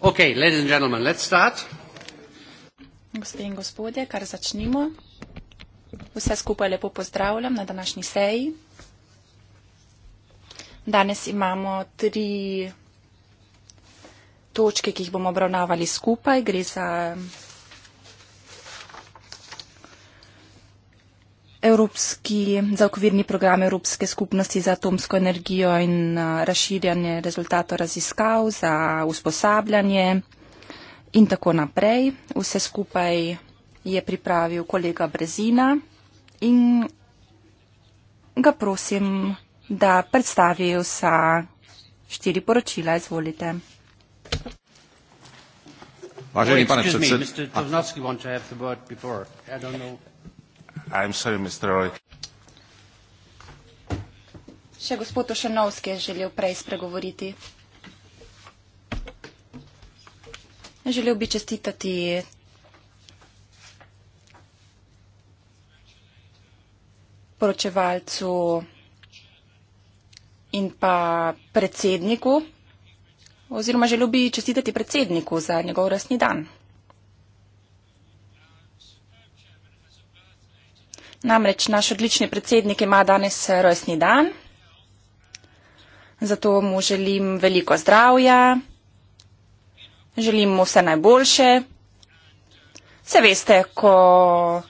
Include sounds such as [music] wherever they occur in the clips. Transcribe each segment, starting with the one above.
Okay, ladies and gentlemen, let's start. Gospe in gospodje, kar začnimo. Vse skupaj lepo pozdravljam na današnji seji. Danes imamo tri točke, ki jih bomo obravnavali skupaj. Gre za Evropski zaokvirni program Evropske skupnosti za atomsko energijo in razširjanje rezultatov raziskav za usposabljanje in tako naprej. Vse skupaj je pripravil kolega Brezina in ga prosim, da predstavi vsa štiri poročila. Izvolite. Važeni oh, pane predsednik. I'm sorry, Mr. Roy. Še gospod Ošenovski je želel prej spregovoriti. Želel bi čestitati poročevalcu in pa predsedniku, oziroma želel bi čestitati predsedniku za njegov rasni dan. Namreč naš odlični predsednik ima danes rojstni dan, zato mu želim veliko zdravja, želim mu vse najboljše. Se veste, ko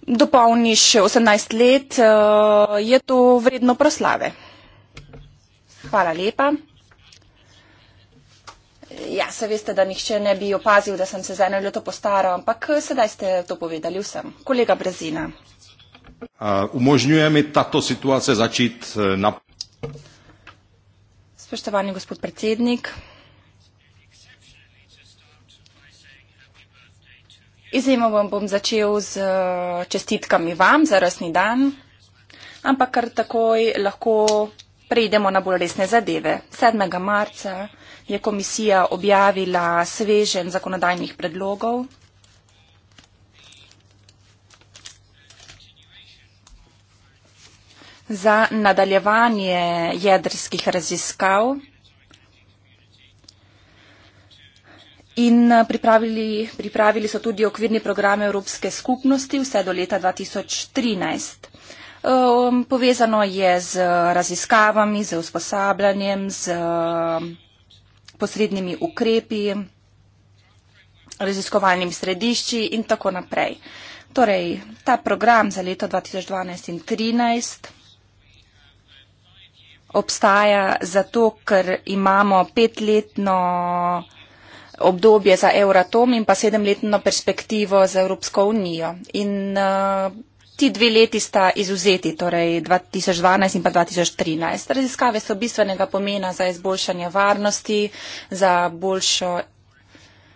dopolniš 18 let, eh, je to vredno proslave. Hvala lepa. Ja, se veste, da nihče ne bi opazil, da sem se za eno leto postaral, ampak eh, sedaj ste to povedali vsem. Kolega Brezina. Uh, umožnjuje mi tato situacija začeti eh, na. Spoštovani gospod predsednik. Izjemo vam bom začel z eh, čestitkami vam za rasni dan, ampak kar takoj lahko prejdemo na bolj resne zadeve. 7. marca je komisija objavila svežen zakonodajnih predlogov. Za nadaljevanje jedrskih raziskav in pripravili, pripravili so tudi okvirni program Evropske skupnosti vse do leta 2013. Um, povezano je z raziskavami, z usposabljanjem, z posrednimi ukrepi, raziskovalnimi središči in tako naprej. Torej, ta program za leto 2012 in 2013 obstaja zato, ker imamo petletno obdobje za Euratom in pa sedemletno perspektivo za Evropsko unijo. In uh, ti dve leti sta izuzeti, torej 2012 in pa 2013. Raziskave so bistvenega pomena za izboljšanje varnosti, za boljšo,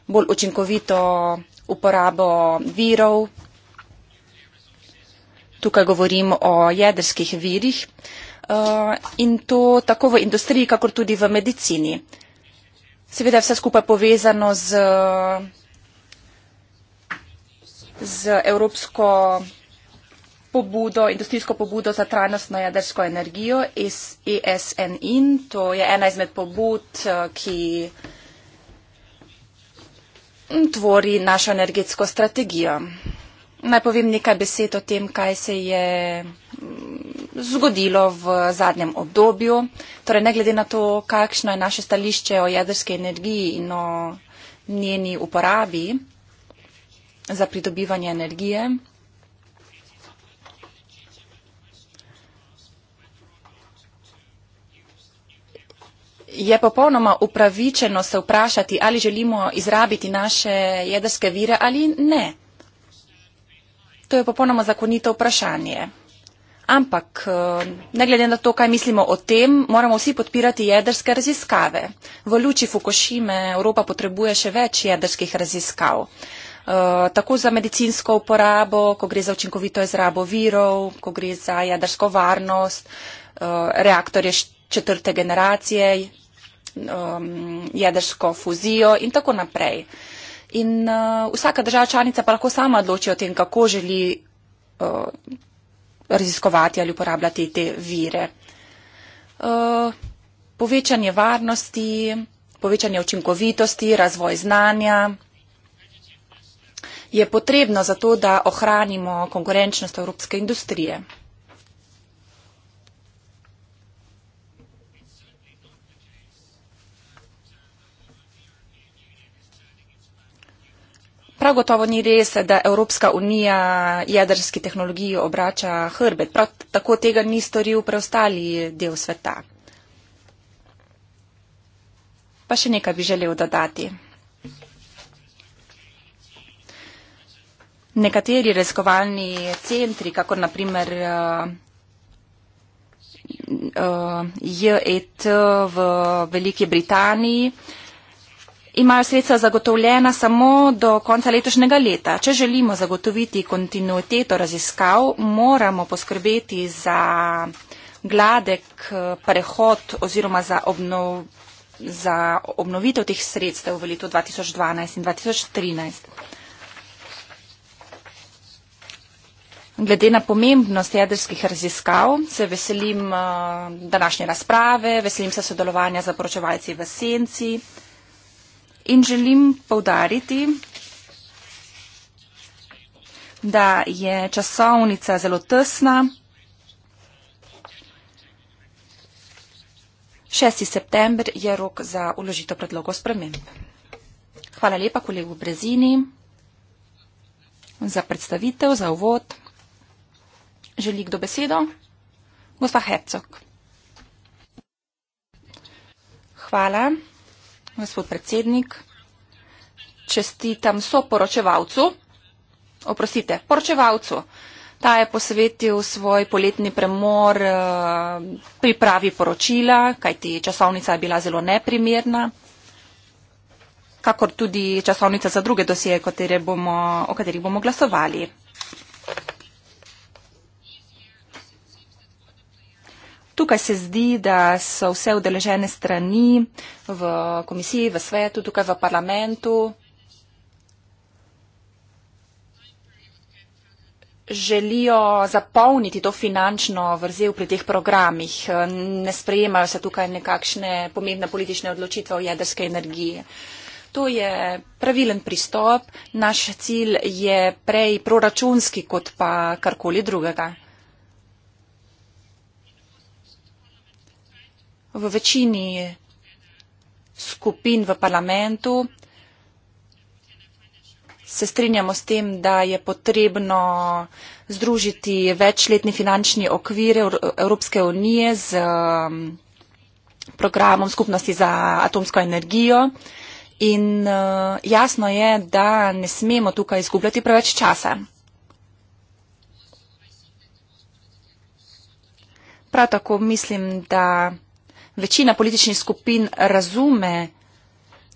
bolj učinkovito uporabo virov. Tukaj govorim o jedrskih virih eh, in to tako v industriji, kakor tudi v medicini. Seveda je vse skupaj povezano z, z Evropsko pobudo, industrijsko pobudo za trajnostno jedrsko energijo iz ESNIN. To je ena izmed pobud, eh, ki mm, tvori našo energetsko strategijo. Naj povem nekaj besed o tem, kaj se je mm, zgodilo v zadnjem obdobju. Torej, ne glede na to, kakšno je naše stališče o jedrski energiji in o njeni uporabi za pridobivanje energije, je popolnoma upravičeno se vprašati, ali želimo izrabiti naše jedrske vire ali ne. To je popolnoma zakonito vprašanje. Ampak, eh, ne glede na to, kaj mislimo o tem, moramo vsi podpirati jedrske raziskave. V luči Fukushime Evropa potrebuje še več jedrskih raziskav. Eh, tako za medicinsko uporabo, ko gre za učinkovito izrabo virov, ko gre za jedrsko varnost, eh, reaktorje četrte generacije, um, jedrsko fuzijo in tako naprej. In uh, vsaka država članica pa lahko sama odloči o tem, kako želi uh, raziskovati ali uporabljati te vire. Uh, povečanje varnosti, povečanje učinkovitosti, razvoj znanja je potrebno zato, da ohranimo konkurenčnost evropske industrije. prav gotovo ni res, da Evropska unija jedrski tehnologiji obrača hrbet. Prav tako tega ni storil preostali del sveta. Pa še nekaj bi želel dodati. Nekateri raziskovalni centri, kako naprimer uh, eh, uh, eh, JET v Veliki Britaniji, uh, imajo sredstva zagotovljena samo do konca letošnjega leta. Če želimo zagotoviti kontinuiteto raziskav, moramo poskrbeti za gladek eh, prehod oziroma za, obnov, za obnovitev teh sredstev v letu 2012 in 2013. Glede na pomembnost jedrskih raziskav se veselim eh, današnje razprave, veselim se sodelovanja z poročevalci v Senci. In želim povdariti, da je časovnica zelo tesna. 6. september je rok za uložito predlogo sprememb. Hvala lepa kolegu Brezini za predstavitev, za uvod. Želi kdo besedo? Gospa Hercog. Hvala gospod predsednik, čestitam soporočevalcu, oprostite, poročevalcu. Ta je posvetil svoj poletni premor eh, pripravi poročila, kajti časovnica je bila zelo neprimerna, kakor tudi časovnica za druge dosije, o katerih bomo glasovali. Tukaj se zdi, da so vse udeležene strani v komisiji, v svetu, tukaj v parlamentu. želijo zapolniti to finančno vrzel pri teh programih. Ne sprejemajo se tukaj nekakšne pomembne politične odločitve o jedrske energije. To je pravilen pristop. Naš cilj je prej proračunski, kot pa karkoli drugega. v večini skupin v parlamentu se strinjamo s tem, da je potrebno združiti večletni finančni okvir Evropske unije z um, programom skupnosti za atomsko energijo. In uh, jasno je, da ne smemo tukaj izgubljati preveč časa. Prav tako mislim, da večina političnih skupin razume,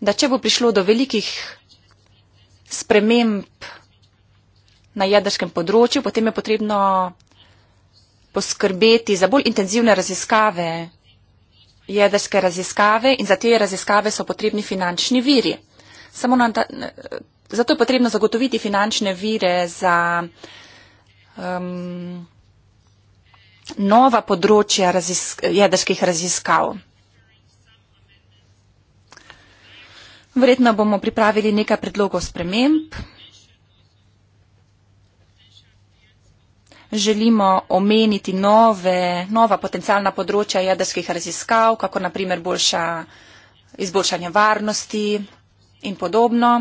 da če bo prišlo do velikih sprememb na jedrskem področju, potem je potrebno poskrbeti za bolj intenzivne raziskave, jedrske raziskave in za te raziskave so potrebni finančni viri. Samo na, zato je potrebno zagotoviti finančne vire za. Um, nova področja razis jedrskih raziskav. Verjetno bomo pripravili nekaj predlogov sprememb. Želimo omeniti nove, nova potencialna področja jedrskih raziskav, kako naprimer boljša izboljšanje varnosti in podobno.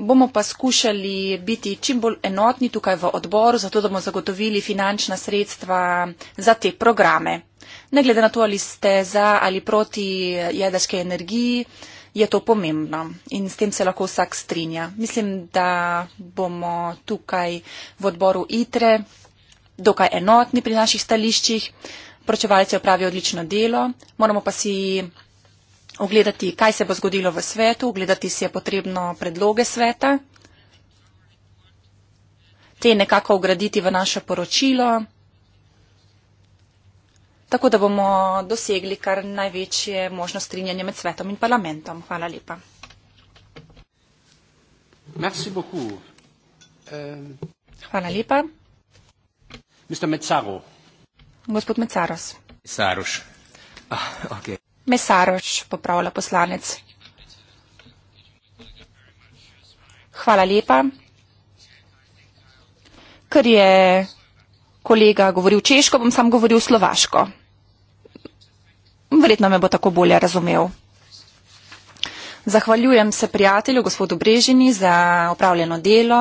bomo pa skušali biti čim bolj enotni tukaj v odboru, zato da bomo zagotovili finančna sredstva za te programe. Ne glede na to, ali ste za ali proti jedrske energiji, je to pomembno in s tem se lahko vsak strinja. Mislim, da bomo tukaj v odboru ITRE dokaj enotni pri naših stališčih. Pročevalci opravijo odlično delo, moramo pa si ogledati, kaj se bo zgodilo v svetu, ogledati si je potrebno predloge sveta, te nekako ugraditi v naše poročilo, tako da bomo dosegli kar največje možno strinjanje med svetom in parlamentom. Hvala lepa. Merci beaucoup. Euh, Hvala lepa. Mr. Mezzaro. Gospod Mezzaros. Saroš. Ah, okay. Mesaroš, popravlja poslanec. Hvala lepa. Ker je kolega govoril češko, bom sam govoril slovaško. Verjetno me bo tako bolje razumel. Zahvaljujem se prijatelju, gospodu Brežini, za upravljeno delo.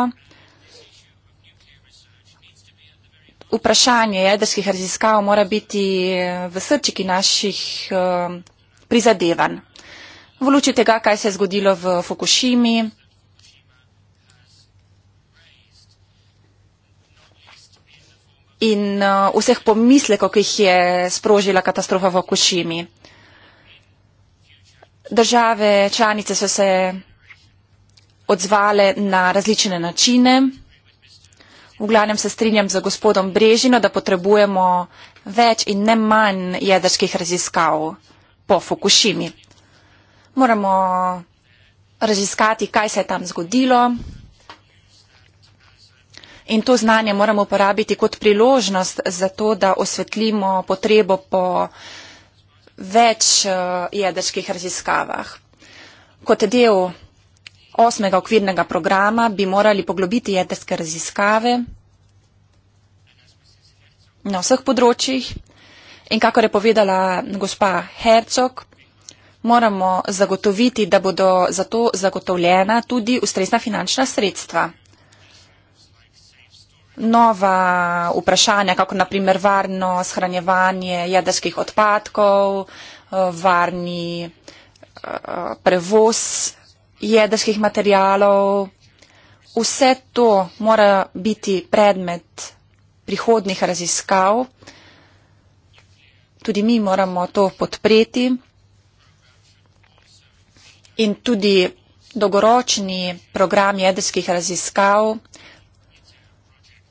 Vprašanje jedrskih raziskav mora biti v srčiki naših eh, prizadevanj. V luči tega, kaj se je zgodilo v Fukushimi, in uh, vseh pomislekov, ki jih je sprožila katastrofa v Okušimi. Države članice so se odzvale na različne načine. V glavnem se strinjam z gospodom Brežino, da potrebujemo več in ne manj jedrskih raziskav po Fukushimi. Moramo raziskati, kaj se je tam zgodilo. In to znanje moramo uporabiti kot priložnost za to, da osvetlimo potrebo po več eh, jedrskih raziskavah. Kot del osmega okvirnega programa bi morali poglobiti jedrske raziskave na vseh področjih In kako je povedala gospa Hercog, moramo zagotoviti, da bodo za to zagotovljena tudi ustrezna finančna sredstva. Nova vprašanja, kako naprimer varno shranjevanje jedrskih odpadkov, eh, varni eh, prevoz jedrskih materijalov, vse to mora biti predmet prihodnih raziskav. Tudi mi moramo to podpreti in tudi dolgoročni program jedrskih raziskav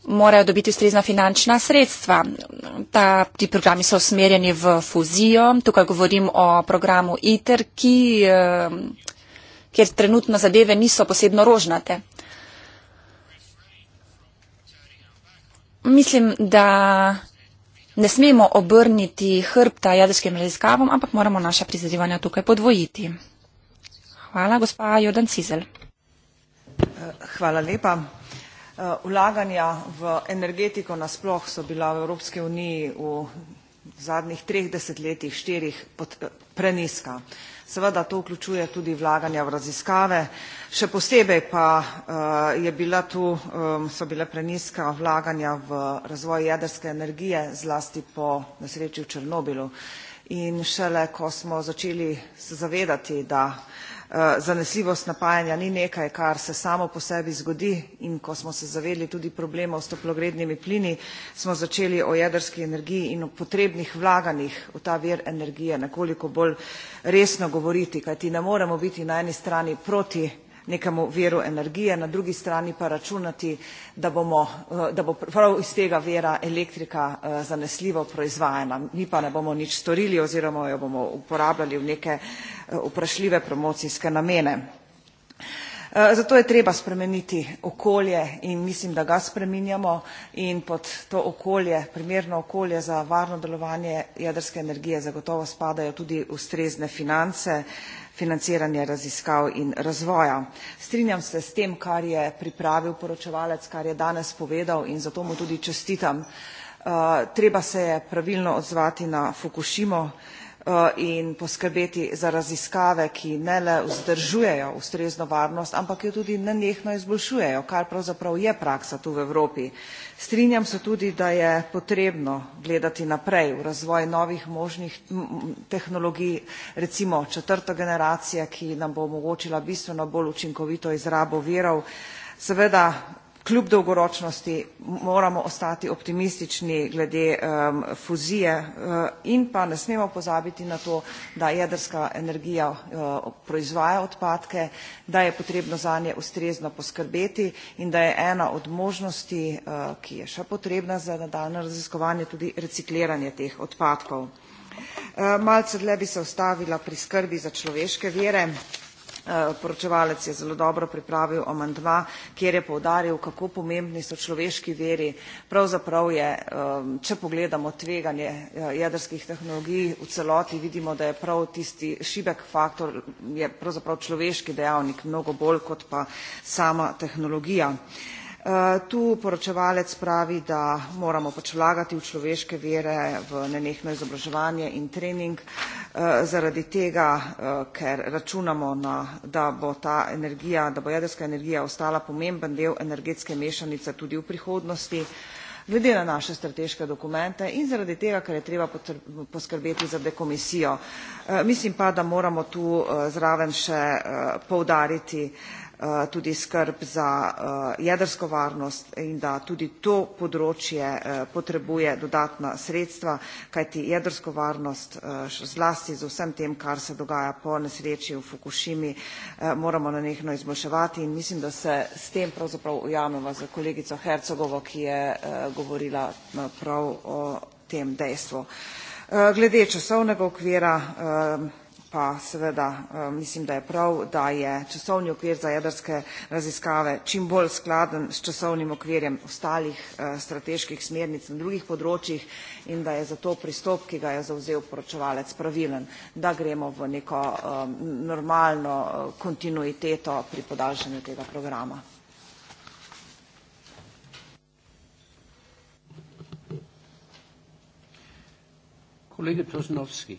morajo dobiti ustrezna finančna sredstva. Ta, ti programi so usmerjeni v fuzijo. Tukaj govorim o programu ITER, ki, eh, kjer trenutno zadeve niso posebno rožnate. Mislim, da ne smemo obrniti hrbta jedrskim raziskavam, ampak moramo naša prizadevanja tukaj podvojiti. Hvala, gospa Jordan Cizel. Hvala lepa. Vlaganja v energetiko nasploh so bila v Evropske uniji v zadnjih treh desetletjih štirih eh, preniska. Seveda to vključuje tudi vlaganja v raziskave, še posebej pa eh, je bila tu, so bile preniska vlaganja v razvoj jedrske energije, zlasti po nesreči v Črnobilu. In šele ko smo začeli se zavedati, da Eh, zanesljivost napajanja ni nekaj, kar se samo po sebi zgodi in ko smo se zavedli tudi problemov s toplogrednimi plini, smo začeli o jedrski energiji in o potrebnih vlaganjih v ta vir energije nekoliko bolj resno govoriti, kajti ne moremo biti na eni strani proti nekemu veru energije, na drugi strani pa računati, da, bomo, eh, da bo prav iz tega vera elektrika eh, zanesljivo proizvajana. Mi pa ne bomo nič storili oziroma jo bomo uporabljali v neke eh, vprašljive promocijske namene. Zato je treba spremeniti okolje in mislim, da ga spreminjamo in pod to okolje, primerno okolje za varno delovanje jedrske energije zagotovo spadajo tudi ustrezne finance, financiranje raziskav in razvoja. Strinjam se s tem, kar je pripravil poročevalec, kar je danes povedal in zato mu tudi čestitam. Uh, treba se je pravilno odzvati na Fukushimo. Eh, in poskrbeti za raziskave, ki ne le vzdržujejo ustrezno varnost, ampak jo tudi nenehno izboljšujejo, kar pravzaprav je praksa tu v Evropi. Strinjam se tudi, da je potrebno gledati naprej v razvoj novih možnih tehnologij, recimo četrto generacijo, ki nam bo omogočila bistveno bolj učinkovito izrabo virov. Seveda kljub dolgoročnosti moramo ostati optimistični glede um, fuzije uh, in pa ne smemo pozabiti na to, da jedrska energija uh, proizvaja odpadke, da je potrebno za nje ustrezno poskrbeti in da je ena od možnosti, uh, ki je še potrebna za nadaljne raziskovanje, tudi recikliranje teh odpadkov. Uh, malce dlje bi se ustavila pri skrbi za človeške vere. Eh, poročevalec je zelo dobro pripravil amandma, kjer je poudaril, kako pomembni so človeški veri. Pravzaprav je, ehm, če pogledamo tveganje eh, jedrskih tehnologij v celoti, vidimo, da je prav tisti šibek faktor, je pravzaprav človeški dejavnik mnogo bolj kot pa sama tehnologija. Eh, tu poročevalec pravi, da moramo pač vlagati v človeške vire, v nenehno izobraževanje in trening, eh, zaradi tega, eh, ker računamo, na, da bo ta energija, da bo jedrska energija ostala pomemben del energetske mešanice tudi v prihodnosti, glede na naše strateške dokumente in zaradi tega, ker je treba poskrbeti za dekomisijo. Mislim pa, da moramo tu zraven še poudariti, Eh, tudi skrb za eh, jedrsko varnost in da tudi to področje eh, potrebuje dodatna sredstva, kajti jedrsko varnost, zlasti z vsem tem, kar se dogaja po nesreči v Fukušimi, moramo nenehno izboljševati in mislim, da se s tem pravzaprav ujameva z kolegico Hercegovo, ki je govorila prav o tem dejstvu. Glede časovnega okvira pa seveda eh, mislim, da je prav, da je časovni okvir za jedrske raziskave čim bolj skladen s časovnim okvirjem ostalih eh, strateških smernic na drugih področjih in da je zato pristop, ki ga je zauzel poročevalec, pravilen, da gremo v neko eh, normalno kontinuiteto pri podaljšanju tega programa. Kolega Tosnovski.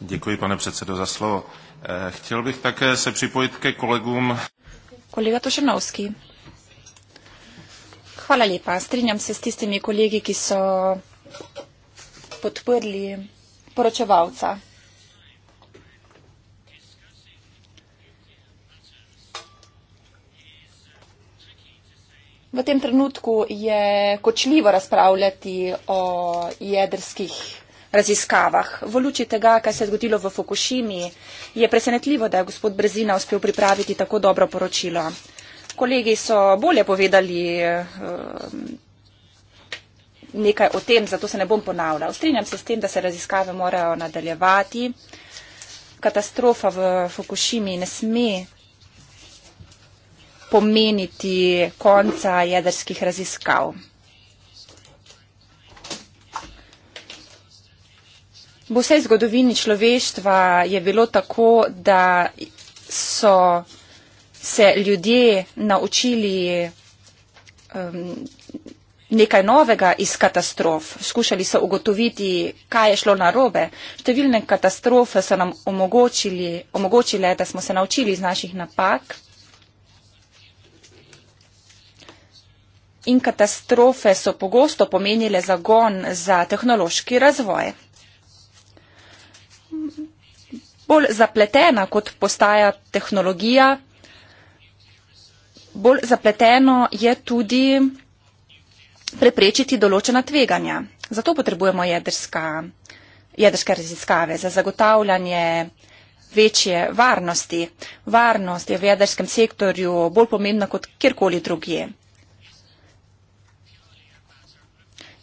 Děkuji, pane předsedo, za slovo. Eh, chtěl bych také se připojit ke kolegům. Kolega Tošenovský. Hvala lepa. Strinjam se s tistimi kolegi, ki so podprli poročevalca. V tem trenutku je kočljivo razpravljati o jedrskih raziskavah. V luči tega, kaj se je zgodilo v Fukushimi, je presenetljivo, da je gospod Brezina uspel pripraviti tako dobro poročilo. Kolegi so bolje povedali eh, nekaj o tem, zato se ne bom ponavljal. Strinjam se s tem, da se raziskave morajo nadaljevati. Katastrofa v Fukushimi ne sme pomeniti konca jedrskih raziskav. V vsej zgodovini človeštva je bilo tako, da so se ljudje naučili um, nekaj novega iz katastrof. Skušali so ugotoviti, kaj je šlo narobe. Številne katastrofe so nam omogočile, da smo se naučili iz naših napak. In katastrofe so pogosto pomenile zagon za tehnološki razvoj bolj zapletena, kot postaja tehnologija, bolj zapleteno je tudi preprečiti določena tveganja. Zato potrebujemo jedrska, jedrske raziskave za zagotavljanje večje varnosti. Varnost je v jedrskem sektorju bolj pomembna kot kjerkoli drugje.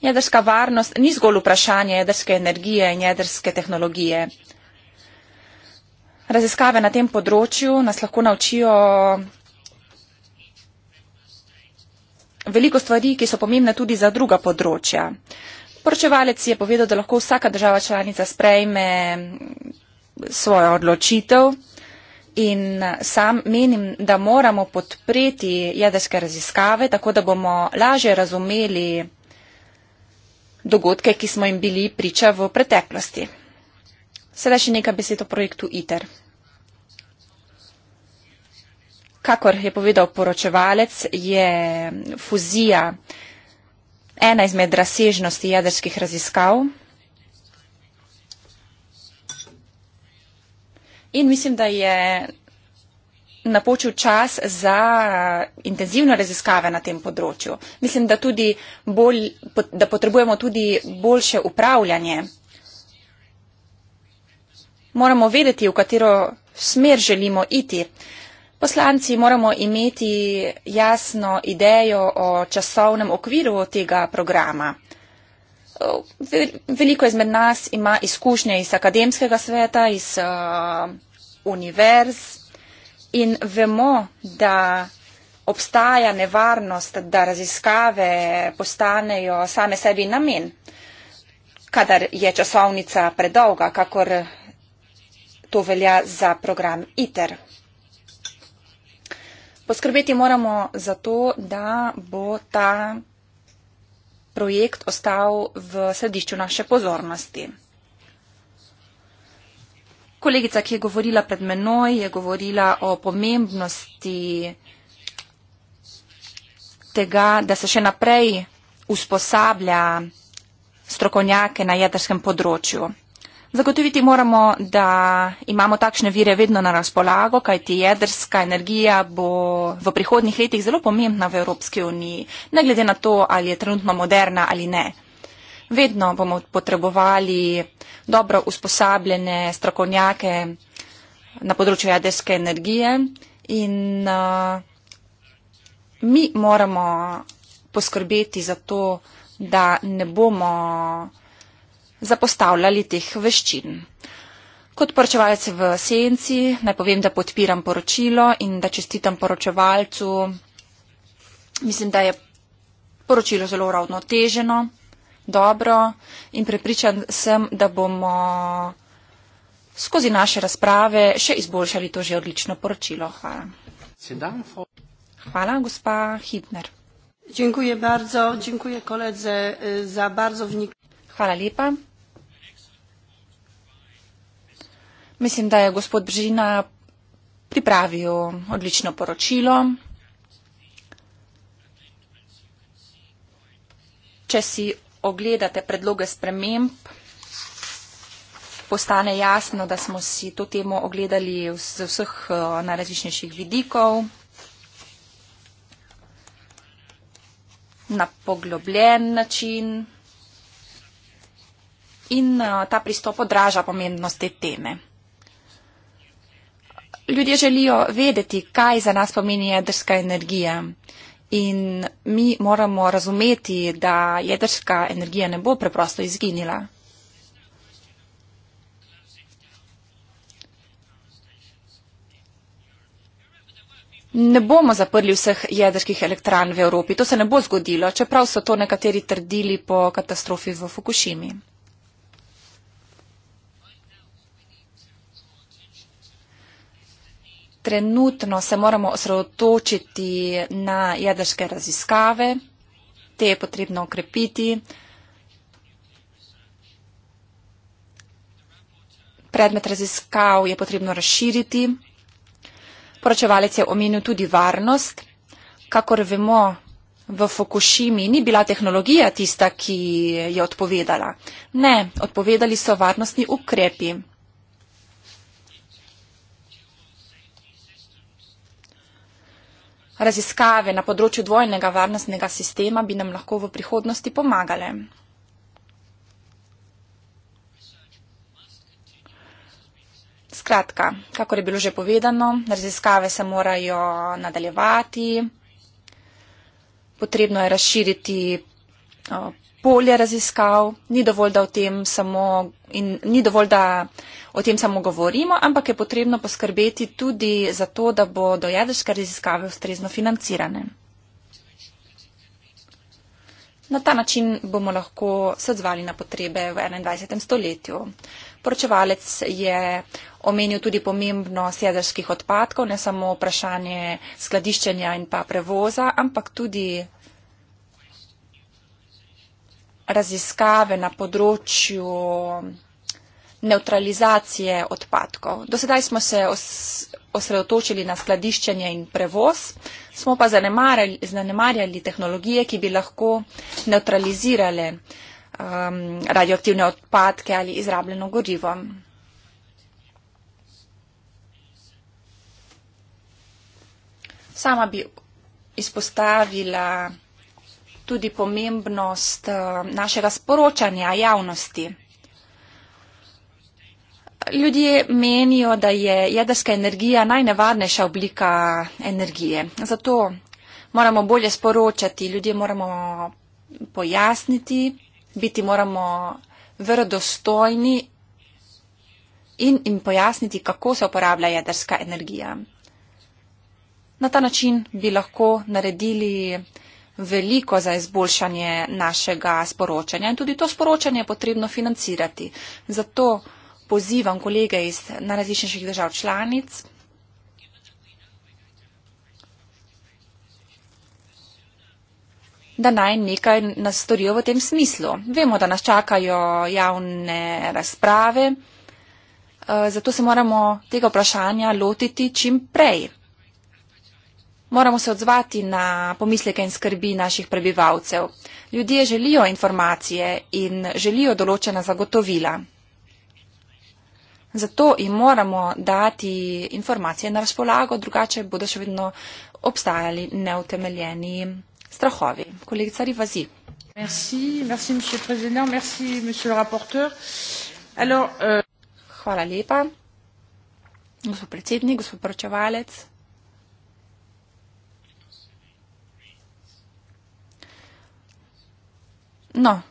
Jedrska varnost ni zgolj vprašanje jedrske energije in jedrske tehnologije. Raziskave na tem področju nas lahko naučijo veliko stvari, ki so pomembne tudi za druga področja. Poročevalec je povedal, da lahko vsaka država članica sprejme svojo odločitev in sam menim, da moramo podpreti jedrske raziskave, tako da bomo lažje razumeli, dogodke, ki smo jim bili priča v preteklosti. Sedaj še nekaj besed o projektu ITER. Kakor je povedal poročevalec, je fuzija ena izmed razsežnosti jedrskih raziskav. In mislim, da je napočil čas za eh, intenzivno raziskave na tem področju. Mislim, da, bolj, da potrebujemo tudi boljše upravljanje. Moramo vedeti, v katero smer želimo iti. Poslanci moramo imeti jasno idejo o časovnem okviru tega programa. Veliko izmed nas ima izkušnje iz akademskega sveta, iz uh, univerz, In vemo, da obstaja nevarnost, da raziskave postanejo same sebi namen, kadar je časovnica predolga, kakor to velja za program ITER. Poskrbeti moramo za to, da bo ta projekt ostal v središču naše pozornosti. Kolegica, ki je govorila pred menoj, je govorila o pomembnosti tega, da se še naprej usposablja strokovnjake na jedrskem področju. Zagotoviti moramo, da imamo takšne vire vedno na razpolago, kajti jedrska energija bo v prihodnih letih zelo pomembna v Evropski uniji, ne glede na to, ali je trenutno moderna ali ne vedno bomo potrebovali dobro usposabljene strokovnjake na področju jedrske energije in eh, mi moramo poskrbeti za to, da ne bomo zapostavljali teh veščin. Kot poročevalec v senci naj povem, da podpiram poročilo in da čestitam poročevalcu. Mislim, da je poročilo zelo ravnoteženo dobro in prepričan sem, da bomo skozi naše razprave še izboljšali to že odlično poročilo. Hvala. Hvala, gospa Hitner. Dziękuję bardzo, dziękuję koledze za bardzo wnik. Hvala lepa. Mislim, da je gospod Bržina pripravil odlično poročilo. Če si ogledate predloge sprememb, postane jasno, da smo si to temo ogledali z vseh eh, najrazličnejših vidikov, na poglobljen način in eh, ta pristop odraža pomembnost te teme. Ljudje želijo vedeti, kaj za nas pomeni jedrska energija. In mi moramo razumeti, da jedrska energija ne bo preprosto izginila. Ne bomo zaprli vseh jedrskih elektran v Evropi. To se ne bo zgodilo, čeprav so to nekateri trdili po katastrofi v Fukushimi. trenutno se moramo osredotočiti na jedrske raziskave, te je potrebno okrepiti. Predmet raziskav je potrebno razširiti. Poročevalec je omenil tudi varnost. Kakor vemo, v Fukushimi ni bila tehnologija tista, ki je odpovedala. Ne, odpovedali so varnostni ukrepi. Raziskave na področju dvojnega varnostnega sistema bi nam lahko v prihodnosti pomagale. Skratka, kako je bilo že povedano, raziskave se morajo nadaljevati, potrebno je razširiti polje raziskav, ni dovolj, da o tem samo, in, ni dovolj, da o tem samo govorimo, ampak je potrebno poskrbeti tudi za to, da bodo jedrske raziskave ustrezno financirane. Na ta način bomo lahko se odzvali na potrebe v 21. stoletju. Poročevalec je omenil tudi pomembnost jedrskih odpadkov, ne samo vprašanje skladiščenja in pa prevoza, ampak tudi raziskave na področju neutralizacije odpadkov. Do sedaj smo se osredotočili na skladiščenje in prevoz, smo pa zanemarjali, zanemarjali tehnologije, ki bi lahko neutralizirale um, radioaktivne odpadke ali izrabljeno gorivo. Sama bi izpostavila tudi pomembnost eh, našega sporočanja javnosti. Ljudje menijo, da je jedrska energija najnevarnejša oblika energije. Zato moramo bolje sporočati, ljudje moramo pojasniti, biti moramo verodostojni in jim pojasniti, kako se uporablja jedrska energija. Na ta način bi lahko naredili veliko za izboljšanje našega sporočanja in tudi to sporočanje je potrebno financirati. Zato pozivam kolege iz najrazličnejših držav članic, da naj nekaj nas storijo v tem smislu. Vemo, da nas čakajo javne razprave, eh, zato se moramo tega vprašanja lotiti čim prej moramo se odzvati na pomisleke in skrbi naših prebivalcev. Ljudje želijo informacije in želijo določena zagotovila. Zato jim moramo dati informacije na razpolago, drugače bodo še vedno obstajali neutemeljeni strahovi. Kolegica Rivazi. Merci, merci, monsieur président, merci, monsieur rapporteur. Alors, euh... Hvala lepa, gospod predsednik, gospod poročevalec. No.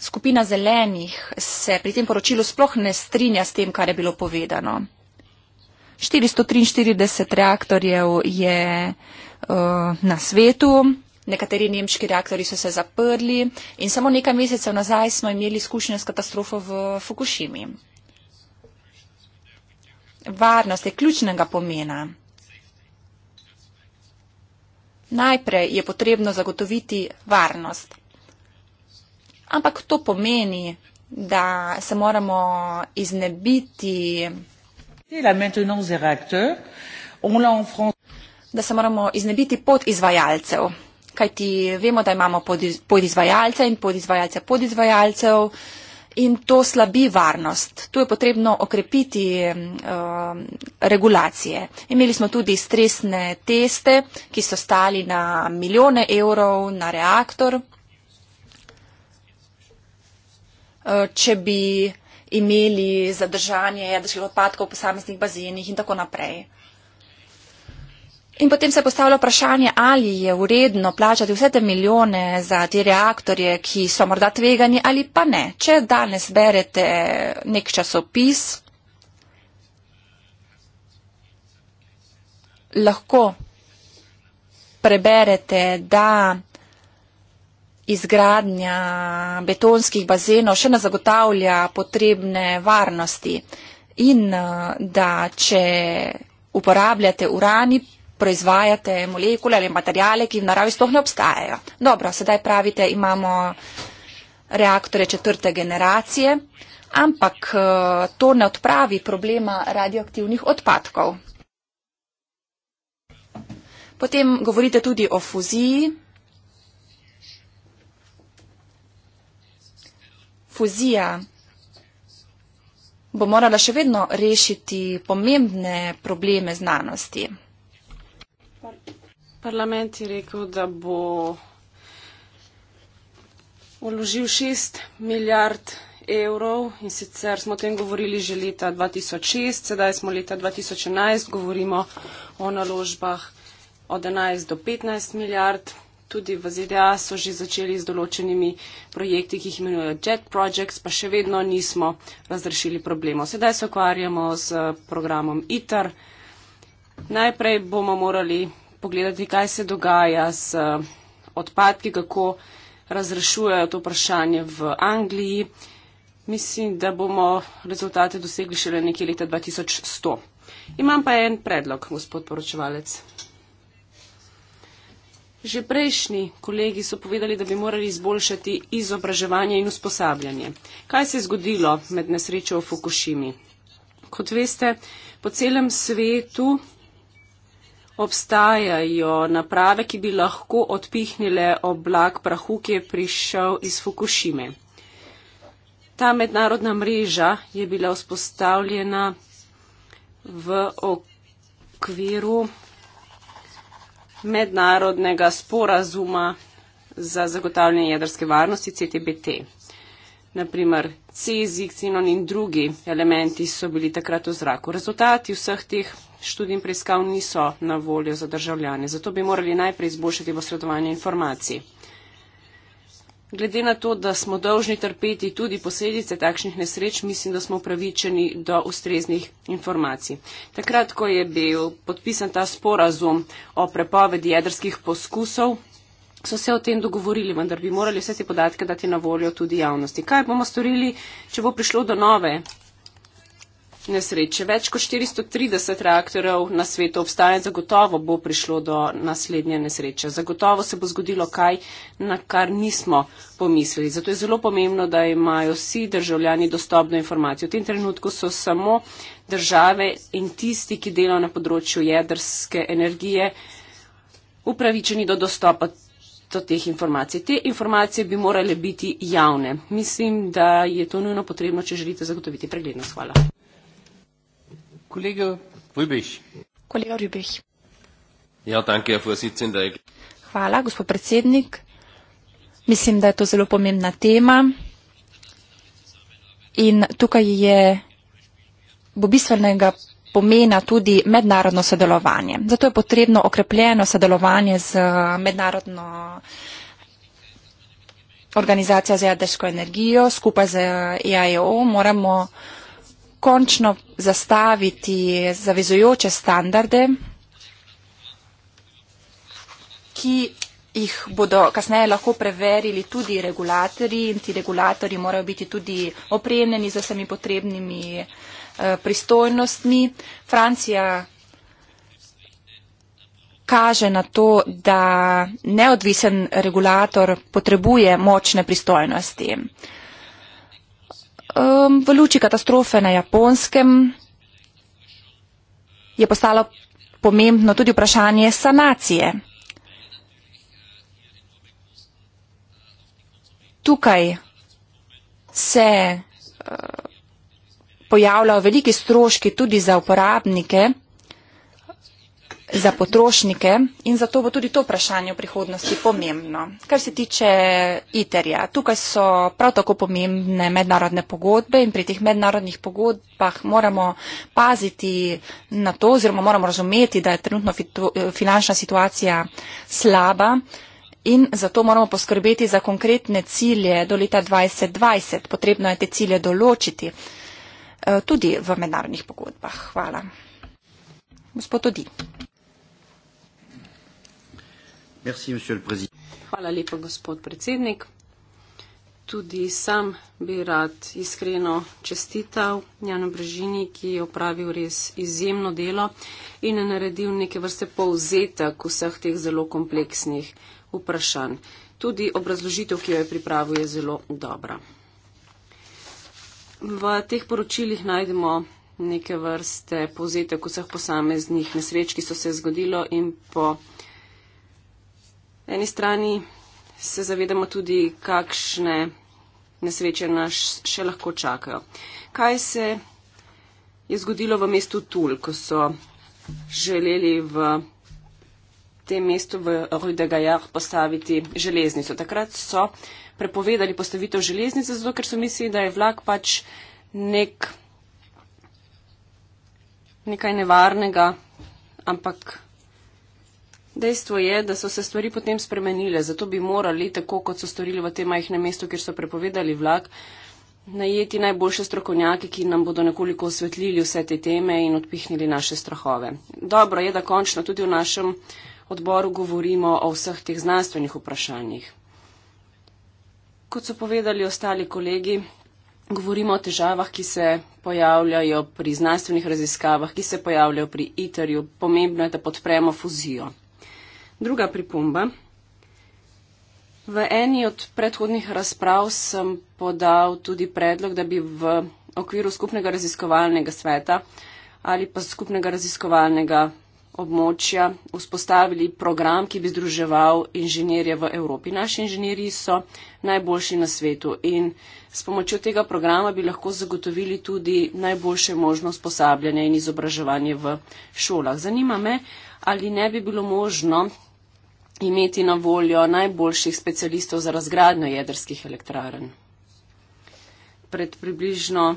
Skupina zelenih se pri tem poročilu sploh ne strinja s tem, kar je bilo povedano. 443 reaktorjev je uh, na svetu, nekateri nemški reaktori so se zaprli in samo nekaj mesecev nazaj smo imeli izkušnje s katastrofo v Fukushimi. Varnost je ključnega pomena. Najprej je potrebno zagotoviti varnost. Ampak to pomeni, da se moramo iznebiti. Da se moramo iznebiti podizvajalcev, kajti vemo, da imamo podizvajalce in podizvajalce podizvajalcev in to slabi varnost. Tu je potrebno okrepiti um, regulacije. Imeli smo tudi stresne teste, ki so stali na milijone evrov na reaktor. E, če bi imeli zadržanje jadrskih odpadkov v posameznih bazenih in tako naprej. In potem se postavlja vprašanje, ali je uredno plačati vse te milijone za te reaktorje, ki so morda tvegani ali pa ne. Če danes berete nek časopis, lahko preberete, da izgradnja betonskih bazenov še ne zagotavlja potrebne varnosti in eh, da če uporabljate urani, proizvajate molekule ali materijale, ki v naravi sploh ne obstajajo. Dobro, sedaj pravite, imamo reaktore četrte generacije, ampak eh, to ne odpravi problema radioaktivnih odpadkov. Potem govorite tudi o fuziji. Fuzija bo morala še vedno rešiti pomembne probleme znanosti par... parlament je rekel, da bo uložil 6 milijard evrov in sicer smo o tem govorili že leta 2006, sedaj smo leta 2011, govorimo o naložbah od 11 do 15 milijard. Tudi v ZDA so že začeli z določenimi projekti, ki jih imenujejo Jet Projects, pa še vedno nismo razrešili problemov. Sedaj se okvarjamo z programom ITER. Najprej bomo morali pogledati, kaj se dogaja s eh, odpadki, kako razrešujejo to vprašanje v Angliji. Mislim, da bomo rezultate dosegli šele nekje leta 2100. Imam pa en predlog, gospod poročevalec. Že prejšnji kolegi so povedali, da bi morali izboljšati izobraževanje in usposabljanje. Kaj se je zgodilo med nesrečo v Fukushimi? Kot veste, po celem svetu obstajajo naprave, ki bi lahko odpihnile oblak prahu, ki je prišel iz Fukushime. Ta mednarodna mreža je bila vzpostavljena v okviru mednarodnega sporazuma za zagotavljanje jedrske varnosti CTBT. Naprimer, CZ, CINON in drugi elementi so bili takrat v zraku. Rezultati vseh teh študij in preiskav niso na voljo za državljane. Zato bi morali najprej izboljšati posredovanje informacij. Glede na to, da smo dolžni trpeti tudi posledice takšnih nesreč, mislim, da smo upravičeni do ustreznih informacij. Takrat, ko je bil podpisan ta sporazum o prepovedi jedrskih poskusov, so se o tem dogovorili, vendar bi morali vse te podatke dati na voljo tudi javnosti. Kaj bomo storili, če bo prišlo do nove nesreče. Več kot 430 reaktorjev na svetu obstaja in zagotovo bo prišlo do naslednje nesreče. Zagotovo se bo zgodilo kaj, na kar nismo pomislili. Zato je zelo pomembno, da imajo vsi državljani dostop do informacij. V tem trenutku so samo države in tisti, ki delajo na področju jedrske energije, upravičeni do dostopa do teh informacij. Te informacije bi morale biti javne. Mislim, da je to nujno potrebno, če želite zagotoviti preglednost. Hvala. Kollege Rübig. Kollege Rübig. Ja, danke, Herr Vorsitzender. Hvala, gospod predsednik. Mislim, da je to zelo pomembna tema. In tukaj je bo bistvenega pomena tudi mednarodno sodelovanje. Zato je potrebno okrepljeno sodelovanje z eh, mednarodno organizacijo za jadrsko energijo. Skupaj z EIO eh, e e moramo končno zastaviti zavezujoče standarde, ki jih bodo kasneje lahko preverili tudi regulatori in ti regulatori morajo biti tudi opremljeni z vsemi potrebnimi eh, pristojnostmi. Francija kaže na to, da neodvisen regulator potrebuje močne pristojnosti um, v luči katastrofe na japonskem je postalo pomembno tudi vprašanje sanacije. Tukaj se uh, pojavljajo veliki stroški tudi za uporabnike za potrošnike in zato bo tudi to vprašanje v prihodnosti pomembno. Kar se tiče ITER-ja, tukaj so prav tako pomembne mednarodne pogodbe in pri teh mednarodnih pogodbah moramo paziti na to oziroma moramo razumeti, da je trenutno finančna situacija slaba. In zato moramo poskrbeti za konkretne cilje do leta 2020. Potrebno je te cilje določiti eh, tudi v mednarodnih pogodbah. Hvala. Gospod Odi. Hvala lepa, gospod predsednik. Tudi sam bi rad iskreno čestital Janu Brežini, ki je opravil res izjemno delo in je naredil neke vrste povzetek vseh teh zelo kompleksnih vprašanj. Tudi obrazložitev, ki jo je pripravil, je zelo dobra. V teh poročilih najdemo neke vrste povzetek vseh posameznih nesreč, ki so se zgodilo in po eni strani se zavedamo tudi, kakšne nesreče nas še lahko čakajo. Kaj se je zgodilo v mestu Tul, ko so želeli v tem mestu v Rudegajah postaviti železnico? Takrat so prepovedali postavitev železnice, zato ker so mislili, da je vlak pač nek, nekaj nevarnega, ampak Dejstvo je, da so se stvari potem spremenile, zato bi morali, tako kot so storili v tem majhnem mestu, kjer so prepovedali vlak, najeti najboljše strokovnjake, ki nam bodo nekoliko osvetlili vse te teme in odpihnili naše strahove. Dobro je, da končno tudi v našem odboru govorimo o vseh teh znanstvenih vprašanjih. Kot so povedali ostali kolegi, govorimo o težavah, ki se pojavljajo pri znanstvenih raziskavah, ki se pojavljajo pri ITER-ju. Pomembno je, da podpremo fuzijo. Druga pripomba. V eni od predhodnih razprav sem podal tudi predlog, da bi v okviru skupnega raziskovalnega sveta ali pa skupnega raziskovalnega območja vzpostavili program, ki bi združeval inženirje v Evropi. Naši inženirji so najboljši na svetu in s pomočjo tega programa bi lahko zagotovili tudi najboljše možno usposabljanje in izobraževanje v šolah. Zanima me, ali ne bi bilo možno imeti na voljo najboljših specialistov za razgradnjo jedrskih elektraren. Pred približno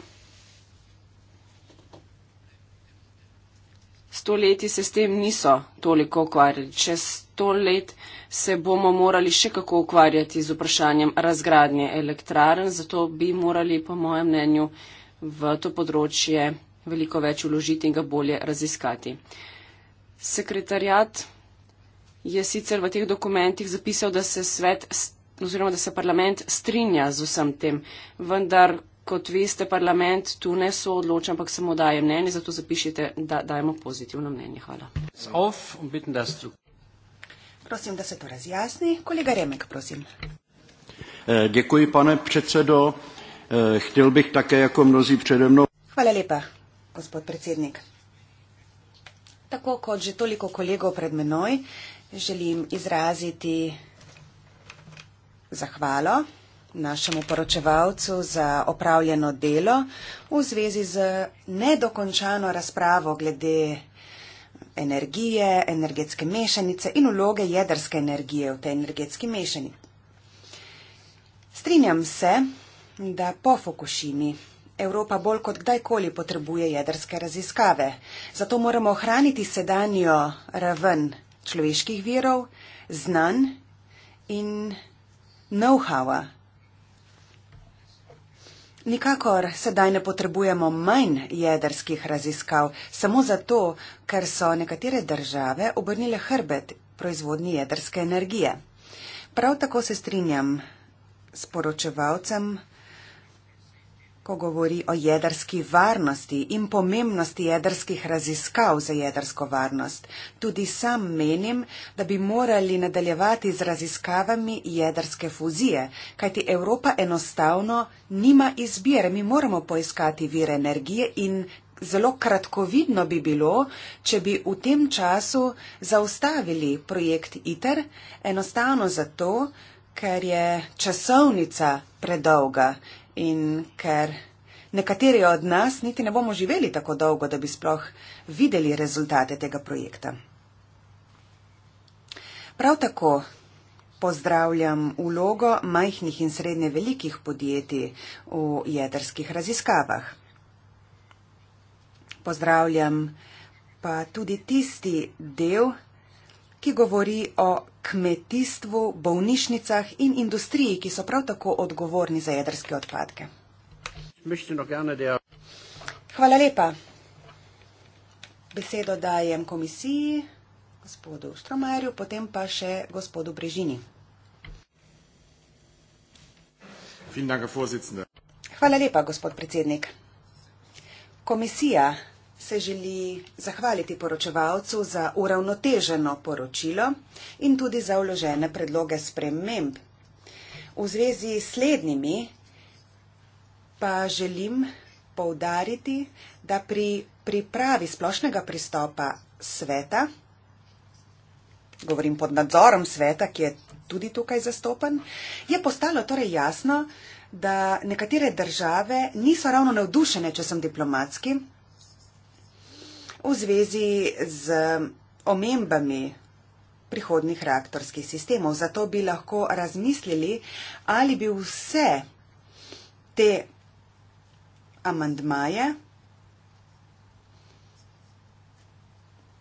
sto leti se s tem niso toliko ukvarjali. Čez sto let se bomo morali še kako ukvarjati z vprašanjem razgradnje elektraren, zato bi morali, po mojem mnenju, v to področje veliko več uložiti in ga bolje raziskati. Sekretarjat je sicer v teh dokumentih zapisal, da se svet oziroma da se parlament strinja z vsem tem, vendar kot veste, parlament tu ne so odloča, ampak samo daje mnenje, zato zapišite, da dajemo pozitivno mnenje. Hvala. Prosim, da se to razjasni. Kolega Remek, prosim. Eh, děkuji, pane předsedo. Eh, chtěl bych také jako mnozí přede mnou. Hvala lepa, gospod predsednik. Tako kot že toliko kolegov pred menoj, želim izraziti zahvalo našemu poročevalcu za opravljeno delo v zvezi z nedokončano razpravo glede energije, energetske mešanice in vloge jedrske energije v tej energetski mešani. Strinjam se, da po Fukushimi Evropa bolj kot kdajkoli potrebuje jedrske raziskave. Zato moramo ohraniti sedanjo raven človeških verov, znanj in know-howa. Nikakor sedaj ne potrebujemo manj jedrskih raziskav, samo zato, ker so nekatere države obrnile hrbet proizvodni jedrske energije. Prav tako se strinjam s poročevalcem Ko govori o jedrski varnosti in pomembnosti jedrskih raziskav za jedrsko varnost, tudi sam menim, da bi morali nadaljevati z raziskavami jedrske fuzije, kajti Evropa enostavno nima izbire, mi moramo poiskati vire energije in zelo kratkovidno bi bilo, če bi v tem času zaustavili projekt ITER, enostavno zato, ker je časovnica predolga in ker nekateri od nas niti ne bomo živeli tako dolgo, da bi sploh videli rezultate tega projekta. Prav tako pozdravljam ulogo majhnih in srednje velikih podjetij v jedrskih raziskavah. Pozdravljam pa tudi tisti del, ki govori o kmetijstvu, bolnišnicah in industriji, ki so prav tako odgovorni za jedrske odpadke. Hvala lepa. Besedo dajem komisiji, gospodu Stromajerju, potem pa še gospodu Brežini. Hvala lepa, gospod predsednik. Komisija se želi zahvaliti poročevalcu za uravnoteženo poročilo in tudi za vložene predloge sprememb. V zvezi s slednjimi pa želim povdariti, da pri pripravi splošnega pristopa sveta, govorim pod nadzorom sveta, ki je tudi tukaj zastopan, je postalo torej jasno, da nekatere države niso ravno navdušene, če sem diplomatski, v zvezi z omembami prihodnih reaktorskih sistemov. Zato bi lahko razmislili, ali bi vse te amandmaje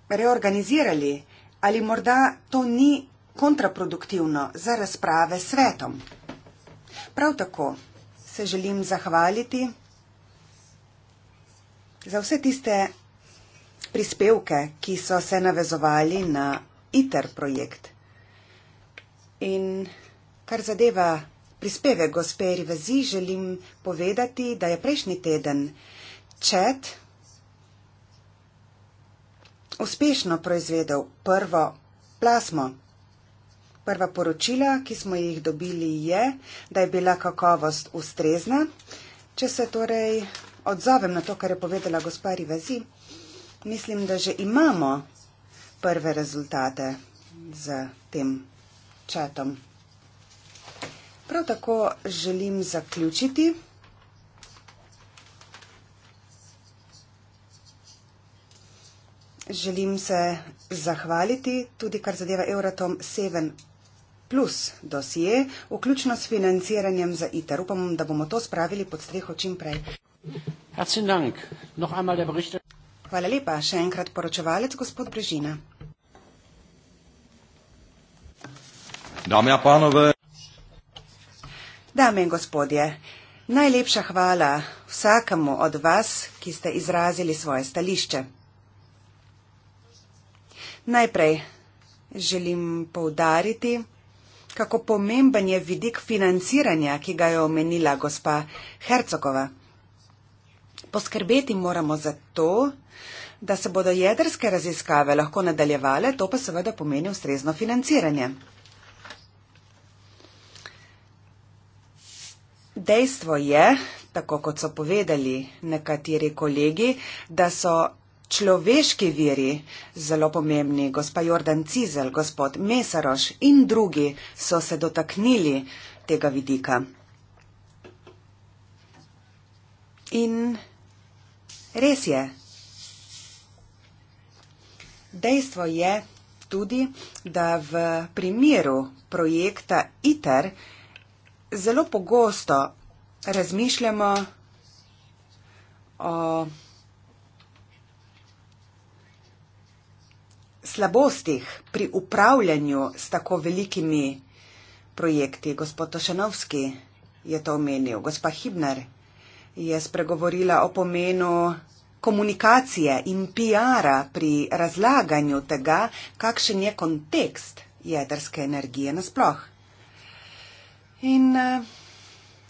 reorganizirali, ali morda to ni kontraproduktivno za razprave s svetom. Prav tako se želim zahvaliti za vse tiste prispevke, ki so se navezovali na ITER projekt. In kar zadeva prispevek gospe Rivezi, želim povedati, da je prejšnji teden Čet uspešno proizvedel prvo plasmo. Prva poročila, ki smo jih dobili, je, da je bila kakovost ustrezna. Če se torej odzovem na to, kar je povedala gospa Rivezi, mislim, da že imamo prve rezultate z tem četom. Prav tako želim zaključiti. Želim se zahvaliti tudi, kar zadeva Euratom 7 plus dosije, vključno s financiranjem za ITER. Upam, da bomo to spravili pod streho čim prej. Hvala. Hvala lepa. Še enkrat poročevalec, gospod Brežina. Dame in panove. Dame in gospodje, najlepša hvala vsakemu od vas, ki ste izrazili svoje stališče. Najprej želim poudariti, kako pomemben je vidik financiranja, ki ga je omenila gospa Hercogova. Poskrbeti moramo za to, da se bodo jedrske raziskave lahko nadaljevale, to pa seveda pomeni ustrezno financiranje. Dejstvo je, tako kot so povedali nekateri kolegi, da so človeški viri zelo pomembni. Gospa Jordan Cizel, gospod Mesaroš in drugi so se dotaknili tega vidika. In Res je. Dejstvo je tudi, da v primeru projekta ITER zelo pogosto razmišljamo o slabostih pri upravljanju s tako velikimi projekti. Gospod Tošanovski je to omenil, gospa Hibner je spregovorila o pomenu komunikacije in PR-a pri razlaganju tega, kakšen je kontekst jedrske energije nasploh. In uh,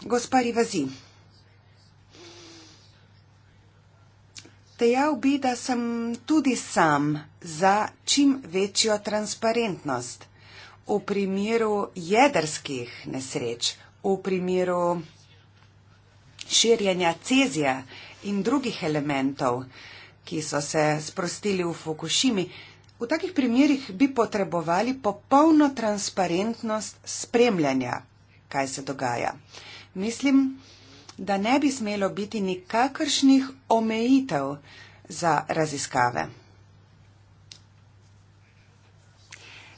gospa Rivazi, dejal bi, da sem tudi sam za čim večjo transparentnost v primeru jedrskih nesreč, v primeru širjenja cezija in drugih elementov, ki so se sprostili v Fukushimi, v takih primerjih bi potrebovali popolno transparentnost spremljanja, kaj se dogaja. Mislim, da ne bi smelo biti nikakršnih omejitev za raziskave.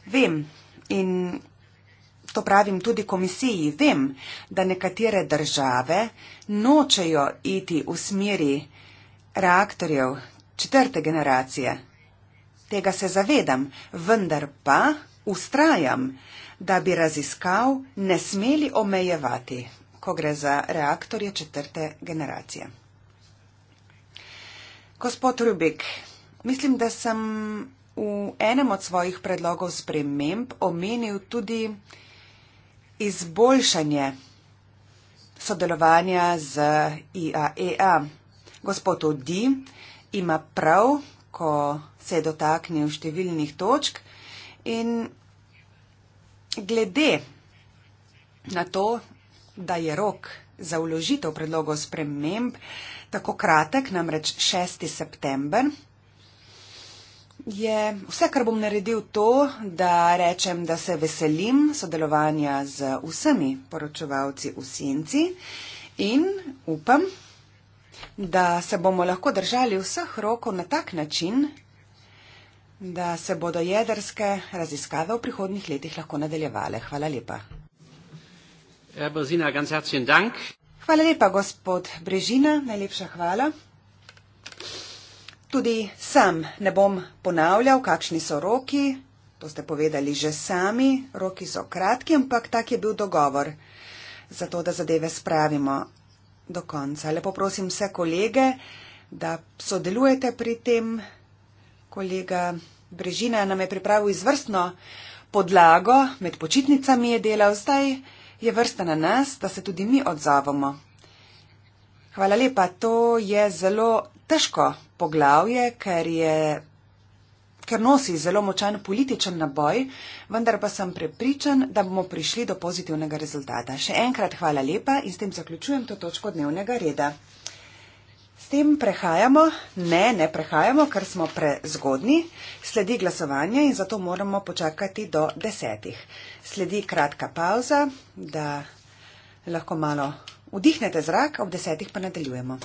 Vem in to pravim tudi komisiji, vem, da nekatere države nočejo iti v smeri reaktorjev četrte generacije. Tega se zavedam, vendar pa ustrajam, da bi raziskav ne smeli omejevati, ko gre za reaktorje četrte generacije. Gospod Rubik, mislim, da sem v enem od svojih predlogov sprememb omenil tudi izboljšanje sodelovanja z IAEA. E Gospod Odi ima prav, ko se je dotaknil številnih točk in glede na to, da je rok za vložitev predlogov sprememb tako kratek, namreč 6. september, je vse, kar bom naredil, to, da rečem, da se veselim sodelovanja z vsemi poročevalci v Sinci in upam, da se bomo lahko držali vseh rokov na tak način, da se bodo jedrske raziskave v prihodnih letih lahko nadaljevale. Hvala lepa. Hvala lepa, gospod Brežina. Najlepša hvala. Tudi sam ne bom ponavljal, kakšni so roki, to ste povedali že sami, roki so kratki, ampak tak je bil dogovor, zato da zadeve spravimo do konca. Lepo prosim vse kolege, da sodelujete pri tem. Kolega Brežina nam je pripravil izvrstno podlago, med počitnicami je delal, zdaj je vrsta na nas, da se tudi mi odzovemo. Hvala lepa, to je zelo težko poglavje, ker, je, ker nosi zelo močan političen naboj, vendar pa sem prepričan, da bomo prišli do pozitivnega rezultata. Še enkrat hvala lepa in s tem zaključujem to točko dnevnega reda. S tem prehajamo, ne, ne prehajamo, ker smo prezgodni, sledi glasovanje in zato moramo počakati do desetih. Sledi kratka pauza, da lahko malo vdihnete zrak, ob desetih pa nadaljujemo.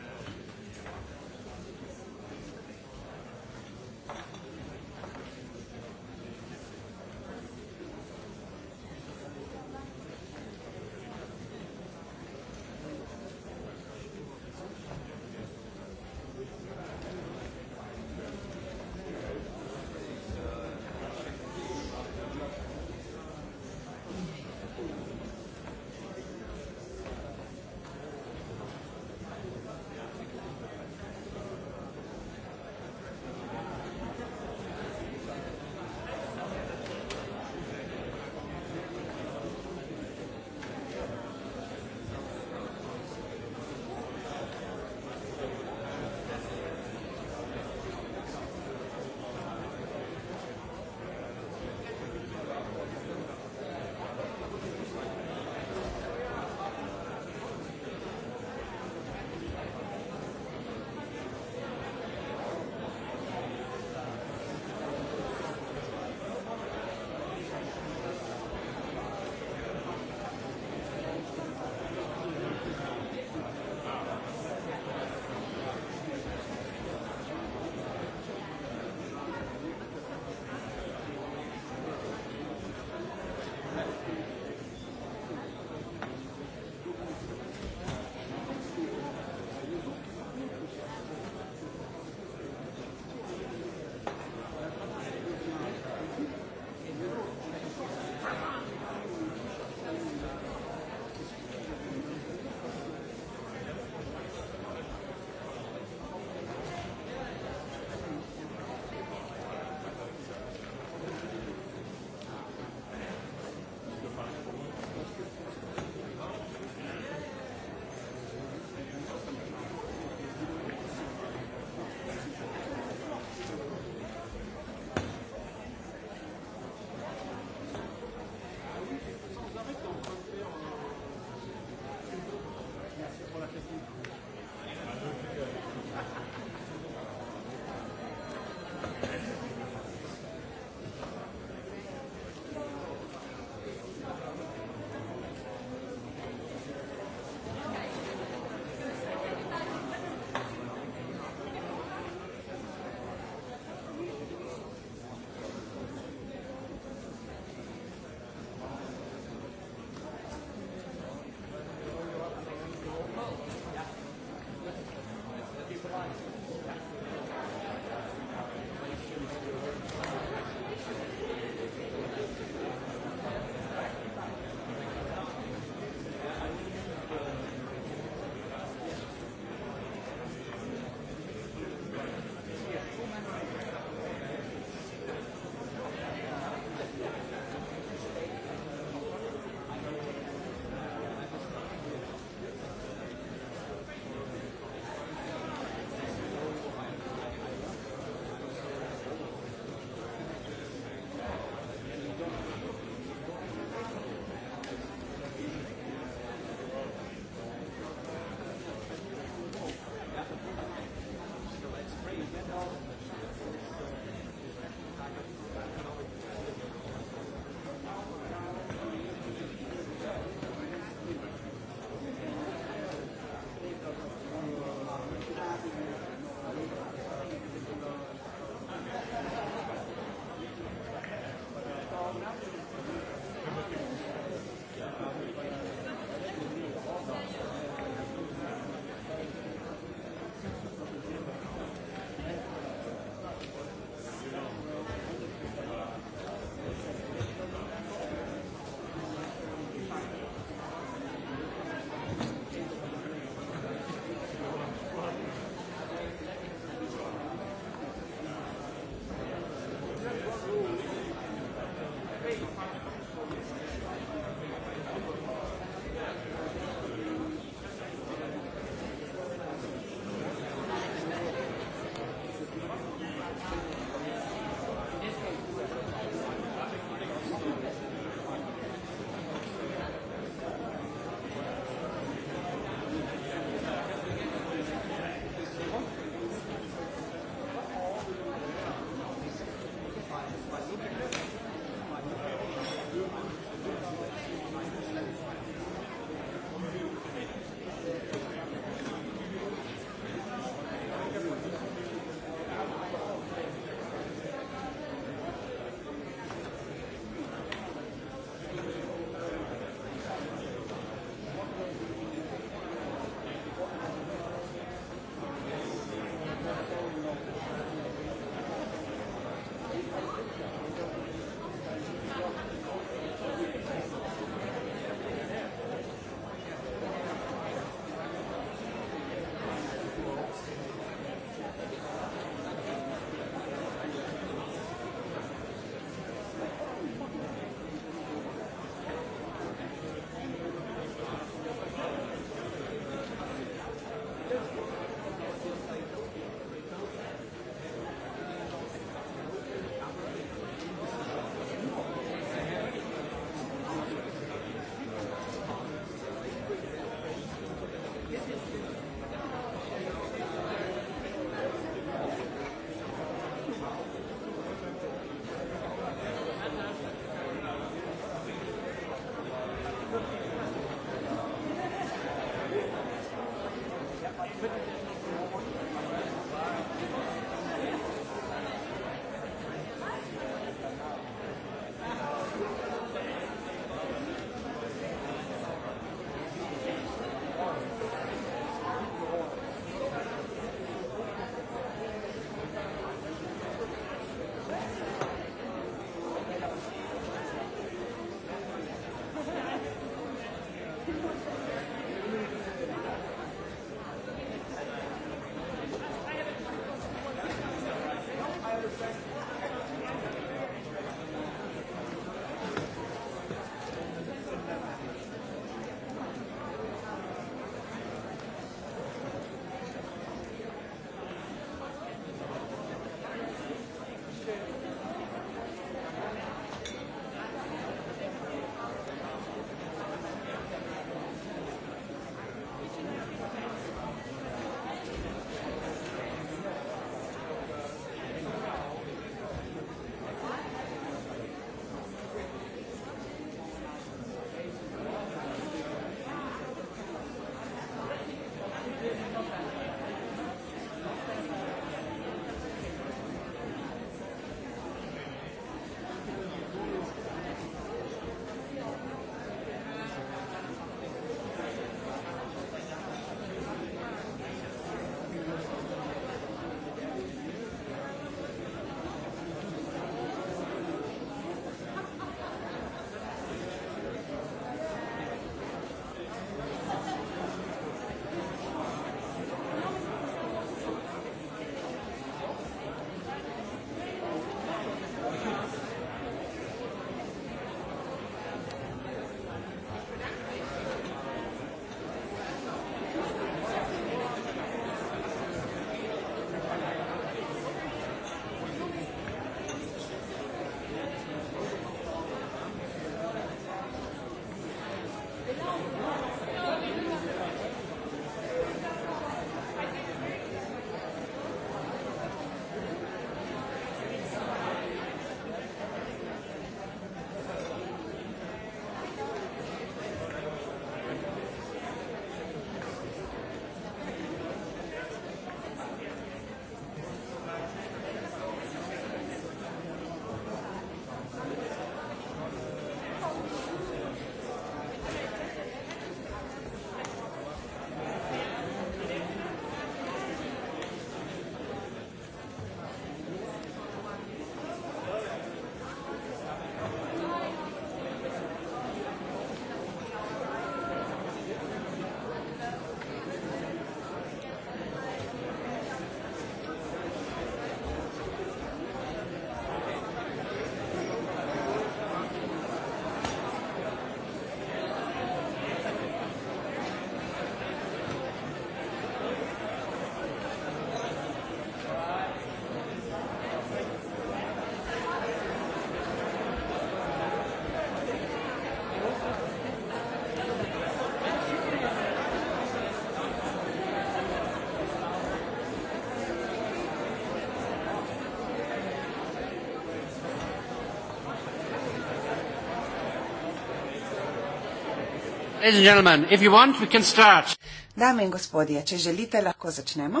Dame in gospodje, če želite, lahko začnemo.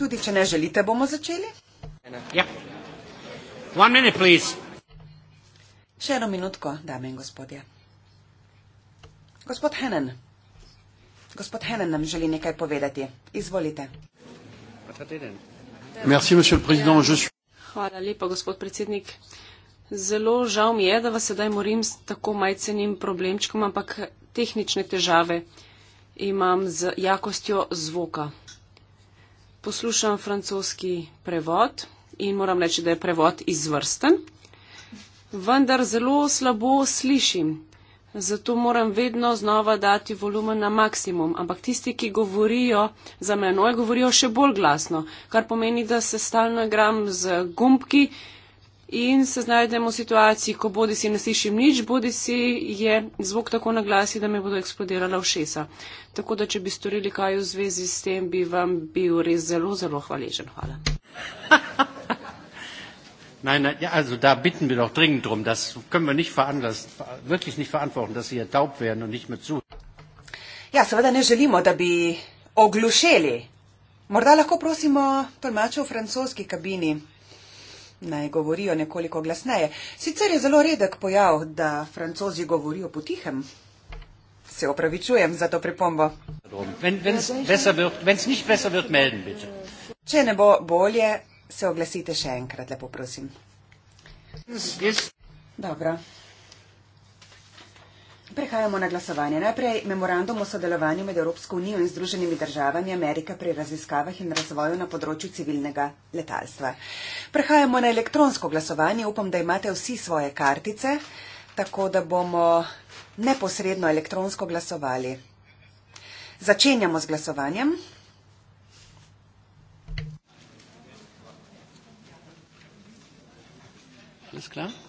Tudi če ne želite, bomo začeli. Ja. Minute, Še eno minutko, dame in gospodje. Gospod Henen, gospod Henen nam želi nekaj povedati. Izvolite. Merci, Hvala lepa, gospod predsednik. Zelo žal mi je, da vas sedaj morim s tako majcenim problemčkom, ampak tehnične težave imam z jakostjo zvoka. Poslušam francoski prevod in moram reči, da je prevod izvrsten, vendar zelo slabo slišim. Zato moram vedno znova dati volumen na maksimum, ampak tisti, ki govorijo za menoj, govorijo še bolj glasno, kar pomeni, da se stalno igram z gumbki in se znajdemo v situaciji, ko bodi si ne slišim nič, bodi si je zvok tako na glasi, da me bodo eksplodirala v šesa. Tako da, če bi storili kaj v zvezi s tem, bi vam bil res zelo, zelo hvaležen. Hvala. [laughs] Nein, nein, ja, also da bitten wir doch dringend drum. Das können wir nicht veranlassen, wirklich nicht verantworten, dass sie hier taub werden und nicht mehr zu. Ja, seveda ne želimo, da bi oglušeli. Morda lahko prosimo tolmače v francoski kabini naj govorijo nekoliko glasneje. Sicer je zelo redek pojav, da francozi govorijo potihem. Se opravičujem za to pripombo. Če ne bo bolje, se oglasite še enkrat, lepo prosim. Dobro. Prehajamo na glasovanje. Najprej memorandum o sodelovanju med Evropsko unijo in Združenimi državami Amerike pri raziskavah in razvoju na področju civilnega letalstva. Prehajamo na elektronsko glasovanje. Upam, da imate vsi svoje kartice, tako da bomo neposredno elektronsko glasovali. Začenjamo z glasovanjem. Vse skladno.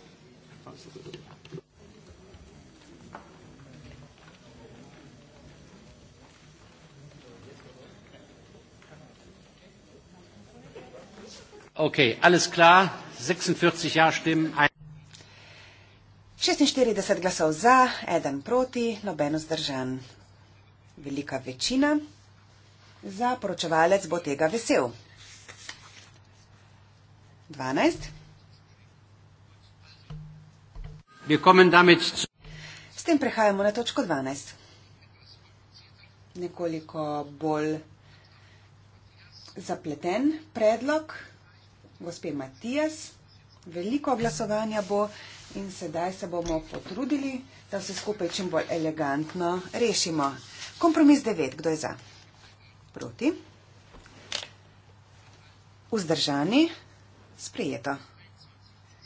Okay, alles klar. 46 Ja-Stimmen. 46 glasov za, eden proti, noben vzdržan. Velika večina za poročevalec bo tega vesel. 12. S tem prehajamo na točko 12. Nekoliko bolj zapleten predlog gospe Matijas. Veliko glasovanja bo in sedaj se bomo potrudili, da vse skupaj čim bolj elegantno rešimo. Kompromis 9. Kdo je za? Proti. Vzdržani. Sprijeto.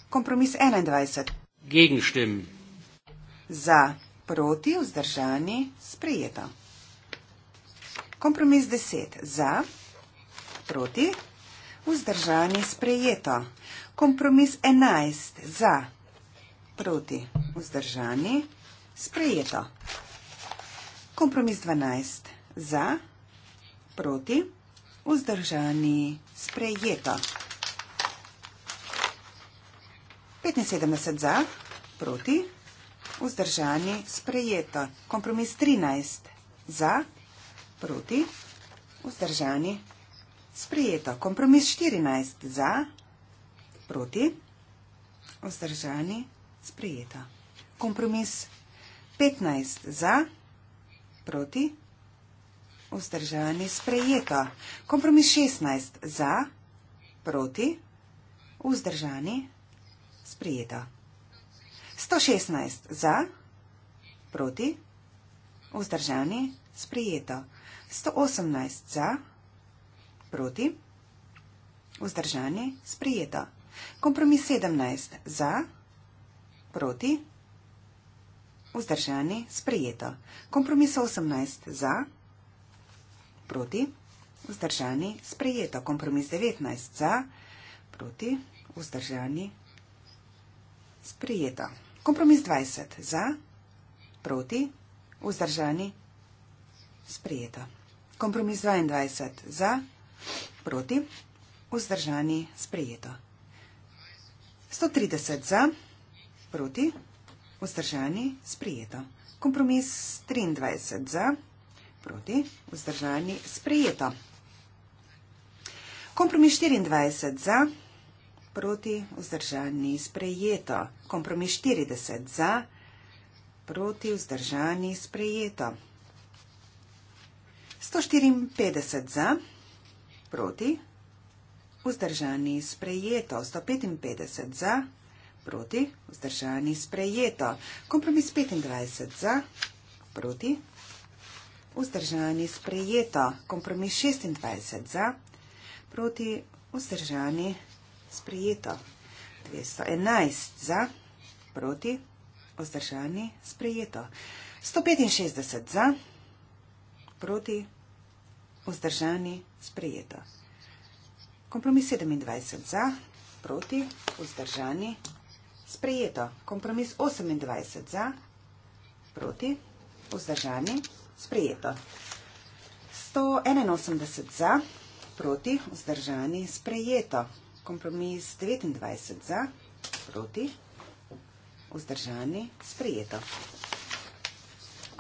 Kompromis 21. Gegenstim. Za. Proti. Vzdržani. Sprijeto. Kompromis 10. Za. Proti vzdržani sprejeto. Kompromis 11 za proti vzdržani sprejeto. Kompromis 12 za proti vzdržani sprejeto. 75 za proti vzdržani sprejeto. Kompromis 13 za proti vzdržani sprejeto. Sprijeto. Kompromis 14. Za. Proti. Ozdržani. Sprijeto. Kompromis 15. Za. Proti. Vzdržani sprejeto. Kompromis 16 za, proti, vzdržani sprejeto. 116 za, proti, vzdržani sprejeto. 118 za, proti. Proti? Vzdržani? Sprijeto. Kompromis 17. Za? Proti? Vzdržani? Sprijeto. Kompromis 18. Za? Proti? Vzdržani? Sprijeto. Kompromis 19. Za? Proti? Vzdržani? Sprijeto. Kompromis 20. Za? Proti? Vzdržani? Sprijeto. Kompromis 22. Za? Proti? Proti? Vzdržani. Sprejeto. 130 za. Proti? Vzdržani. Sprejeto. Kompromis 23 za. Proti? Vzdržani. Sprejeto. Kompromis 24 za. Proti? Vzdržani. Sprejeto. Kompromis 40 za. Proti? Vzdržani. Sprejeto. 154 za. Proti? proti, vzdržani sprejeto, 155 za, proti, vzdržani sprejeto, kompromis 25 za, proti, vzdržani sprejeto, kompromis 26 za, proti, vzdržani sprejeto, 211 za, proti, vzdržani sprejeto, 165 za, proti, vzdržani sprejeto vzdržani, sprejeto. Kompromis 27 za, proti, vzdržani, sprejeto. Kompromis 28 za, proti, vzdržani, sprejeto. 181 za, proti, vzdržani, sprejeto. Kompromis 29 za, proti, vzdržani, sprejeto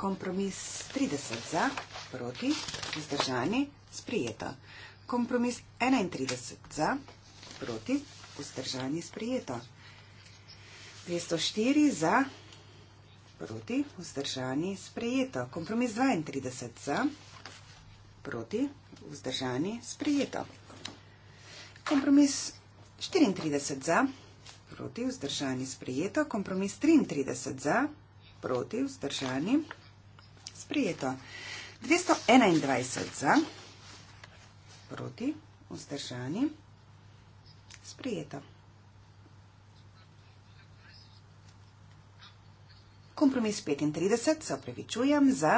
kompromis 30 za, proti, vzdržani, sprijeto. Kompromis 31 za, proti, vzdržani, sprijeto. 204 za, proti, vzdržani, sprijeto. Kompromis 32 za, proti, vzdržani, sprijeto. Kompromis 34 za, proti, vzdržani, sprijeto. Kompromis 33 za, proti, vzdržani, sprijeto sprijeto. 221 za, proti, vzdržani, sprijeto. Kompromis 35, se opravičujem, za,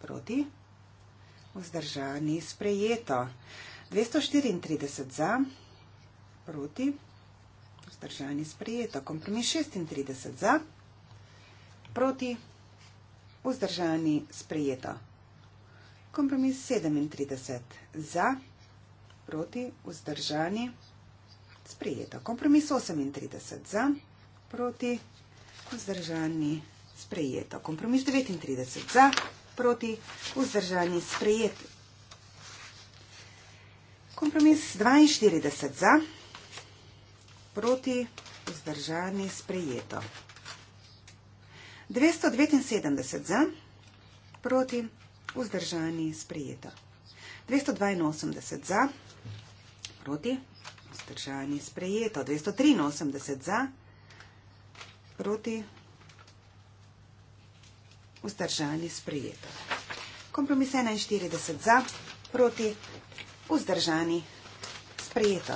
proti, vzdržani, sprijeto. 234 za, proti, vzdržani, sprijeto. Kompromis 36 za, proti, vzdržani, sprijeto vzdržani, sprejeto. Kompromis 37 za, proti, vzdržani, sprejeto. Kompromis 38 za, proti, vzdržani, sprejeto. Kompromis 39 za, proti, vzdržani, sprejeto. Kompromis 42 za, proti, vzdržani, sprejeto. 279 za, proti, vzdržani, sprejeto. 282 za, proti, vzdržani, sprejeto. 283 za, proti, vzdržani, sprejeto. Kompromis 41 za, proti, vzdržani, sprejeto.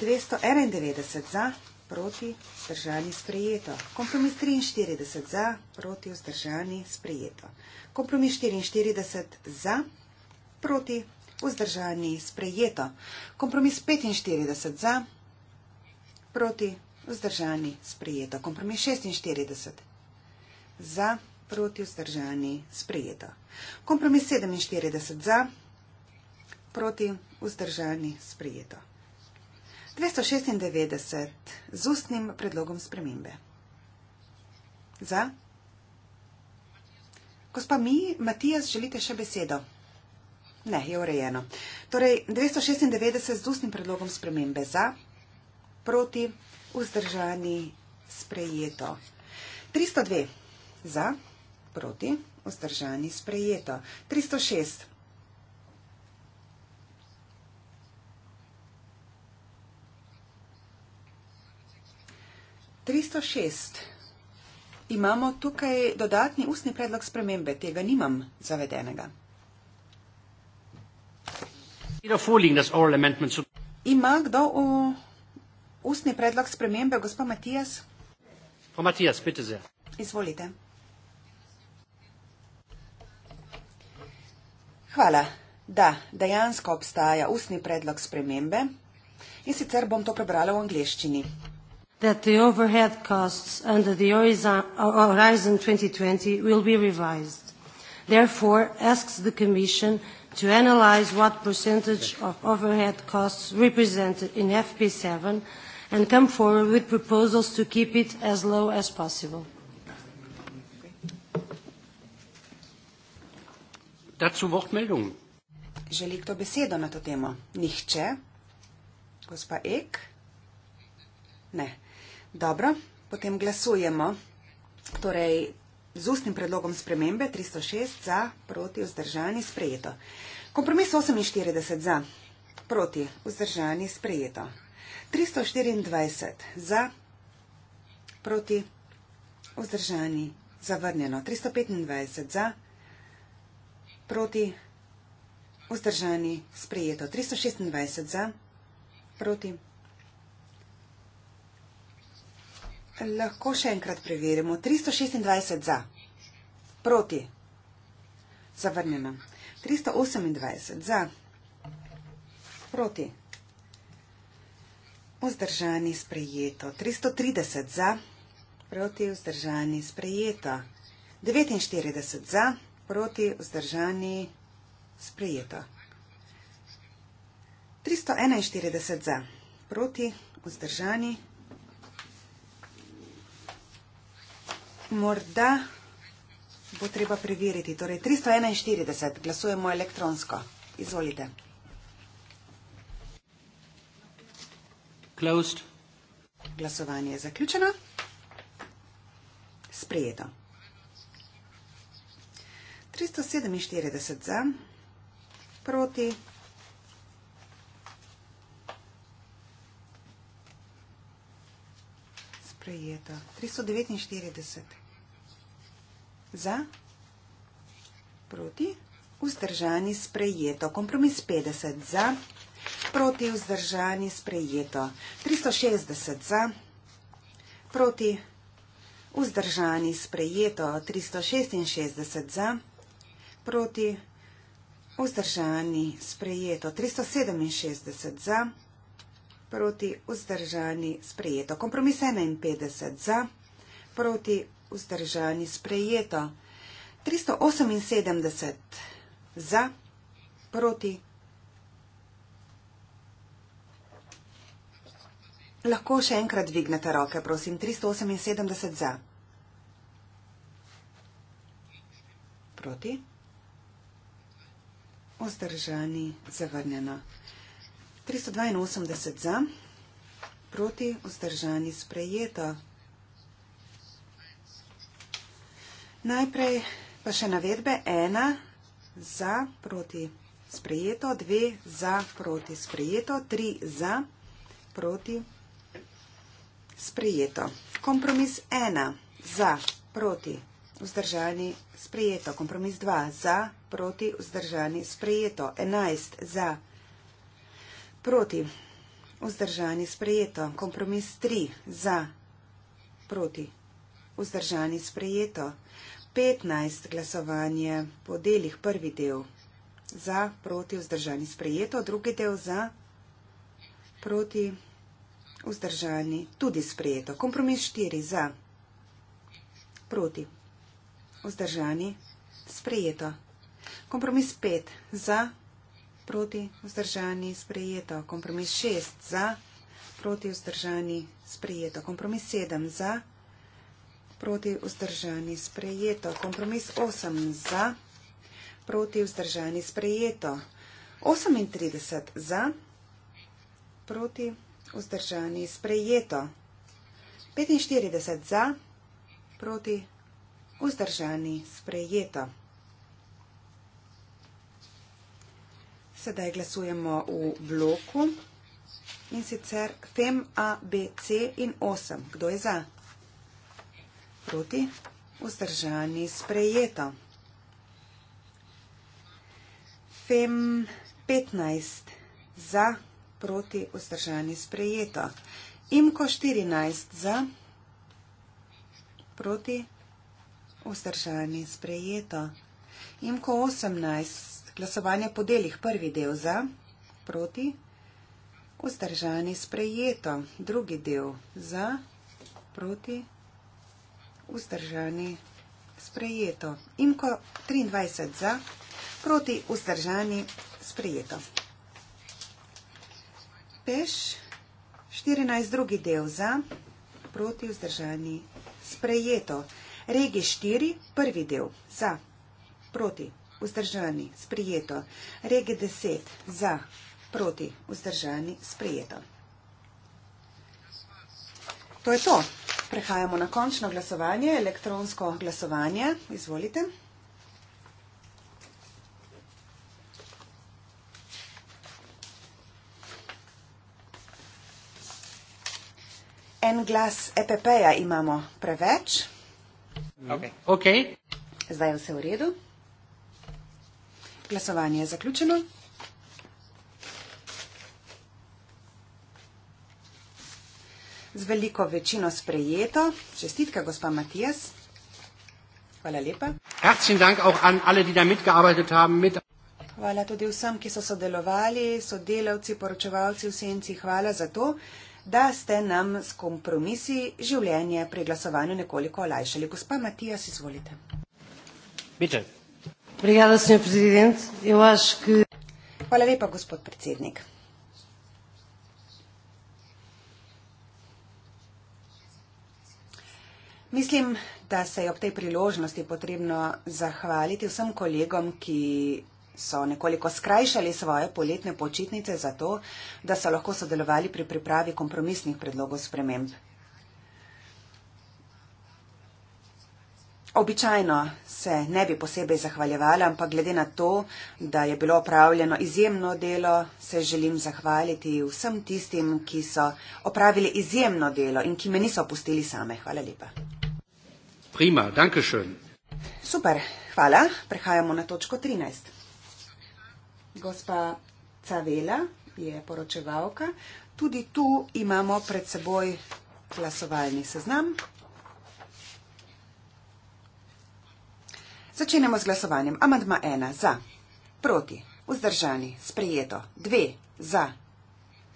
291 za, proti, vzdržani, sprejeto proti, vzdržani sprejeto. Kompromis 43 za, proti, vzdržani sprejeto. Kompromis 44 za, proti, vzdržani sprejeto. Kompromis 45 za, proti, vzdržani sprejeto. Kompromis 46 za, proti, vzdržani sprejeto. Kompromis 47 za, proti, vzdržani sprejeto. 296 z ustnim predlogom spremembe. Za? Gospa mi, Matijas, želite še besedo? Ne, je urejeno. Torej, 296 z ustnim predlogom spremembe za, proti, vzdržani, sprejeto. 302 za, proti, vzdržani, sprejeto. 306 za. 306. Imamo tukaj dodatni ustni predlog spremembe. Tega nimam zavedenega. Ima kdo v ustni predlog spremembe, gospod Matijas? Pa Matijas, pite se. Izvolite. Hvala. Da, dejansko obstaja ustni predlog spremembe in sicer bom to prebrala v angliščini that the overhead costs under the Horizon 2020 will be revised. Therefore, asks the Commission to analyze what percentage of overhead costs represented in FP7 and come forward with proposals to keep it as low as possible. Želi kdo besedo na to temo? Nihče. Gospa Ek? Ne. Dobro, potem glasujemo. Torej, z ustnim predlogom spremembe 306 za, proti, vzdržani, sprejeto. Kompromis 48 za, proti, vzdržani, sprejeto. 324 za, proti, vzdržani, zavrnjeno. 325 za, proti, vzdržani, sprejeto. 326 za, proti, vzdržani, sprejeto. Lahko še enkrat preverimo. 326 za. Proti. Zavrnjeno. 328 za. Proti. Vzdržani sprejeto. 330 za. Proti. Vzdržani sprejeto. 49 za. Proti. Vzdržani sprejeto. 341 za. Proti. Vzdržani sprejeto. morda bo treba preveriti. Torej, 341, glasujemo elektronsko. Izvolite. Closed. Glasovanje je zaključeno. Sprejeto. 347 za, proti. Sprejeto. 349 za, proti, vzdržani sprejeto. Kompromis 50 za, proti, vzdržani sprejeto. 360 za, proti, vzdržani sprejeto. 366 za, proti, vzdržani sprejeto. 367 za, proti, vzdržani sprejeto. Kompromis 51 za, proti, vzdržani sprejeto. 378 za, proti. Lahko še enkrat dvignete roke, prosim. 378 za. Proti. Vzdržani, zavrnjeno. 382 za, proti, vzdržani, sprejeto. Najprej pa še navedbe. Ena za proti sprejeto, dve za proti sprejeto, tri za proti sprejeto. Kompromis ena za proti vzdržani sprejeto. Kompromis dva za proti vzdržani sprejeto. Enajst za proti vzdržani sprejeto. Kompromis tri za proti sprejeto vzdržani sprejeto. 15 glasovanje po delih. Prvi del za, proti, vzdržani sprejeto, drugi del za, proti, vzdržani tudi sprejeto. Kompromis 4 za, proti, vzdržani sprejeto. Kompromis 5 za, proti, vzdržani sprejeto. Kompromis 6 za, proti, vzdržani sprejeto. Kompromis 7 za, proti, vzdržani sprejeto proti vzdržani sprejeto. Kompromis 8 za, proti vzdržani sprejeto. 38 za, proti vzdržani sprejeto. 45 za, proti vzdržani sprejeto. Sedaj glasujemo v bloku in sicer FEM, A, B, C in 8. Kdo je za? Kdo je za? proti, vzdržani, sprejeto. Fem 15 za, proti, vzdržani, sprejeto. Imko 14 za, proti, vzdržani, sprejeto. Imko 18, glasovanje po delih, prvi del za, proti, vzdržani, sprejeto. Drugi del za, proti, vzdržani, sprejeto vzdržani. Sprejeto. Imko 23 za, proti vzdržani. Sprejeto. Peš 14 drugi del za, proti vzdržani. Sprejeto. Regi 4 prvi del za, proti vzdržani. Sprejeto. Regi 10 za, proti vzdržani. Sprejeto. To je to. Prehajamo na končno glasovanje, elektronsko glasovanje. Izvolite. En glas EPP-ja imamo preveč. Okay. Okay. Zdaj je vse v redu. Glasovanje je zaključeno. z veliko večino sprejeto. Čestitke, gospa Matijas. Hvala lepa. Herzlichen Dank auch an alle, die da mitgearbeitet haben. Mit hvala tudi vsem, ki so sodelovali, sodelavci, poročevalci v senci. Hvala za to, da ste nam s kompromisi življenje pri glasovanju nekoliko olajšali. Gospa Matijas, izvolite. Bitte. Obrigada, gospod predsednik. Hvala lepa, gospod predsednik. Mislim, da se je ob tej priložnosti potrebno zahvaliti vsem kolegom, ki so nekoliko skrajšali svoje poletne počitnice za to, da so lahko sodelovali pri pripravi kompromisnih predlogov sprememb. Običajno se ne bi posebej zahvaljevala, ampak glede na to, da je bilo opravljeno izjemno delo, se želim zahvaliti vsem tistim, ki so opravili izjemno delo in ki me niso pustili same. Hvala lepa. Prima, danke schön. Super, hvala. Prehajamo na točko 13. Gospa Cavela je poročevalka. Tudi tu imamo pred seboj glasovalni seznam. Začenjamo z glasovanjem. Amadma 1 za, proti, vzdržani, sprejeto. 2 za,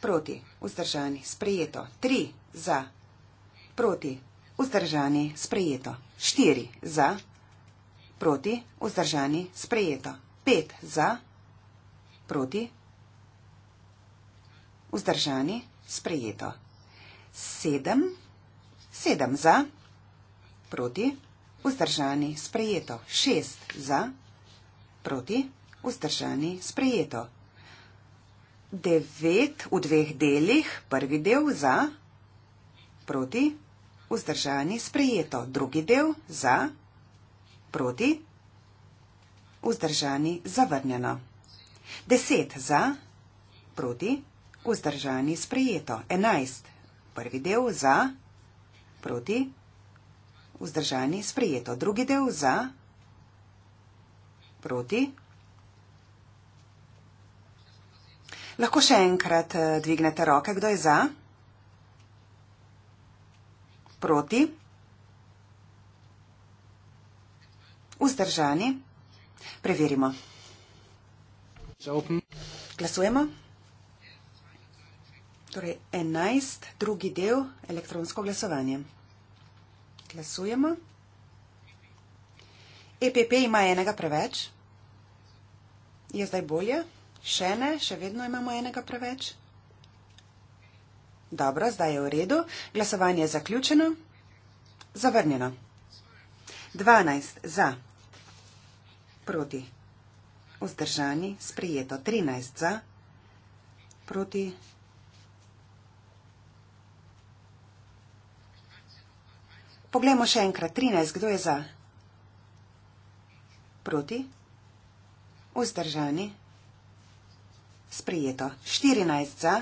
proti, vzdržani, sprejeto. 3 za, proti, vzdržani, sprejeto. 3, 4 za, proti, vzdržani, sprejeto. 5 za, proti, vzdržani, sprejeto. 7, 7 za, proti, vzdržani, sprejeto. 6 za, proti, vzdržani, sprejeto. 9 v dveh delih, prvi del za, proti, vzdržani, sprejeto vzdržani, sprejeto. Drugi del za, proti, vzdržani, zavrnjeno. Deset za, proti, vzdržani, sprejeto. Enajst, prvi del za, proti, vzdržani, sprejeto. Drugi del za, proti. Lahko še enkrat eh, dvignete roke, kdo je za proti, vzdržani, preverimo. Glasujemo. Torej, enajst, drugi del, elektronsko glasovanje. Glasujemo. EPP ima enega preveč. Je zdaj bolje? Še ne, še vedno imamo enega preveč. Dobro, zdaj je v redu. Glasovanje je zaključeno. Zavrnjeno. 12 za, proti, vzdržani, sprijeto. 13 za, proti, Poglejmo še enkrat. 13, kdo je za? Proti. Vzdržani. Sprijeto. 14 za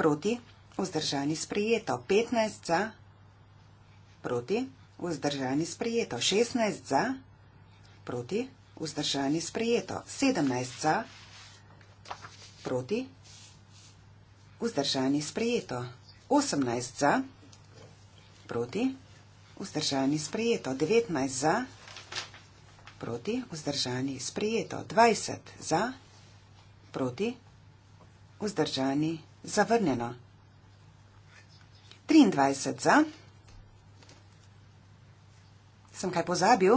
proti, vzdržani sprejeto, 15 za, proti, vzdržani sprejeto, 16 za, proti, vzdržani sprejeto, 17 za, proti, vzdržani sprejeto, 18 za, proti, vzdržani sprejeto, 19 za, proti, vzdržani sprejeto, 20 za, proti, vzdržani sprejeto zavrnjeno. 23 za. Sem kaj pozabil?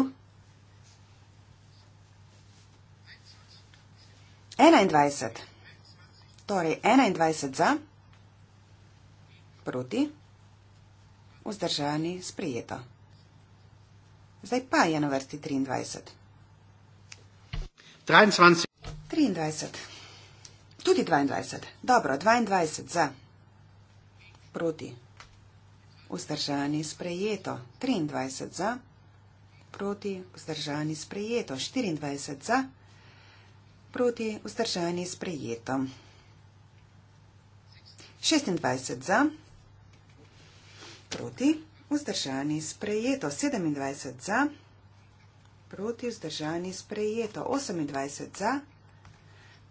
21. Torej 21 za. Proti. Vzdržani sprijeto. Zdaj pa je na vrsti 23. 23. 23. Tudi 22. Dobro, 22 za. Proti. Vzdržani sprejeto. 23 za. Proti. Vzdržani sprejeto. 24 za. Proti. Vzdržani sprejeto. 26 za. Proti. Vzdržani sprejeto. 27 za. Proti. Vzdržani sprejeto. 28 za.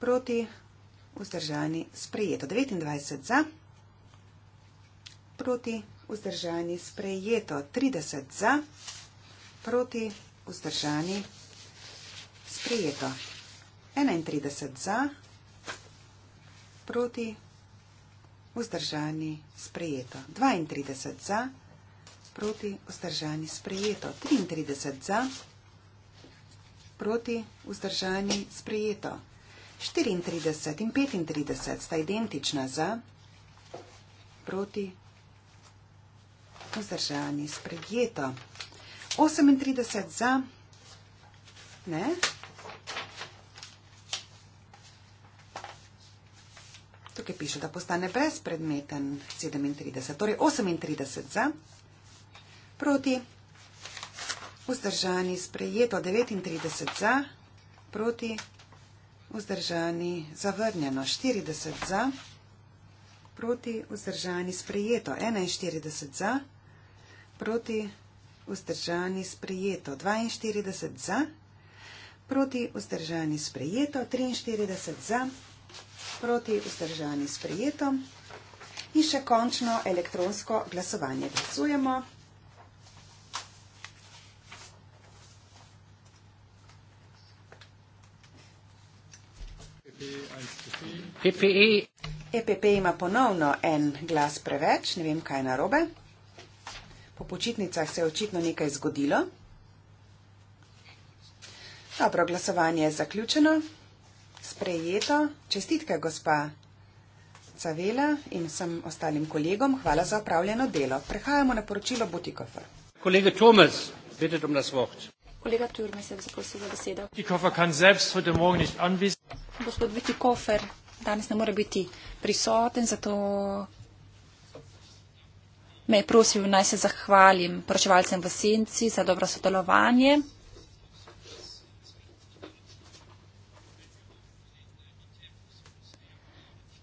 Proti vzdržani, sprejeto. 29 za, proti, vzdržani, sprejeto. 30 za, proti, vzdržani, sprejeto. 31 za, proti, vzdržani, sprejeto. 32 za, proti, vzdržani, sprejeto. 33 za, proti, vzdržani, sprejeto. 34 in 35 sta identična za, proti, vzdržani, spregjeto. 38 za, ne, tukaj piše, da postane brezpredmeten 37, torej 38 za, proti, vzdržani, sprejeto 39 za, proti, vzdržani, sprejeto 39 za, vzdržani, zavrnjeno 40 za, proti vzdržani, sprejeto 41 za, proti vzdržani, sprejeto 42 za, proti vzdržani, sprejeto 43 za, proti vzdržani, sprejeto in še končno elektronsko glasovanje glasujemo. PPE. EPP ima ponovno en glas preveč, ne vem, kaj je narobe. Po počitnicah se je očitno nekaj zgodilo. Dobro, glasovanje je zaključeno, sprejeto. Čestitke, gospa Cavela in vsem ostalim kolegom. Hvala za opravljeno delo. Prehajamo na poročilo Butikofer. Kolega Tomas, vidite, da imam na svoč. Kolega Turmes je zaprosil za besedo. Butikofer kan sebst, hoče morgen, nič anvis gospod Viti Kofer danes ne more biti prisoten, zato me je prosil, naj se zahvalim proševalcem v Senci za dobro sodelovanje.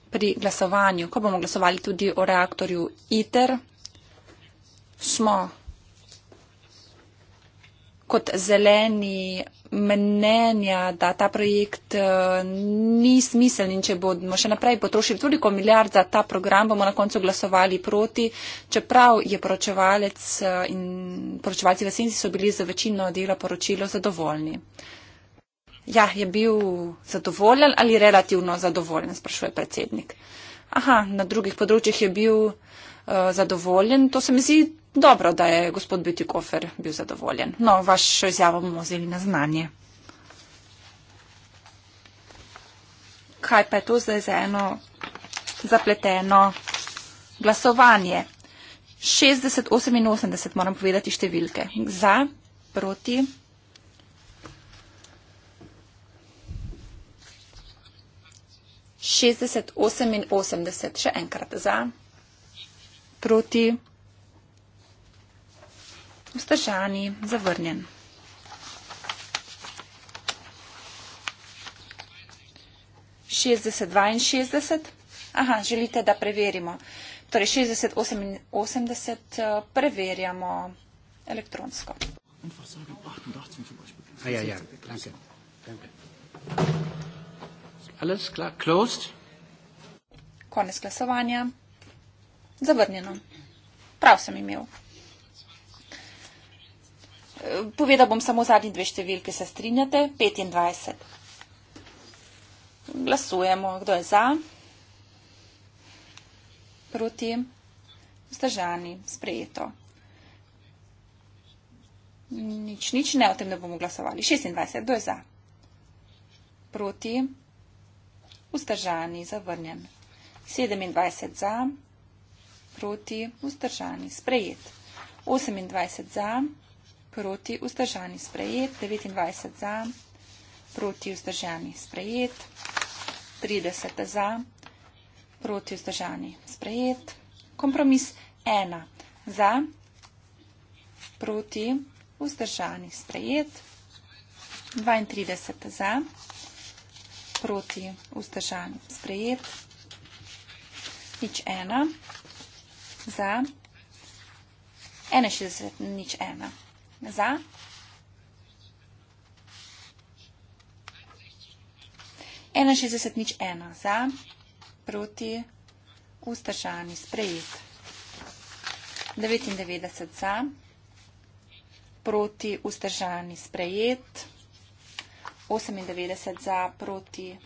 Pri glasovanju, ko bomo glasovali tudi o reaktorju ITER, smo kot zeleni mnenja, da ta projekt eh, ni smiseln in če bomo še naprej potrošili toliko milijard za ta program, bomo na koncu glasovali proti, čeprav je poročevalec eh, in poročevalci v senci so bili za večino dela poročilo zadovoljni. Ja, je bil zadovoljen ali relativno zadovoljen, sprašuje predsednik. Aha, na drugih področjih je bil uh, zadovoljen. To se mi zdi Dobro, da je gospod Bütikofer bil zadovoljen. No, vašo izjavo bomo vzeli na znanje. Kaj pa je to zdaj za eno zapleteno glasovanje? 60, 88 moram povedati številke. Za, proti. Šestdeset, osem in osemdeset, še enkrat za, proti, vzdržani, zavrnjen. Šestdeset, dvainšestdeset. Aha, želite, da preverimo. Torej, šestdeset, oseminosemdeset eh, preverjamo elektronsko. Ja, ja, ja. Alles klar, closed. Konec glasovanja. Zavrnjeno. Prav sem imel. Povedal bom samo zadnji dve številke, se strinjate? 25. Glasujemo, kdo je za? Proti? Vzdržani? Sprejeto. Nič, nič, ne, o tem ne bomo glasovali. 26, kdo je za? Proti? Vzdržani? Zavrnjen. 27 za, proti, vzdržani, sprejet. 28 za, proti vzdržani sprejet, 29 za, proti vzdržani sprejet, 30 za, proti vzdržani sprejet, kompromis 1 za, proti vzdržani sprejet, 32 za, proti vzdržani sprejet, nič 1 za, 61 nič 1 za. Enašestdeset nič ena za, proti, ustašani, sprejet. Devetindevetdeset za, proti, ustašani, sprejet. Osemindevetdeset za, proti,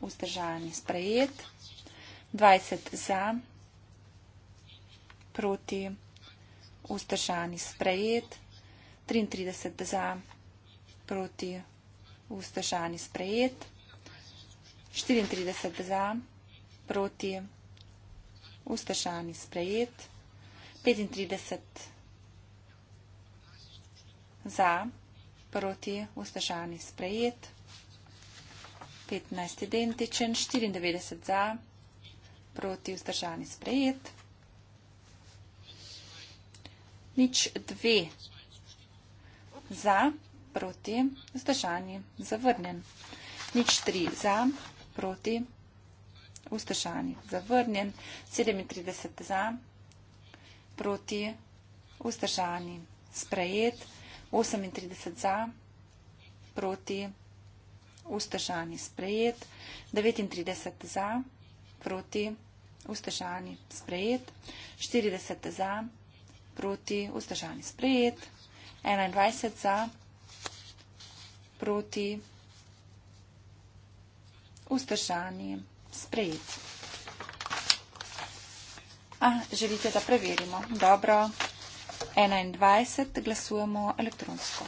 ustašani, sprejet. Dvajset za, proti, ustašani, sprejet. 33 za proti vzdržani sprejet, 34 za proti vzdržani sprejet, 35 za proti vzdržani sprejet, 15 identičen, 94 za proti vzdržani sprejet, nič dve proti za, proti, vzdržani, zavrnjen. Nič tri za, proti, vzdržani, zavrnjen. 37 za, proti, vzdržani, sprejet. 38 za, proti, vzdržani, sprejet. 39 za, proti, vzdržani, sprejet. 40 za, proti, vzdržani, sprejet. 21 za, proti, vzdržani, sprejet. A, želite, da preverimo? Dobro, 21 glasujemo elektronsko.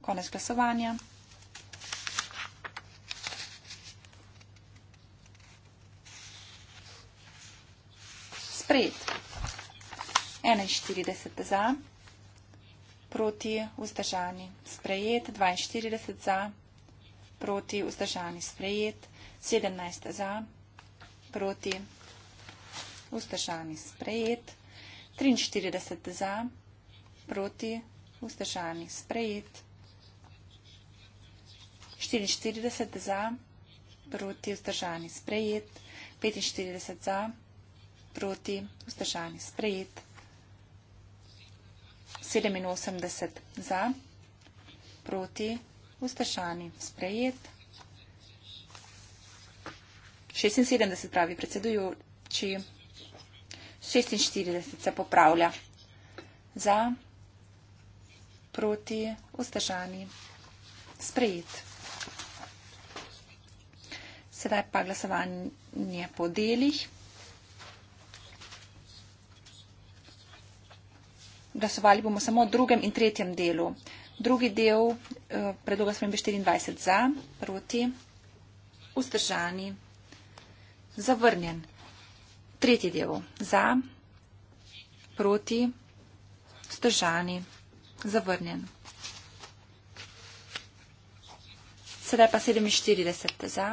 Konec glasovanja. Sprejet. 41 za proti vzdržani, sprejet, 42 za, proti vzdržani, sprejet, 17 za, proti vzdržani, sprejet, 43 za, proti vzdržani, sprejet, 44 za, proti vzdržani, sprejet, 45 za, proti vzdržani, sprejet. 87 za, proti vzdržani. Sprejet. 76 pravi predsedujoči. 46 se popravlja. Za, proti vzdržani. Sprejet. Sedaj pa glasovanje po delih. glasovali bomo samo o drugem in tretjem delu. Drugi del eh, predloga smo imeli 24 za, proti, vzdržani, zavrnjen. Tretji del za, proti, vzdržani, zavrnjen. Sedaj pa 47 za,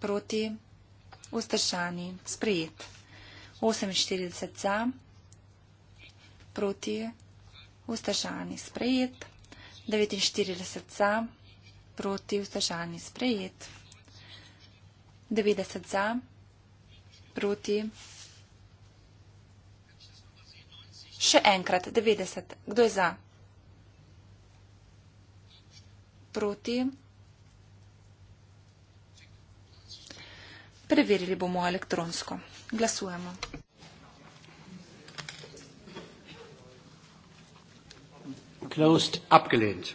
proti, vzdržani, sprejet. 48 za, proti vzdržani sprejet, 49 za proti vzdržani sprejet, 90 za proti. Še enkrat, 90. Kdo je za? Proti. Preverili bomo elektronsko. Glasujemo. Closed. Abgelehnt.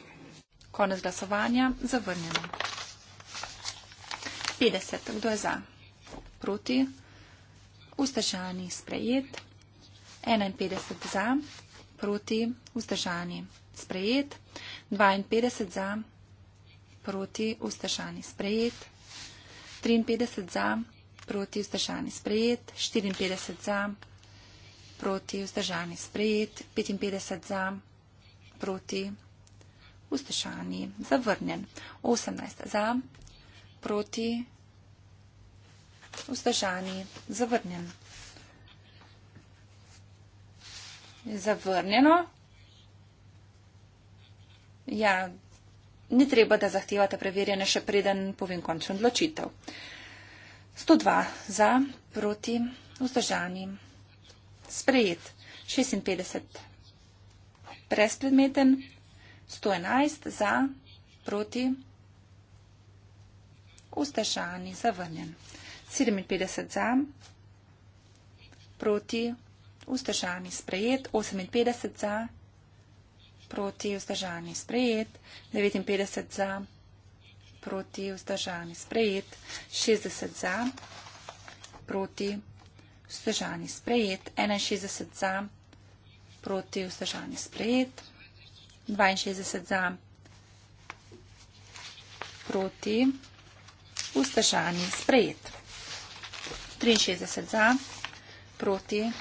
Konec glasovanja. Zavrnjeno. 50. Kdo je za? Proti. Vzdržani. Sprejet. 51 za. Proti. Vzdržani. Sprejet. 52 za. Proti. Vzdržani. Sprejet. 53 za. Proti. Vzdržani. Sprejet. 54 za. Proti. Vzdržani. Sprejet. 55 za. Proti, proti, vzdušani, zavrnjen. 18 za, proti, vzdušani, zavrnjen. Zavrnjeno. Ja, ni treba, da zahtevate preverjene še preden povem končno odločitev. 102 za, proti, vzdržani, sprejet, 56 za brezpredmeten, 111 za, proti, vzdržani, zavrnjen. 57 za, proti, vzdržani, sprejet, 58 za, proti, vzdržani, sprejet, 59 za, proti, vzdržani, sprejet, 60 za, proti, vzdržani, sprejet, 61 za, proti, vzdržani, sprejet, proti vzdržani sprejet, 62 za proti vzdržani sprejet, 63 za proti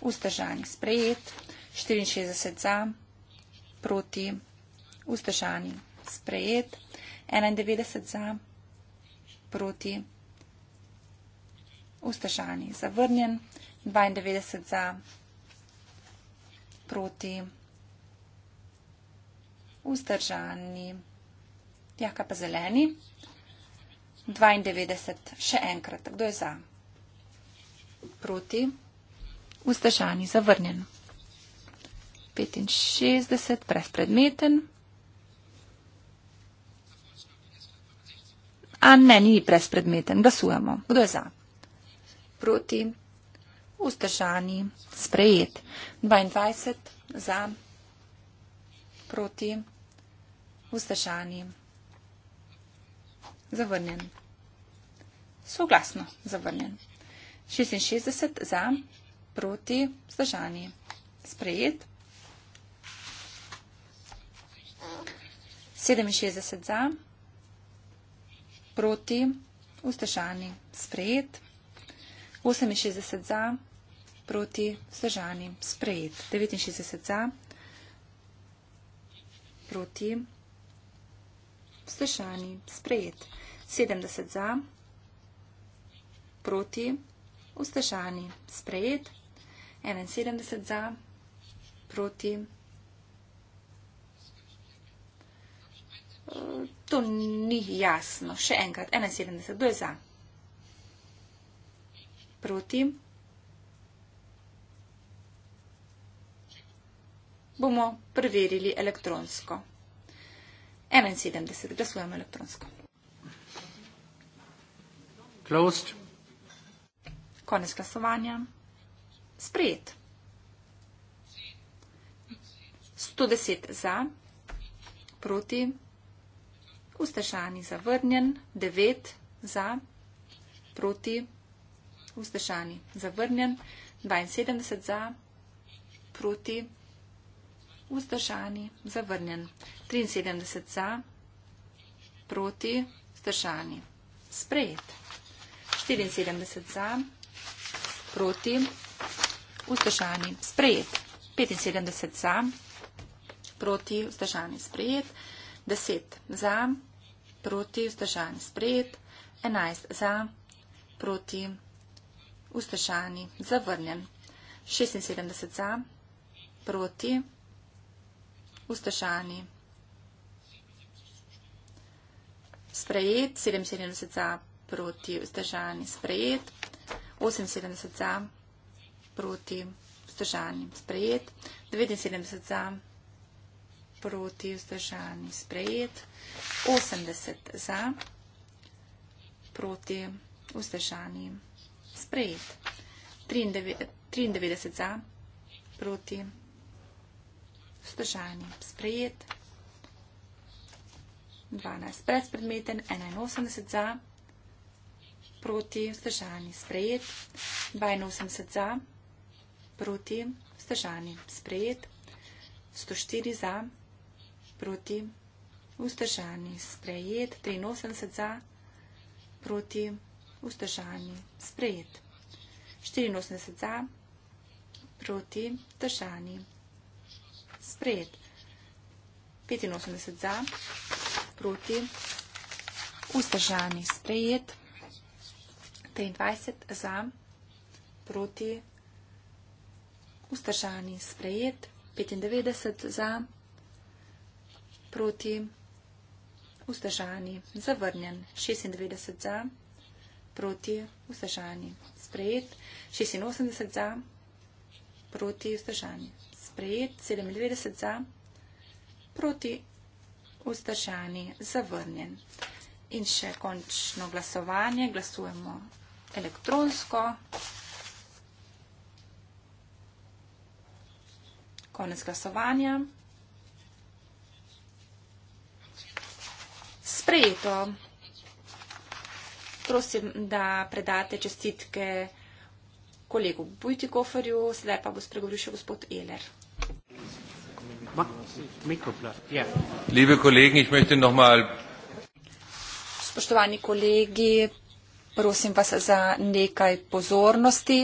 vzdržani sprejet, 64 za proti vzdržani sprejet, 91 za proti vzdržani zavrnjen, 92 za proti vzdržani sprejet, proti vzdržani. Ja, kaj pa zeleni? 92. Še enkrat. Kdo je za? Proti. Vzdržani. Zavrnjen. 65. Brezpredmeten. A ne, ni brezpredmeten. Glasujemo. Kdo je za? Proti vzdržani, sprejet. 22 za, proti, vzdržani, zavrnjen. Soglasno zavrnjen. 66 za, proti, vzdržani, sprejet. 67 za, proti, vzdržani, sprejet. 68 za, proti, vzdržani, sprejet proti vzdržani. Sprejet. 69 za proti vzdržani. Sprejet. 70 za proti vzdržani. Sprejet. 71 za proti To ni jasno. Še enkrat. 71. Kdo je za? Proti. bomo preverili elektronsko. 71, glasujemo elektronsko. Closed. Konec glasovanja. Sprejet. 110 za, proti, vzdržani zavrnjen, 9 za, proti, vzdržani zavrnjen, 72 za, proti, vzdržani zavrnjen vzdržani, zavrnjen. 73 za, proti, vzdržani. Sprejet. 74 za, proti, vzdržani. Sprejet. 75 za, proti, vzdržani. Sprejet. 10 za, proti, vzdržani. Sprejet. 11 za, proti, vzdržani. Zavrnjen. 76 za, proti, vzdržani ustašani. Sprejet, 77 za proti ustašani. Sprejet, 78 za proti ustašani. Sprejet, 79 za proti ustašani. Sprejet, 80 za proti ustašani. Sprejet, 93 za proti ustašani vzdržani, sprejet, 12 brezpredmeten, 81 za, proti, vzdržani, sprejet, 82 za, proti, vzdržani, sprejet, 104 za, proti, vzdržani, sprejet, 83 za, proti, vzdržani, sprejet, 84 za, proti, vzdržani, sprejet sprejet. 85 za, proti, vzdržani sprejet. 23 za, proti, vzdržani sprejet. 95 za, proti, vzdržani zavrnjen. 96 za, proti, vzdržani sprejet. 86 za, proti, vzdržani sprejet sprejet, 97 za, proti ustašani, zavrnjen. In še končno glasovanje, glasujemo elektronsko. Konec glasovanja. Sprejeto. Prosim, da predate čestitke kolegu Bujtikoferju, sedaj pa bo spregovoril še gospod Eler. Ja. Liebe Kollegen, ich möchte noch mal Spoštovani kolegi, prosim vas za nekaj pozornosti.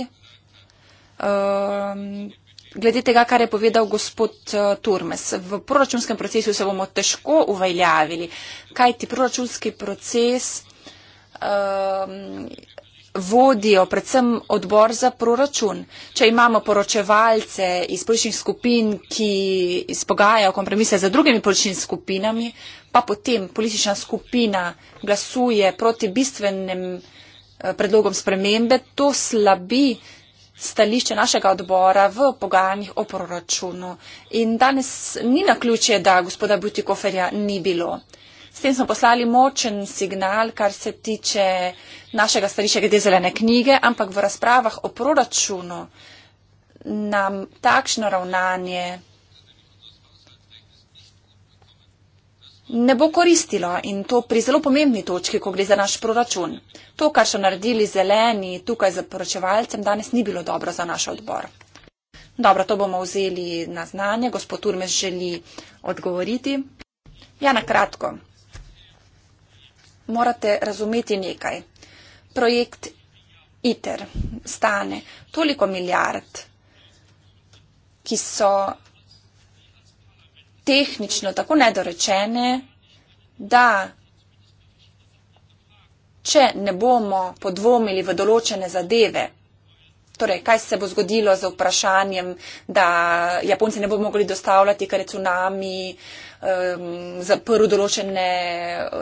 Um, glede tega, kar je povedal gospod uh, Turmes, v proračunskem procesu se bomo težko uveljavili, kajti proračunski proces um, vodijo predvsem odbor za proračun. Če imamo poročevalce iz političnih skupin, ki izpogajajo kompromise za drugimi političnimi skupinami, pa potem politična skupina glasuje proti bistvenim eh, predlogom spremembe, to slabi stališče našega odbora v pogajanjih o proračunu. In danes ni na ključje, da gospoda Butikoferja ni bilo. S tem smo poslali močen signal, kar se tiče našega starišega glede zelene knjige, ampak v razpravah o proračunu nam takšno ravnanje ne bo koristilo in to pri zelo pomembni točki, ko gre za naš proračun. To, kar so naredili zeleni tukaj za poročevalcem, danes ni bilo dobro za naš odbor. Dobro, to bomo vzeli na znanje. Gospod Turmes želi odgovoriti. Ja, na kratko morate razumeti nekaj. Projekt ITER stane toliko milijard, ki so tehnično tako nedorečene, da če ne bomo podvomili v določene zadeve, torej kaj se bo zgodilo z vprašanjem, da Japonci ne bo mogli dostavljati, ker je tsunami, uh, um, zaprl določene,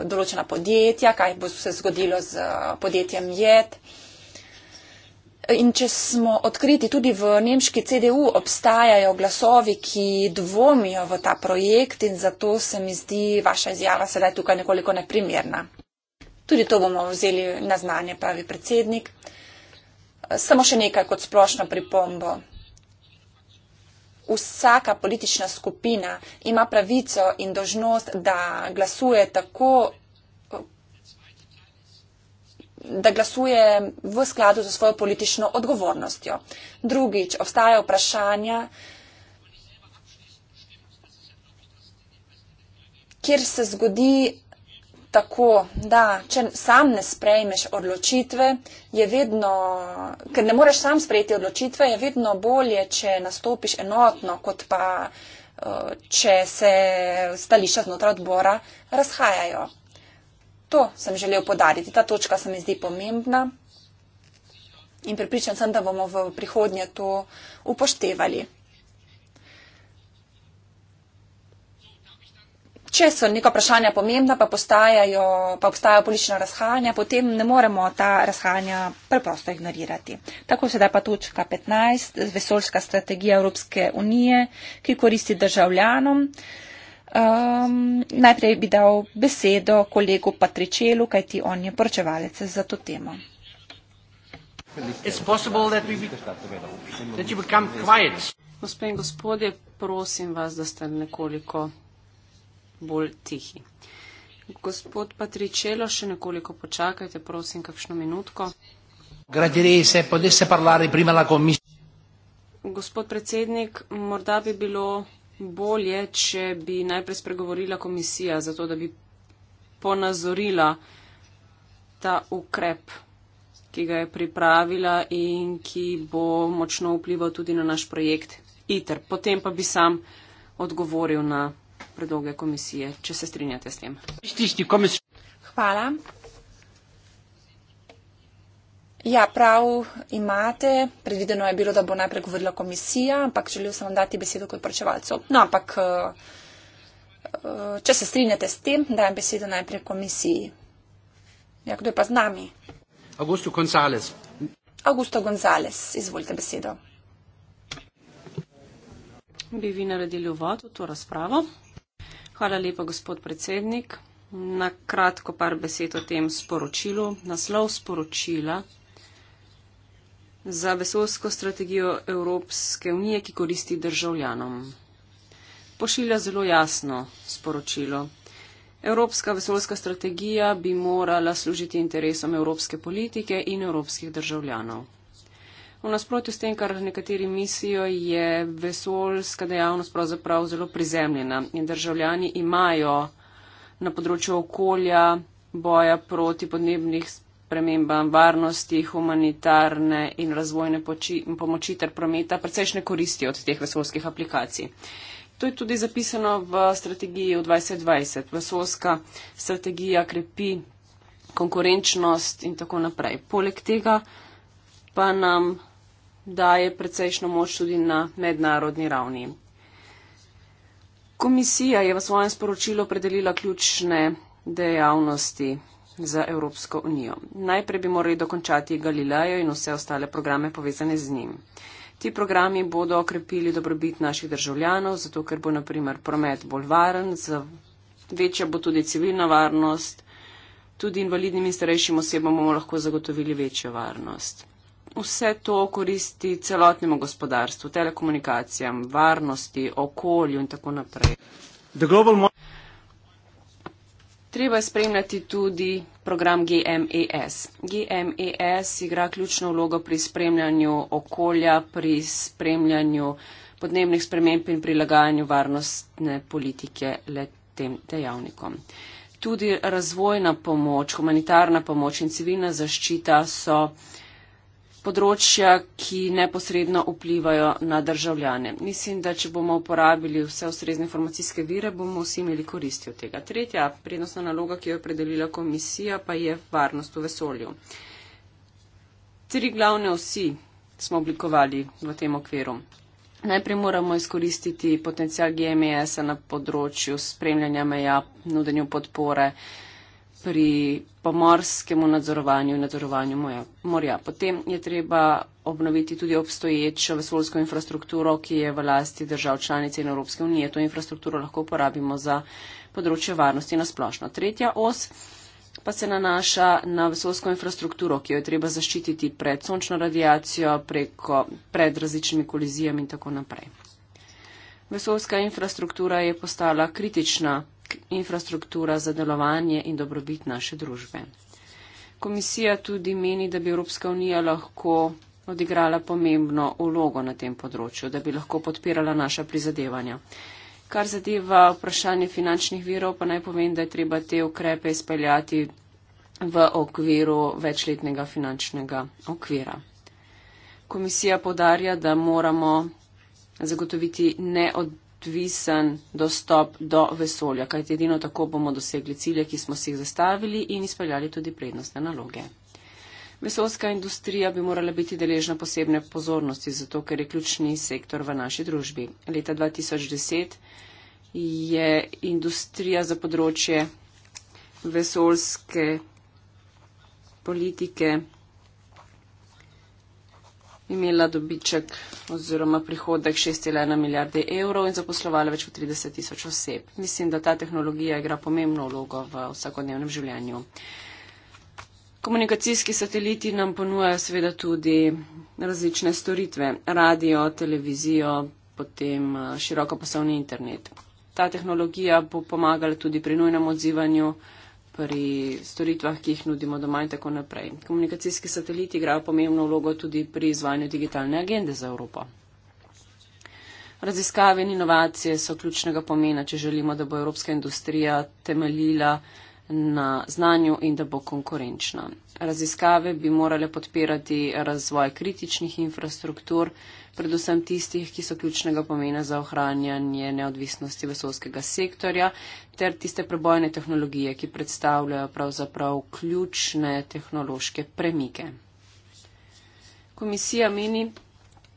določena podjetja, kaj bo se zgodilo z uh, podjetjem JET. In če smo odkriti, tudi v nemški CDU obstajajo glasovi, ki dvomijo v ta projekt in zato se mi zdi vaša izjava sedaj tukaj nekoliko neprimerna. Tudi to bomo vzeli na znanje, pravi predsednik. Samo še nekaj kot splošno pripombo vsaka politična skupina ima pravico in dožnost, da glasuje tako, da glasuje v skladu za svojo politično odgovornostjo. Drugič, obstajajo vprašanja, kjer se zgodi tako, da če sam ne sprejmeš odločitve, je vedno, ker ne moreš sam sprejeti odločitve, je vedno bolje, če nastopiš enotno, kot pa eh, če se stališča znotraj odbora razhajajo. To sem želel podariti. Ta točka se mi zdi pomembna in pripričan sem, da bomo v prihodnje to upoštevali. če so neka vprašanja pomembna, pa, pa obstajajo politična razhajanja, potem ne moremo ta razhajanja preprosto ignorirati. Tako sedaj pa točka 15, vesoljska strategija Evropske unije, ki koristi državljanom. Um, najprej bi dal besedo kolegu Patričelu, kajti on je poročevalec za to temo. Gospe in gospodje, prosim vas, da ste nekoliko bolj tihi. Gospod Patričelo, še nekoliko počakajte, prosim, kakšno minutko. Gospod predsednik, morda bi bilo bolje, če bi najprej spregovorila komisija, zato da bi ponazorila ta ukrep, ki ga je pripravila in ki bo močno vplival tudi na naš projekt ITER. Potem pa bi sam odgovoril na predloge komisije, če se strinjate s tem. Hvala. Ja, prav imate. Predvideno je bilo, da bo najprej govorila komisija, ampak želel sem vam dati besedo kot vprašavalcu. No, ampak, eh, eh, če se strinjate s tem, dajem besedo najprej komisiji. Ja, kdo je pa z nami? Augusto Gonzales. Augusto Gonzales, izvolite besedo. Bi vi naredili uvod v to razpravo? Hvala lepa, gospod predsednik. Na kratko par besed o tem sporočilu. Naslov sporočila za vesolsko strategijo Evropske unije, ki koristi državljanom. Pošilja zelo jasno sporočilo. Evropska vesolska strategija bi morala služiti interesom evropske politike in evropskih državljanov. V nasprotju s tem, kar nekateri mislijo, je vesoljska dejavnost pravzaprav zelo prizemljena in državljani imajo na področju okolja, boja proti podnebnih spremembam, varnosti, humanitarne in razvojne poči, pomoči ter prometa precejšnje koristi od teh vesoljskih aplikacij. To je tudi zapisano v strategiji v 2020. Vesoljska strategija krepi konkurenčnost in tako naprej. Poleg tega pa nam daje precejšno moč tudi na mednarodni ravni. Komisija je v svojem sporočilu predelila ključne dejavnosti za Evropsko unijo. Najprej bi morali dokončati Galilejo in vse ostale programe povezane z njim. Ti programi bodo okrepili dobrobit naših državljanov, zato ker bo naprimer promet bolj varen, večja bo tudi civilna varnost, tudi invalidnim in starejšim osebam bomo lahko zagotovili večjo varnost vse to koristi celotnemu gospodarstvu, telekomunikacijam, varnosti, okolju in tako naprej. Treba je spremljati tudi program GMES. GMES igra ključno vlogo pri spremljanju okolja, pri spremljanju podnebnih sprememb in prilagajanju varnostne politike le tem dejavnikom. Tudi razvojna pomoč, humanitarna pomoč in civilna zaščita so uh, področja, ki neposredno vplivajo na državljane. Mislim, da če bomo uporabili vse ustrezne informacijske vire, bomo vsi imeli koristi od tega. Tretja prednostna naloga, ki jo je predelila komisija, pa je varnost v vesolju. Tri glavne vsi smo oblikovali v tem okviru. Najprej moramo izkoristiti potencial GMS-a na področju spremljanja meja, nudenju podpore pri pomorskemu nadzorovanju in nadzorovanju morja. Potem je treba obnoviti tudi obstoječo vesolsko infrastrukturo, ki je v lasti držav članice in Evropske unije. To infrastrukturo lahko uporabimo za področje varnosti na splošno. Tretja os pa se nanaša na vesolsko infrastrukturo, ki jo je treba zaščititi pred sončno radijacijo, preko, pred različnimi kolizijami in tako naprej. Vesolska infrastruktura je postala kritična infrastruktura za delovanje in dobrobit naše družbe. Komisija tudi meni, da bi Evropska unija lahko odigrala pomembno ulogo na tem področju, da bi lahko podpirala naša prizadevanja. Kar zadeva vprašanje finančnih virov, pa naj povem, da je treba te ukrepe izpeljati v okviru večletnega finančnega okvira. Komisija podarja, da moramo zagotoviti neodvisnost odvisen dostop do vesolja, kajti edino tako bomo dosegli cilje, ki smo si jih zastavili in izpeljali tudi prednostne naloge. Vesolska industrija bi morala biti deležna posebne pozornosti, zato ker je ključni sektor v naši družbi. Leta 2010 je industrija za področje vesolske politike imela dobiček oziroma prihodek 6,1 milijarde evrov in zaposlovala več kot 30 tisoč oseb. Mislim, da ta tehnologija igra pomembno vlogo v vsakodnevnem življenju. Komunikacijski sateliti nam ponujajo seveda tudi različne storitve, radio, televizijo, potem eh, široko poslovni internet. Ta tehnologija bo pomagala tudi pri nujnem odzivanju pri storitvah, ki jih nudimo doma in tako naprej. Komunikacijski sateliti igrajo pomembno vlogo tudi pri izvajanju digitalne agende za Evropo. Raziskave in inovacije so ključnega pomena, če želimo, da bo evropska industrija temeljila na znanju in da bo konkurenčna. Raziskave bi morale podpirati razvoj kritičnih infrastruktur, predvsem tistih, ki so ključnega pomena za ohranjanje neodvisnosti vesolskega sektorja, ter tiste prebojne tehnologije, ki predstavljajo pravzaprav ključne tehnološke premike. Komisija meni,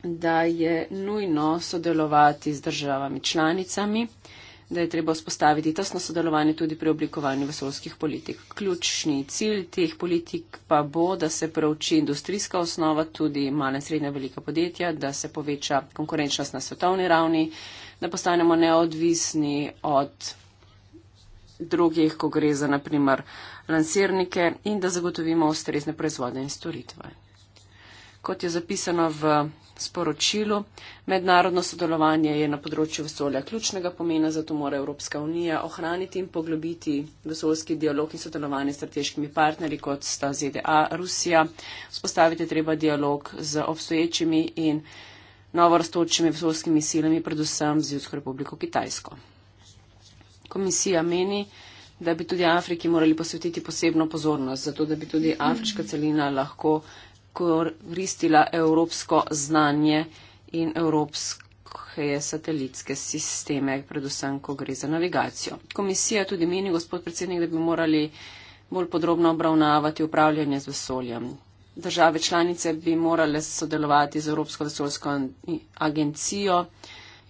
da je nujno sodelovati z državami članicami, da je treba vzpostaviti tesno sodelovanje tudi pri oblikovanju vesolskih politik. Ključni cilj teh politik pa bo, da se prouči industrijska osnova, tudi male in srednje velika podjetja, da se poveča konkurenčnost na svetovni ravni, da postanemo neodvisni od drugih, ko gre za naprimer lansirnike in da zagotovimo ustrezne proizvodne in storitve. Kot je zapisano v sporočilu, mednarodno sodelovanje je na področju vesolja ključnega pomena, zato mora Evropska unija ohraniti in poglobiti vesoljski dialog in sodelovanje s strateškimi partnerji, kot sta ZDA, Rusija. Spostaviti treba dialog z obstoječimi in novorastočimi vesoljskimi silami, predvsem z Judsko republiko Kitajsko. Komisija meni, da bi tudi Afriki morali posvetiti posebno pozornost, zato da bi tudi afriška celina lahko koristila evropsko znanje in evropske satelitske sisteme, predvsem, ko gre za navigacijo. Komisija tudi meni, gospod predsednik, da bi morali bolj podrobno obravnavati upravljanje z vesoljem. Države članice bi morale sodelovati z Evropsko vesoljsko agencijo.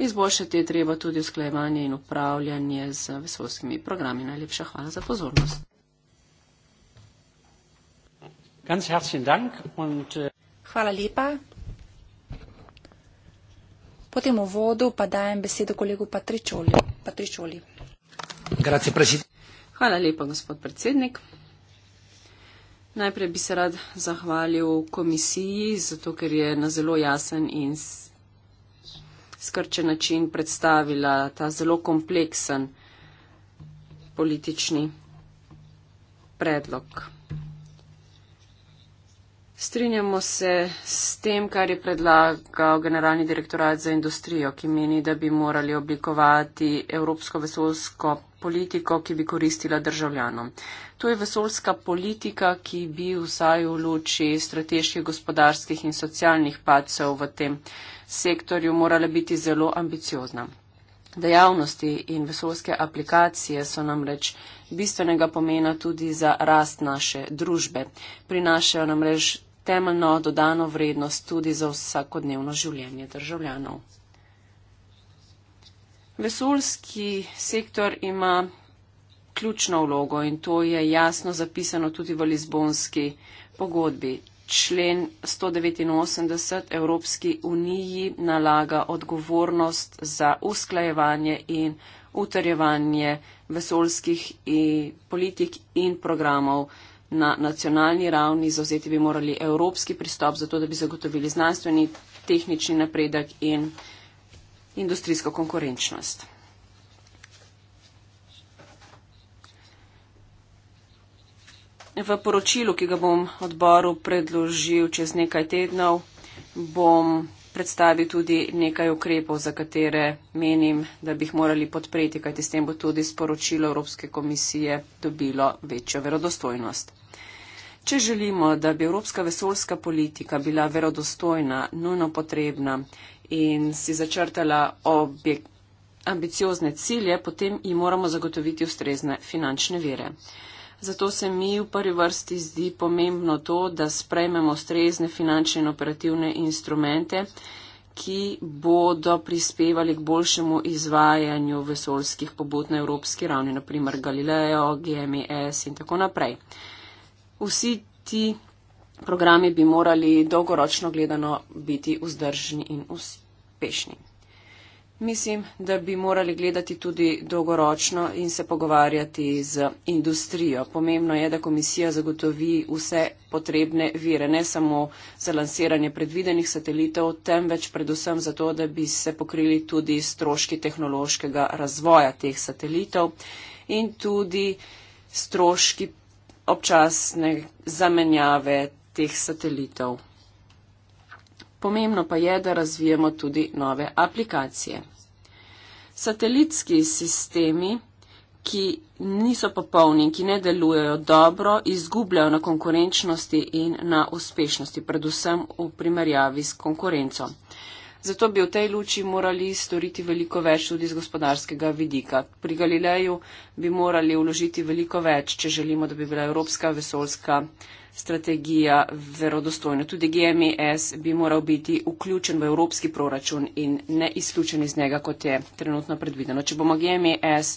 Izboljšati je treba tudi usklajevanje in upravljanje z vesoljskimi programi. Najlepša hvala za pozornost. Ganz herzlichen Dank und äh, Hvala lepa. Po tem uvodu pa dajem besedo kolegu Patričoli. Hvala lepa, gospod predsednik. Najprej bi se rad zahvalil komisiji, zato ker je na zelo jasen in skrčen način predstavila ta zelo kompleksen politični predlog. Strinjamo se s tem, kar je predlagal generalni direktorat za industrijo, ki meni, da bi morali oblikovati evropsko vesolsko politiko, ki bi koristila državljanom. To je vesolska politika, ki bi vsaj v luči strateških, gospodarskih in socialnih pacev v tem sektorju morala biti zelo ambiciozna. Dejavnosti in vesolske aplikacije so namreč bistvenega pomena tudi za rast naše družbe. Prinašajo namreč temeljno dodano vrednost tudi za vsakodnevno življenje državljanov. Vesoljski sektor ima ključno vlogo in to je jasno zapisano tudi v Lizbonski pogodbi. Člen 189 Evropski uniji nalaga odgovornost za usklajevanje in utrjevanje vesoljskih politik in programov na nacionalni ravni, zauzeti bi morali evropski pristop, zato da bi zagotovili znanstveni, tehnični napredek in industrijsko konkurenčnost. V poročilu, ki ga bom odboru predložil čez nekaj tednov, bom predstavi tudi nekaj ukrepov, za katere menim, da bi jih morali podpreti, kajti s tem bo tudi sporočilo Evropske komisije dobilo večjo verodostojnost. Če želimo, da bi evropska vesoljska politika bila verodostojna, nujno potrebna in si začrtala objekt, ambiciozne cilje, potem ji moramo zagotoviti ustrezne finančne vire. Zato se mi v prvi vrsti zdi pomembno to, da sprejmemo strezne finančne in operativne instrumente, ki bodo prispevali k boljšemu izvajanju vesolskih pobud na evropski ravni, naprimer Galileo, GMES in tako naprej. Vsi ti programi bi morali dolgoročno gledano biti vzdržni in uspešni. Mislim, da bi morali gledati tudi dolgoročno in se pogovarjati z industrijo. Pomembno je, da komisija zagotovi vse potrebne vire, ne samo za lansiranje predvidenih satelitov, temveč predvsem zato, da bi se pokrili tudi stroški tehnološkega razvoja teh satelitov in tudi stroški občasne zamenjave teh satelitov pomembno pa je, da razvijemo tudi nove aplikacije. Satelitski sistemi, ki niso popolni in ki ne delujejo dobro, izgubljajo na konkurenčnosti in na uspešnosti, predvsem v primerjavi s konkurencom. Zato bi v tej luči morali storiti veliko več tudi z gospodarskega vidika. Pri Galileju bi morali vložiti veliko več, če želimo, da bi bila evropska vesoljska strategija verodostojna. Tudi GMES bi moral biti vključen v evropski proračun in ne izključen iz njega, kot je trenutno predvideno. Če bomo GMES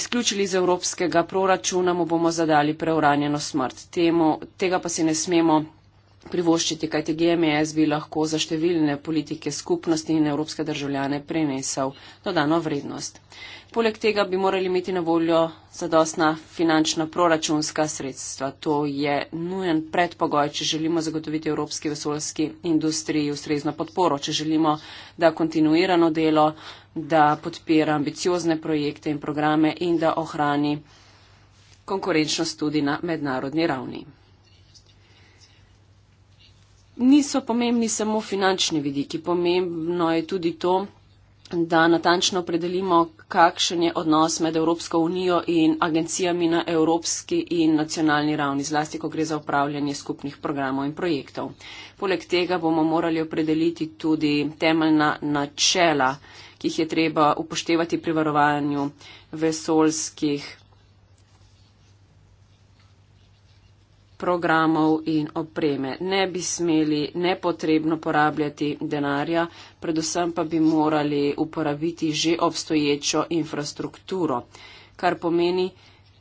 izključili iz evropskega proračuna, mu bomo zadali preuranjeno smrt. Temu, tega pa se ne smemo privoščiti, kajti GMS bi lahko za številne politike skupnosti in evropske državljane prenesel dodano vrednost. Poleg tega bi morali imeti na voljo zadostna finančna proračunska sredstva. To je nujen predpogoj, če želimo zagotoviti evropski vesoljski industriji ustrezno podporo, če želimo, da kontinuirano delo, da podpira ambiciozne projekte in programe in da ohrani konkurenčnost tudi na mednarodni ravni niso pomembni samo finančni vidiki, pomembno je tudi to, da natančno predelimo, kakšen je odnos med Evropsko unijo in agencijami na evropski in nacionalni ravni, zlasti, ko gre za upravljanje skupnih programov in projektov. Poleg tega bomo morali opredeliti tudi temeljna načela, ki jih je treba upoštevati pri varovanju vesolskih programov in opreme. Ne bi smeli nepotrebno porabljati denarja, predvsem pa bi morali uporabiti že obstoječo infrastrukturo, kar pomeni,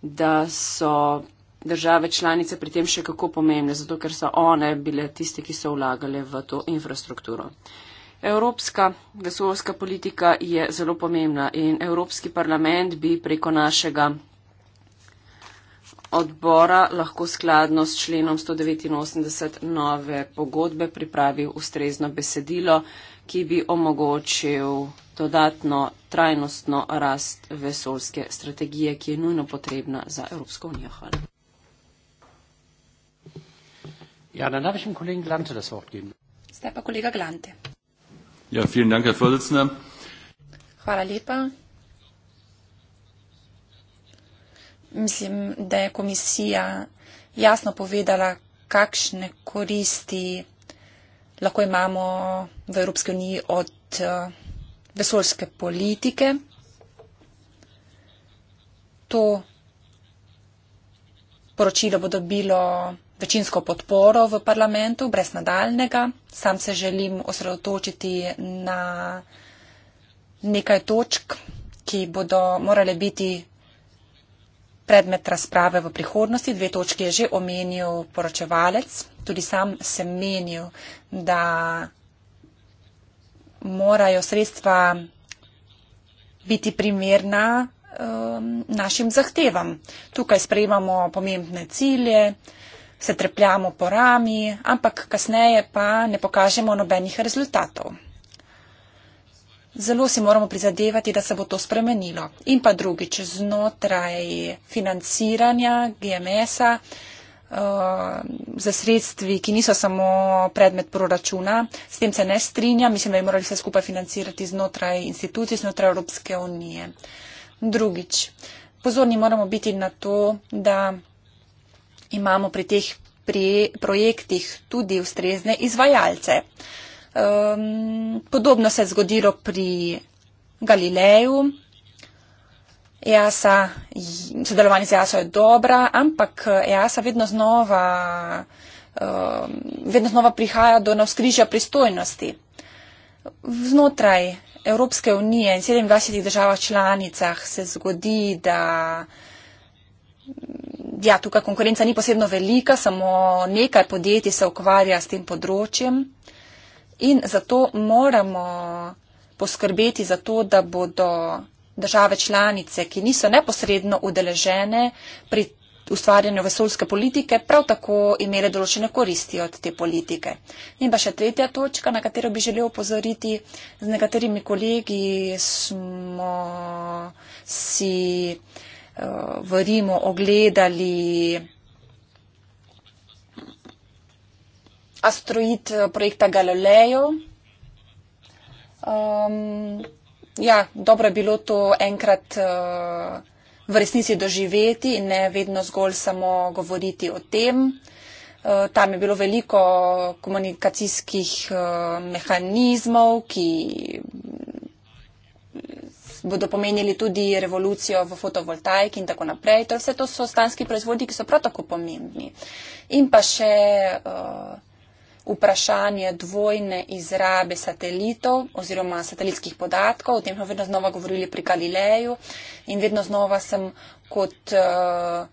da so države članice pri tem še kako pomembne, zato ker so one bile tiste, ki so vlagale v to infrastrukturo. Evropska vesolska politika je zelo pomembna in Evropski parlament bi preko našega odbora lahko skladno s členom 189 nove pogodbe pripravil ustrezno besedilo, ki bi omogočil dodatno trajnostno rast vesolske strategije, ki je nujno potrebna za Evropsko unijo. Hvala. Ja, dann darf ich dem Kollegen Glante das Wort geben. Zdaj pa kolega Glante. Ja, vielen Dank, Herr Vorsitzender. Hvala lepa, mislim, da je komisija jasno povedala, kakšne koristi lahko imamo v Evropski uniji od eh, vesoljske politike. To poročilo bo dobilo večinsko podporo v parlamentu, brez nadaljnega. Sam se želim osredotočiti na nekaj točk, ki bodo morale biti predmet razprave v prihodnosti. Dve točki je že omenil poročevalec. Tudi sam sem menil, da morajo sredstva biti primerna um, našim zahtevam. Tukaj sprejemamo pomembne cilje, se trepljamo po rami, ampak kasneje pa ne pokažemo nobenih rezultatov. Zelo si moramo prizadevati, da se bo to spremenilo. In pa drugič, znotraj financiranja GMS-a, uh, eh, za sredstvi, ki niso samo predmet proračuna, s tem se ne strinjam, mislim, da bi morali vse skupaj financirati znotraj institucij, znotraj Evropske unije. Drugič, pozorni moramo biti na to, da imamo pri teh pri projektih tudi ustrezne izvajalce. Uh, Um, podobno se je zgodilo pri Galileju. Jasa, e sodelovanje z Jaso e je dobra, ampak Jasa e vedno znova, um, vedno znova prihaja do navskrižja pristojnosti. Znotraj Evropske unije in 27 državah članicah se zgodi, da ja, tukaj konkurenca ni posebno velika, samo nekaj podjetij se ukvarja s tem področjem. Uh, In zato moramo poskrbeti za to, da bodo države članice, ki niso neposredno udeležene pri ustvarjanju vesoljske politike, prav tako imele določene koristi od te politike. In pa še tretja točka, na katero bi želel opozoriti. Z nekaterimi kolegi smo si eh, v Rimu ogledali asteroid eh, projekta Galileo. Um, ja, dobro je bilo to enkrat uh, v resnici doživeti in ne vedno zgolj samo govoriti o tem. Uh, tam je bilo veliko komunikacijskih uh, mehanizmov, ki mm, bodo pomenili tudi revolucijo v fotovoltaiki in tako naprej. To vse to so stanski proizvodi, ki so prav tako pomembni. In pa še. Uh, vprašanje dvojne izrabe satelitov oziroma satelitskih podatkov. O tem smo vedno znova govorili pri Galileju in vedno znova sem kot uh,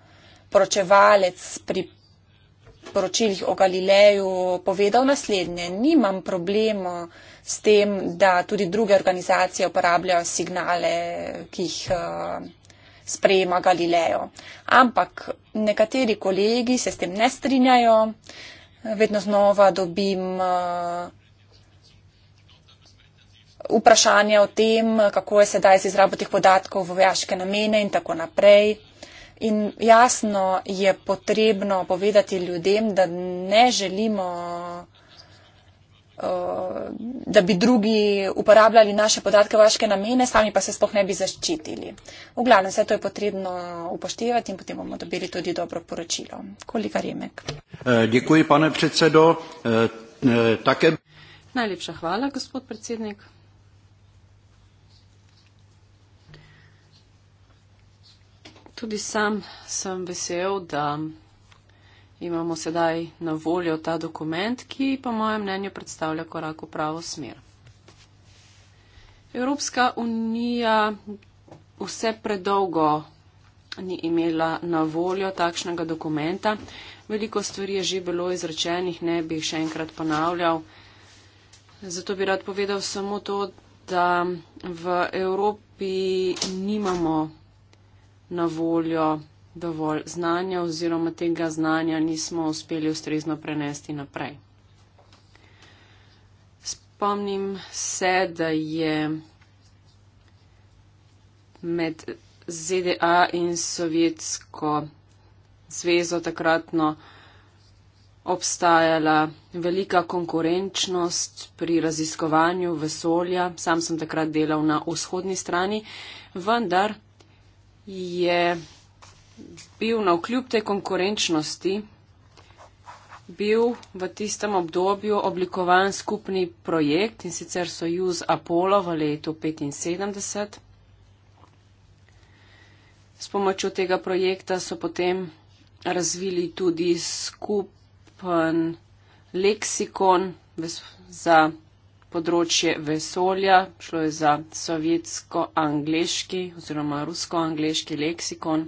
poročevalec pri poročilih o Galileju povedal naslednje. Nimam problema s tem, da tudi druge organizacije uporabljajo signale, ki jih. Uh, sprejema Galilejo. Ampak nekateri kolegi se s tem ne strinjajo, vedno znova dobim eh, vprašanja o tem, kako je sedaj z izrabo teh podatkov v vojaške namene in tako naprej. In jasno je potrebno povedati ljudem, da ne želimo Eh, da bi drugi uporabljali naše podatke v vaške namene, sami pa se spoh ne bi zaščitili. V glavnem, vse to je potrebno upoštevati in potem bomo dobili tudi dobro poročilo. Kolika Remek. Eh, děkuji, pane predsedo. Eh, také... Najlepša hvala, gospod predsednik. Tudi sam sem vesel, da imamo sedaj na voljo ta dokument, ki po mojem mnenju predstavlja korak v pravo smer. Evropska unija vse predolgo ni imela na voljo takšnega dokumenta. Veliko stvari je že bilo izrečenih, ne bi jih še enkrat ponavljal. Zato bi rad povedal samo to, da v Evropi nimamo na voljo dovolj znanja oziroma tega znanja nismo uspeli ustrezno prenesti naprej. Spomnim se, da je med ZDA in Sovjetsko zvezo takratno obstajala velika konkurenčnost pri raziskovanju vesolja. Sam sem takrat delal na vzhodni strani, vendar je bil na vkljub tej konkurenčnosti, bil v tistem obdobju oblikovan skupni projekt in sicer Sojuz Apollo v letu 75. S pomočjo tega projekta so potem razvili tudi skupen leksikon za področje vesolja. Šlo je za sovjetsko-angliški oziroma rusko-angliški leksikon.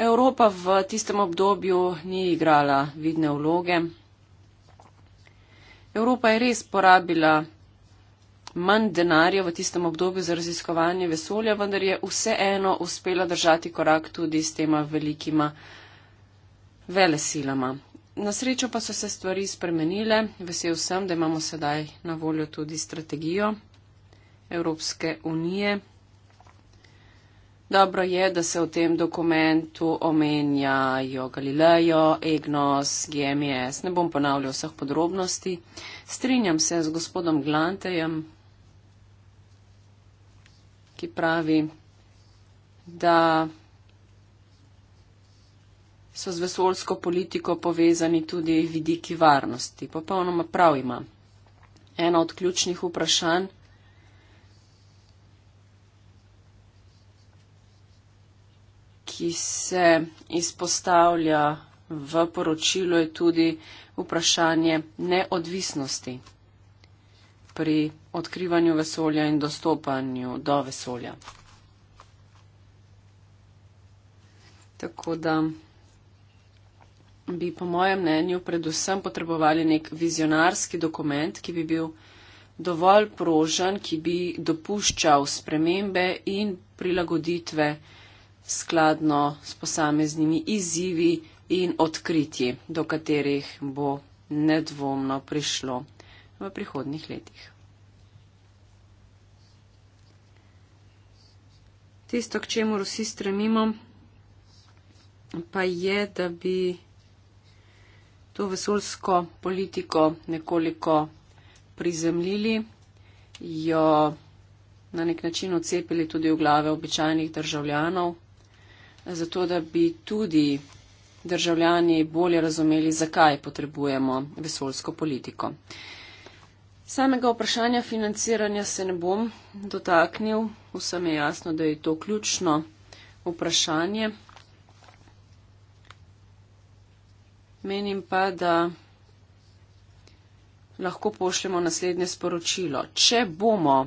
Evropa v tistem obdobju ni igrala vidne vloge. Evropa je res porabila manj denarja v tistem obdobju za raziskovanje vesolja, vendar je vseeno uspela držati korak tudi s tema velikima velesilama. Na srečo pa so se stvari spremenile. Vesel sem, da imamo sedaj na voljo tudi strategijo Evropske unije. Dobro je, da se v tem dokumentu omenjajo Galilejo, EGNOS, GMS. Ne bom ponavljal vseh podrobnosti. Strinjam se z gospodom Glantejem, ki pravi, da so z vesolsko politiko povezani tudi vidiki varnosti. Popolnoma prav ima. Eno od ključnih vprašanj ki se izpostavlja v poročilu, je tudi vprašanje neodvisnosti pri odkrivanju vesolja in dostopanju do vesolja. Tako da bi po mojem mnenju predvsem potrebovali nek vizionarski dokument, ki bi bil dovolj prožen, ki bi dopuščal spremembe in prilagoditve skladno s posameznimi izzivi in odkritji, do katerih bo nedvomno prišlo v prihodnih letih. Tisto, k čemu vsi stremimo, pa je, da bi to vesolsko politiko nekoliko prizemljili, jo na nek način odcepili tudi v glave običajnih državljanov, zato da bi tudi državljani bolje razumeli, zakaj potrebujemo vesolsko politiko. Samega vprašanja financiranja se ne bom dotaknil, vsem je jasno, da je to ključno vprašanje. Menim pa, da lahko pošljemo naslednje sporočilo. Če bomo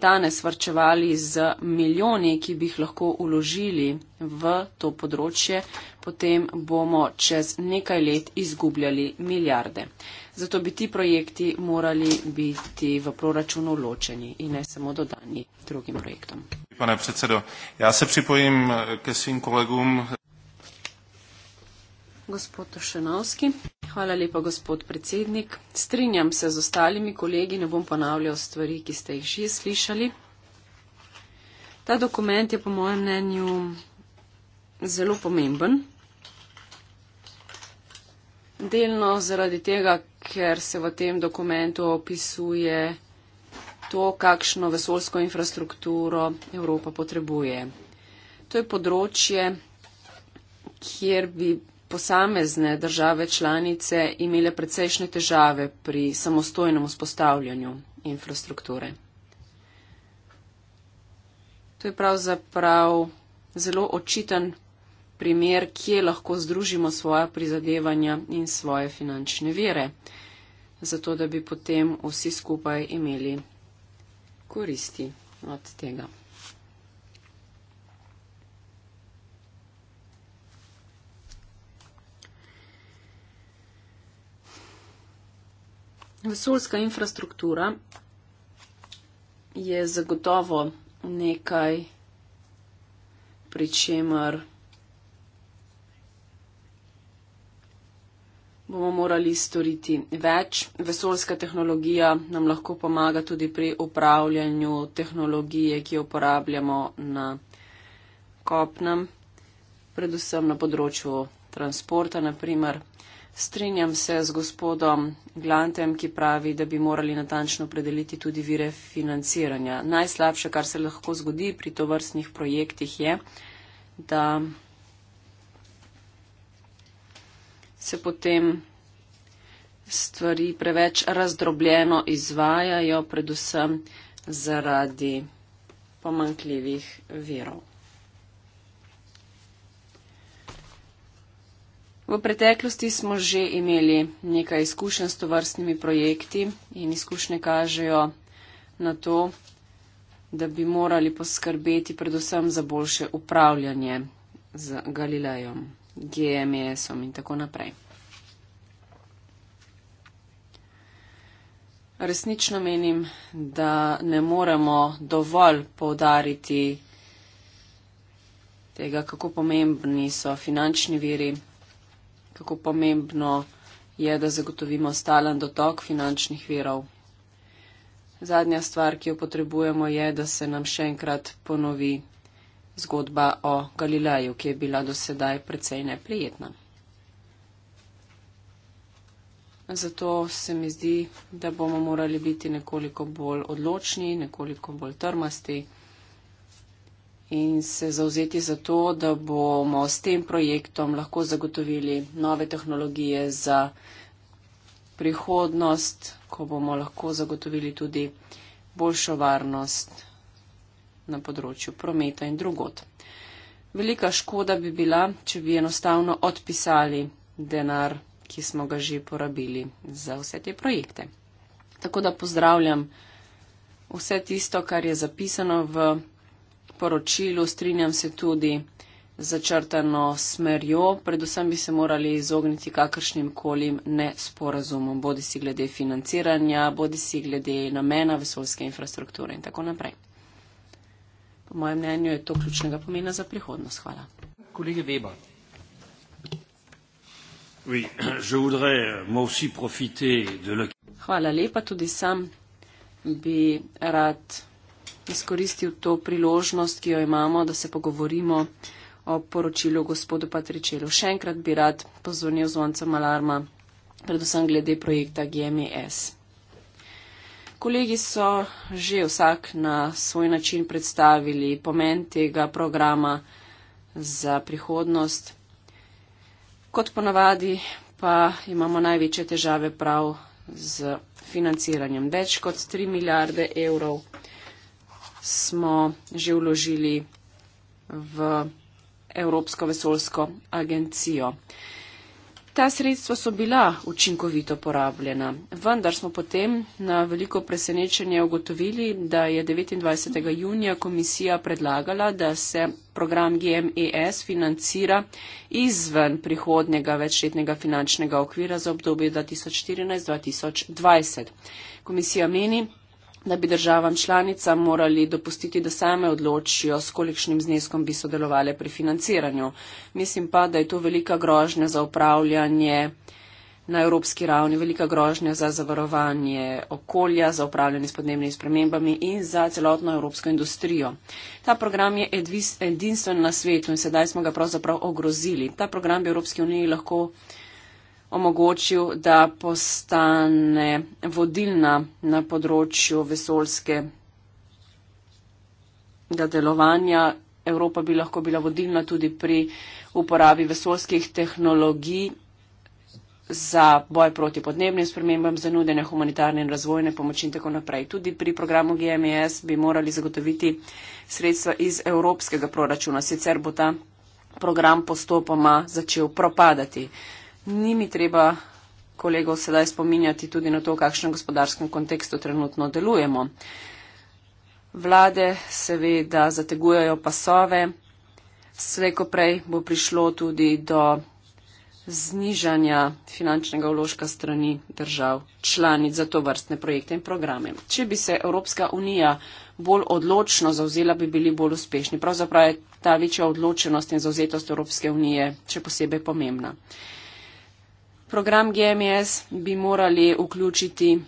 danes varčevali z milijoni, ki bi jih lahko uložili v to področje, potem bomo čez nekaj let izgubljali milijarde. Zato bi ti projekti morali biti v proračunu ločeni in ne samo dodani drugim projektom. Pane predsedo, ja se pripojim k svim kolegom Gospod Tošenovski, hvala lepa, gospod predsednik. Strinjam se z ostalimi kolegi, ne bom ponavljal stvari, ki ste jih že slišali. Ta dokument je po mojem mnenju zelo pomemben. Delno zaradi tega, ker se v tem dokumentu opisuje to, kakšno vesolsko infrastrukturo Evropa potrebuje. To je področje, kjer bi posamezne države članice imele precejšnje težave pri samostojnem vzpostavljanju infrastrukture. To je pravzaprav zelo očiten primer, kje lahko združimo svoja prizadevanja in svoje finančne vire, zato da bi potem vsi skupaj imeli koristi od tega. Vesoljska infrastruktura je zagotovo nekaj, pri čemer bomo morali storiti več. Vesoljska tehnologija nam lahko pomaga tudi pri upravljanju tehnologije, ki jo uporabljamo na kopnem, predvsem na področju transporta, naprimer Strinjam se z gospodom Glantem, ki pravi, da bi morali natančno predeliti tudi vire financiranja. Najslabše, kar se lahko zgodi pri tovrstnih projektih, je, da se potem stvari preveč razdrobljeno izvajajo, predvsem zaradi pomankljivih verov. V preteklosti smo že imeli nekaj izkušenj s tovrstnimi projekti in izkušnje kažejo na to, da bi morali poskrbeti predvsem za boljše upravljanje z Galilejem, GMS-om e in tako naprej. Resnično menim, da ne moremo dovolj poudariti tega, kako pomembni so finančni viri kako pomembno je, da zagotovimo stalen dotok finančnih virov. Zadnja stvar, ki jo potrebujemo, je, da se nam še enkrat ponovi zgodba o Galileju, ki je bila do sedaj precej neprijetna. Zato se mi zdi, da bomo morali biti nekoliko bolj odločni, nekoliko bolj trmasti in se zauzeti za to, da bomo s tem projektom lahko zagotovili nove tehnologije za prihodnost, ko bomo lahko zagotovili tudi boljšo varnost na področju prometa in drugot. Velika škoda bi bila, če bi enostavno odpisali denar, ki smo ga že porabili za vse te projekte. Tako da pozdravljam vse tisto, kar je zapisano v poročilu strinjam se tudi začrtano smerjo, predvsem bi se morali izogniti kakršnim kolim nesporazumom, bodi si glede financiranja, bodi si glede namena vesoljske infrastrukture in tako naprej. Po mojem mnenju je to ključnega pomena za prihodnost. Hvala. Kolega Weber. Oui, je voudrais euh, moi aussi profiter de la... Hvala lepa, tudi sam bi rad izkoristil to priložnost, ki jo imamo, da se pogovorimo o poročilu gospodu Patričelu. Še enkrat bi rad pozornil zvoncem alarma, predvsem glede projekta GMES. Kolegi so že vsak na svoj način predstavili pomen tega programa za prihodnost. Kot ponavadi pa imamo največje težave prav z financiranjem. Več kot 3 milijarde evrov smo že vložili v Evropsko vesolsko agencijo. Ta sredstva so bila učinkovito porabljena, vendar smo potem na veliko presenečenje ugotovili, da je 29. junija komisija predlagala, da se program GMES financira izven prihodnjega večletnega finančnega okvira za obdobje 2014-2020. Komisija meni, da bi državam članicam morali dopustiti, da same odločijo, s kolikšnim zneskom bi sodelovali pri financiranju. Mislim pa, da je to velika grožnja za upravljanje na evropski ravni, velika grožnja za zavarovanje okolja, za upravljanje s podnebnimi spremembami in za celotno evropsko industrijo. Ta program je edvis, edinstven na svetu in sedaj smo ga pravzaprav ogrozili. Ta program bi Evropski uniji lahko omogočil, da postane vodilna na področju vesolskega delovanja. Evropa bi lahko bila vodilna tudi pri uporabi vesolskih tehnologij za boj proti podnebnim spremembam, za nudenje humanitarne in razvojne pomoči in tako naprej. Tudi pri programu GMES bi morali zagotoviti sredstva iz evropskega proračuna, sicer bo ta program postopoma začel propadati ni mi treba kolegov sedaj spominjati tudi na to, v kakšnem gospodarskem kontekstu trenutno delujemo. Vlade seveda zategujejo pasove, sveko prej bo prišlo tudi do znižanja finančnega vložka strani držav članic za to vrstne projekte in programe. Če bi se Evropska unija bolj odločno zauzela, bi bili bolj uspešni. Pravzaprav je ta večja odločenost in zauzetost Evropske unije še posebej pomembna program GMS bi morali vključiti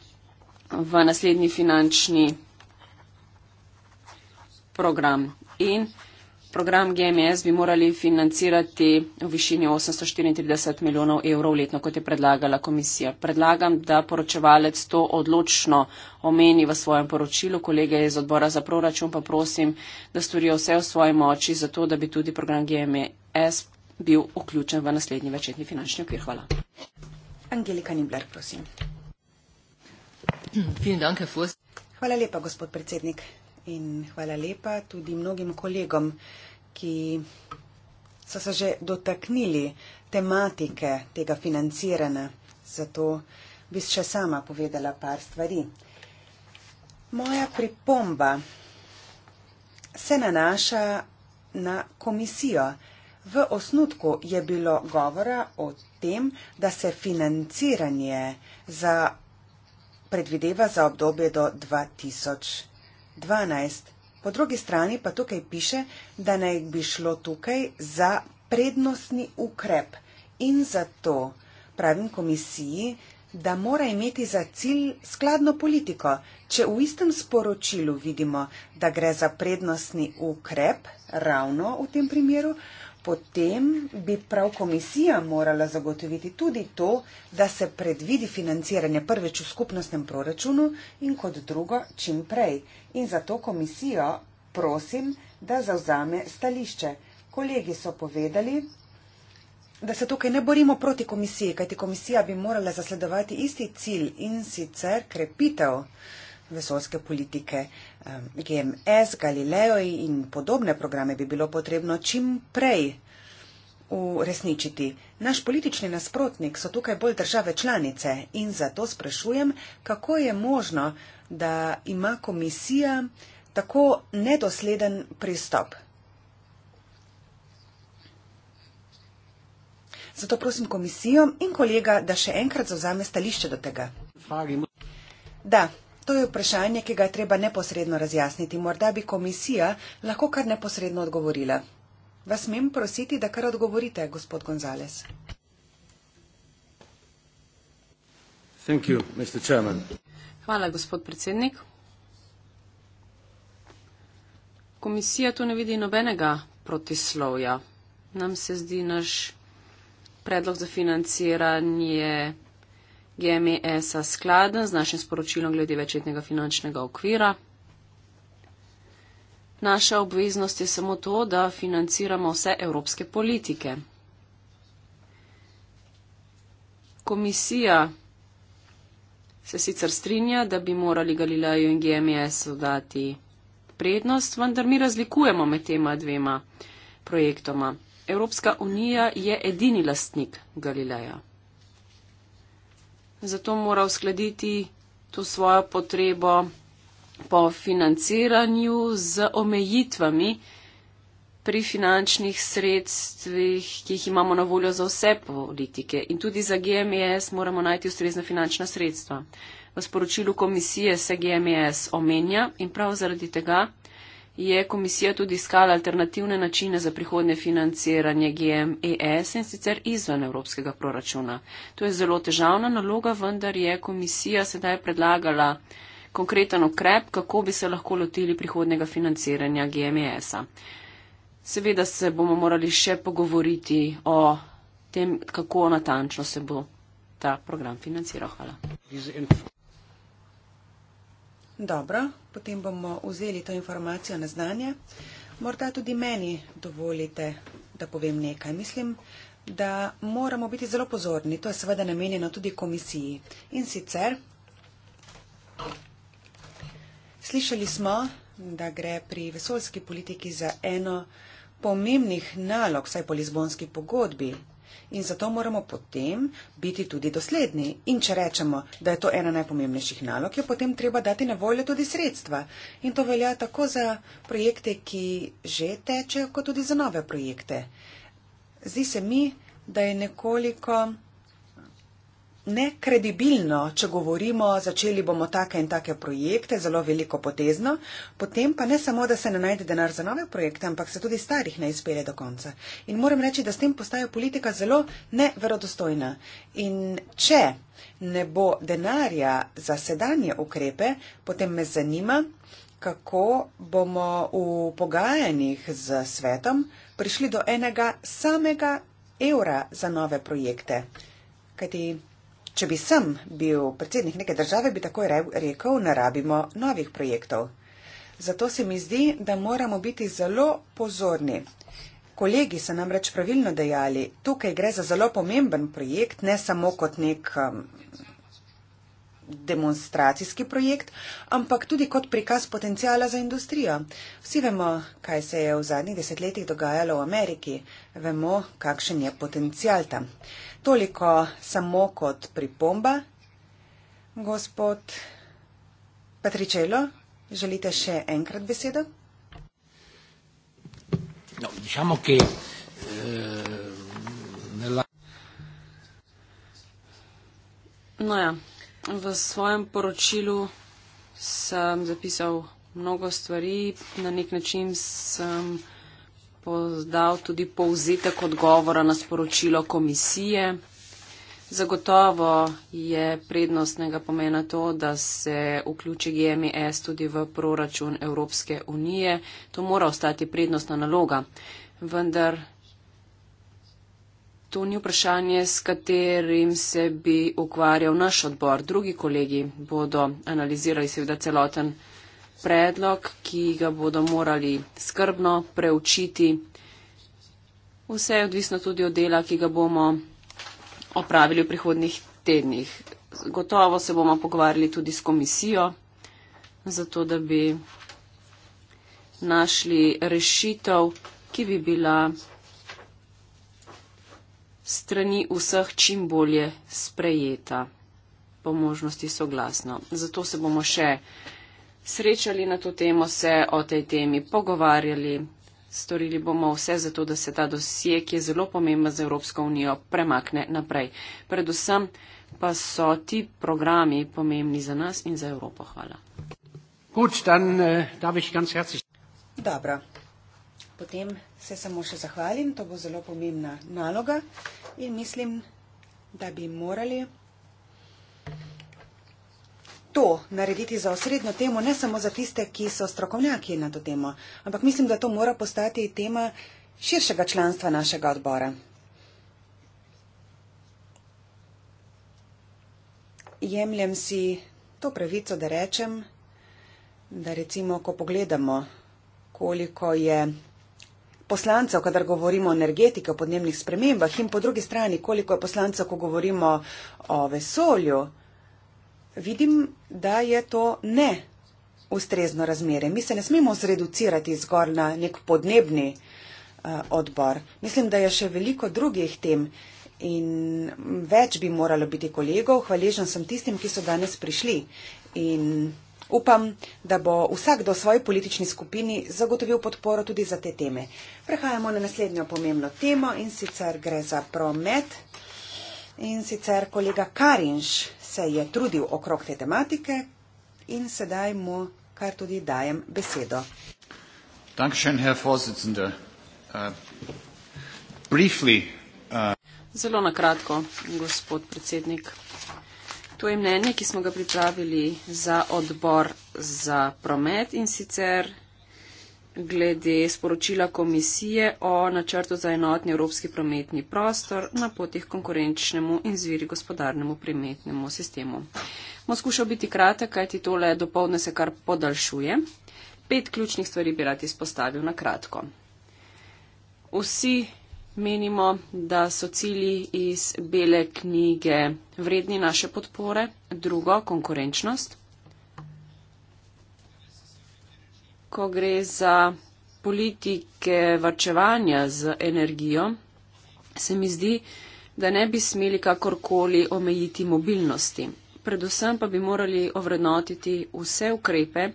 v naslednji finančni program. In program GMS bi morali financirati v višini 834 milijonov evrov letno, kot je predlagala komisija. Predlagam, da poročevalec to odločno omeni v svojem poročilu, kolege iz odbora za proračun pa prosim, da storijo vse v svoji moči, zato da bi tudi program GMS bil vključen v naslednji večetni finančni okvir. Hvala. Angelika Nibler, prosim. [clears throat] Hvala lepa, gospod predsednik. In hvala lepa tudi mnogim kolegom, ki so se že dotaknili tematike tega financiranja. Zato bi še sama povedala par stvari. Moja pripomba se nanaša na komisijo, V osnutku je bilo govora o tem, da se financiranje za, predvideva za obdobje do 2012. Po drugi strani pa tukaj piše, da naj bi šlo tukaj za prednostni ukrep in zato pravim komisiji, da mora imeti za cilj skladno politiko. Če v istem sporočilu vidimo, da gre za prednostni ukrep, ravno v tem primeru, potem bi prav komisija morala zagotoviti tudi to, da se predvidi financiranje prvič v skupnostnem proračunu in kot drugo čim prej. In zato komisijo prosim, da zauzame stališče. Kolegi so povedali, da se tukaj ne borimo proti komisiji, kajti komisija bi morala zasledovati isti cilj in sicer krepitev vesolske politike. GMS, Galileo in podobne programe bi bilo potrebno čim prej uresničiti. Naš politični nasprotnik so tukaj bolj države članice in zato sprašujem, kako je možno, da ima komisija tako nedosleden pristop. Zato prosim komisijo in kolega, da še enkrat zauzame stališče do tega. Da, To je vprašanje, ki ga je treba neposredno razjasniti. Morda bi komisija lahko kar neposredno odgovorila. Vas smem prositi, da kar odgovorite, gospod Gonzales. Hvala, gospod predsednik. Komisija tu ne vidi nobenega protislovja. Nam se zdi naš predlog za financiranje GMES-a skladen z našim sporočilom glede večletnega finančnega okvira. Naša obveznost je samo to, da financiramo vse evropske politike. Komisija se sicer strinja, da bi morali Galileju in GMS-u e dati prednost, vendar mi razlikujemo med tema dvema projektoma. Evropska unija je edini lastnik Galileja zato mora uskladiti to svojo potrebo po financiranju z omejitvami pri finančnih sredstvih, ki jih imamo na voljo za vse politike. In tudi za GMS e moramo najti ustrezna finančna sredstva. V sporočilu komisije se GMS e omenja in prav zaradi tega je komisija tudi iskala alternativne načine za prihodne financiranje GMES in sicer izven evropskega proračuna. To je zelo težavna naloga, vendar je komisija sedaj predlagala konkreten ukrep, kako bi se lahko lotili prihodnega financiranja GMES-a. Seveda se bomo morali še pogovoriti o tem, kako natančno se bo ta program financiral. Hvala. Dobro, potem bomo vzeli to informacijo na znanje. Morda tudi meni dovolite, da povem nekaj. Mislim, da moramo biti zelo pozorni. To je seveda namenjeno tudi komisiji. In sicer slišali smo, da gre pri vesoljski politiki za eno pomembnih nalog, saj po Lizbonski pogodbi in zato moramo potem biti tudi dosledni. In če rečemo, da je to ena najpomembnejših nalog, je potem treba dati na voljo tudi sredstva. In to velja tako za projekte, ki že tečejo, kot tudi za nove projekte. Zdi se mi, da je nekoliko nekredibilno, če govorimo, začeli bomo take in take projekte, zelo veliko potezno, potem pa ne samo, da se ne najde denar za nove projekte, ampak se tudi starih ne izpele do konca. In moram reči, da s tem postaja politika zelo neverodostojna. In če ne bo denarja za sedanje ukrepe, potem me zanima, kako bomo v pogajanjih z svetom prišli do enega samega evra za nove projekte. Kajti Če bi sem bil predsednik neke države, bi takoj rekel, ne rabimo novih projektov. Zato se mi zdi, da moramo biti zelo pozorni. Kolegi so namreč pravilno dejali, tukaj gre za zelo pomemben projekt, ne samo kot nek um, demonstracijski projekt, ampak tudi kot prikaz potencijala za industrijo. Vsi vemo, kaj se je v zadnjih desetletjih dogajalo v Ameriki, vemo, kakšen je potencijal tam. Toliko samo kot pripomba. Gospod Patričelo, želite še enkrat besedo? No, diciamo che eh, nella... No, ja. V svojem poročilu sem zapisal mnogo stvari, na nek način sem pozdal tudi povzetek odgovora na sporočilo komisije. Zagotovo je prednostnega pomena to, da se vključi GMS e tudi v proračun Evropske unije. To mora ostati prednostna naloga. Vendar To ni vprašanje, s katerim se bi ukvarjal naš odbor. Drugi kolegi bodo analizirali seveda celoten predlog, ki ga bodo morali skrbno preučiti. Vse je odvisno tudi od dela, ki ga bomo opravili v prihodnih tednih. Gotovo se bomo pogovarjali tudi s komisijo, zato da bi našli rešitev, ki bi bila strani vseh čim bolje sprejeta, po možnosti soglasno. Zato se bomo še srečali na to temo, se o tej temi pogovarjali, storili bomo vse zato, da se ta dosje, ki je zelo pomembna za Evropsko unijo, premakne naprej. Predvsem pa so ti programi pomembni za nas in za Evropo. Hvala. Gut, dann, uh, herzlich... Dobro. Potem se samo še zahvalim, to bo zelo pomembna naloga in mislim, da bi morali to narediti za osrednjo temo, ne samo za tiste, ki so strokovnjaki na to temo, ampak mislim, da to mora postati tema širšega članstva našega odbora. Jemljem si to pravico, da rečem, da recimo, ko pogledamo, koliko je poslancev, kadar govorimo o energetiki, o podnebnih spremembah in po drugi strani, koliko je poslancev, ko govorimo o vesolju, vidim, da je to ne ustrezno razmere. Mi se ne smemo zreducirati zgolj na nek podnebni eh, odbor. Mislim, da je še veliko drugih tem in več bi moralo biti kolegov. Hvaležen sem tistim, ki so danes prišli. In Upam, da bo vsak do svoje politični skupini zagotovil podporo tudi za te teme. Prehajamo na naslednjo pomembno temo in sicer gre za promet. In sicer kolega Karinš se je trudil okrog te tematike in sedaj mu kar tudi dajem besedo. Dankeschön, Herr Vorsitzende. Uh, äh, briefly, uh... Zelo na kratko, gospod predsednik. To je mnenje, ki smo ga pripravili za odbor za promet in sicer glede sporočila komisije o načrtu za enotni evropski prometni prostor na potih konkurenčnemu in zviri gospodarnemu prometnemu sistemu. Bom skušal biti kratek, kajti tole dopoledne se kar podaljšuje. Pet ključnih stvari bi rad izpostavil na kratko. Vsi menimo, da so cilji iz bele knjige vredni naše podpore. Drugo, konkurenčnost. Ko gre za politike varčevanja z energijo, se mi zdi, da ne bi smeli kakorkoli omejiti mobilnosti. Predvsem pa bi morali ovrednotiti vse ukrepe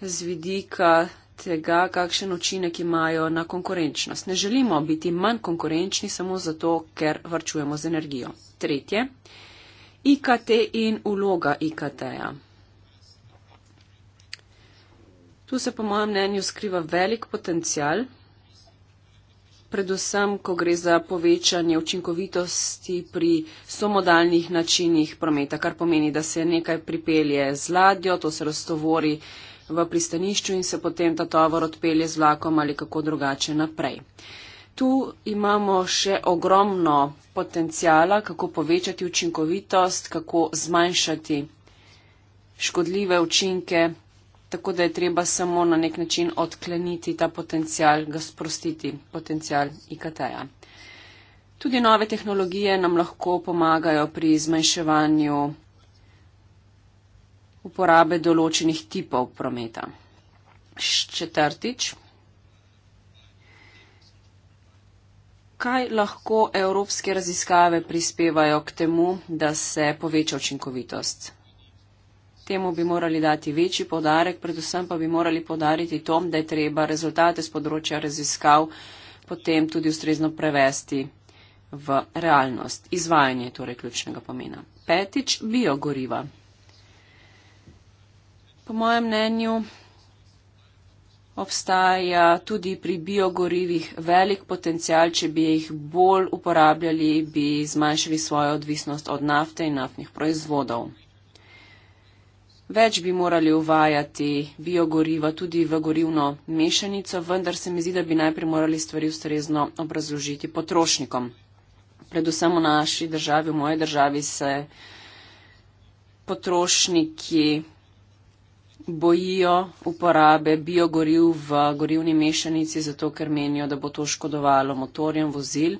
z vidika tega, kakšen učinek imajo na konkurenčnost. Ne želimo biti manj konkurenčni samo zato, ker vrčujemo z energijo. Tretje, IKT in uloga IKT-ja. Tu se po mojem mnenju skriva velik potencial, predvsem, ko gre za povečanje učinkovitosti pri somodalnih načinih prometa, kar pomeni, da se nekaj pripelje z ladjo, to se raztovori v pristanišču in se potem ta tovor odpelje z vlakom ali kako drugače naprej. Tu imamo še ogromno potencijala, kako povečati učinkovitost, kako zmanjšati škodljive učinke, tako da je treba samo na nek način odkleniti ta potencijal, ga sprostiti, potencijal IKT-ja. Tudi nove tehnologije nam lahko pomagajo pri zmanjševanju uporabe določenih tipov prometa. Četrtič. Kaj lahko evropske raziskave prispevajo k temu, da se poveča učinkovitost? Temu bi morali dati večji podarek, predvsem pa bi morali podariti to, da je treba rezultate z področja raziskav potem tudi ustrezno prevesti v realnost. Izvajanje je torej ključnega pomena. Petič, biogoriva. Po mojem mnenju obstaja tudi pri biogorivih velik potencial, če bi jih bolj uporabljali, bi zmanjšali svojo odvisnost od nafte in naftnih proizvodov. Več bi morali uvajati biogoriva tudi v gorivno mešanico, vendar se mi zdi, da bi najprej morali stvari ustrezno obrazložiti potrošnikom. Predvsem v naši državi, v moje državi, se potrošniki bojijo uporabe biogoriv v gorivni mešanici, zato ker menijo, da bo to škodovalo motorjem vozil.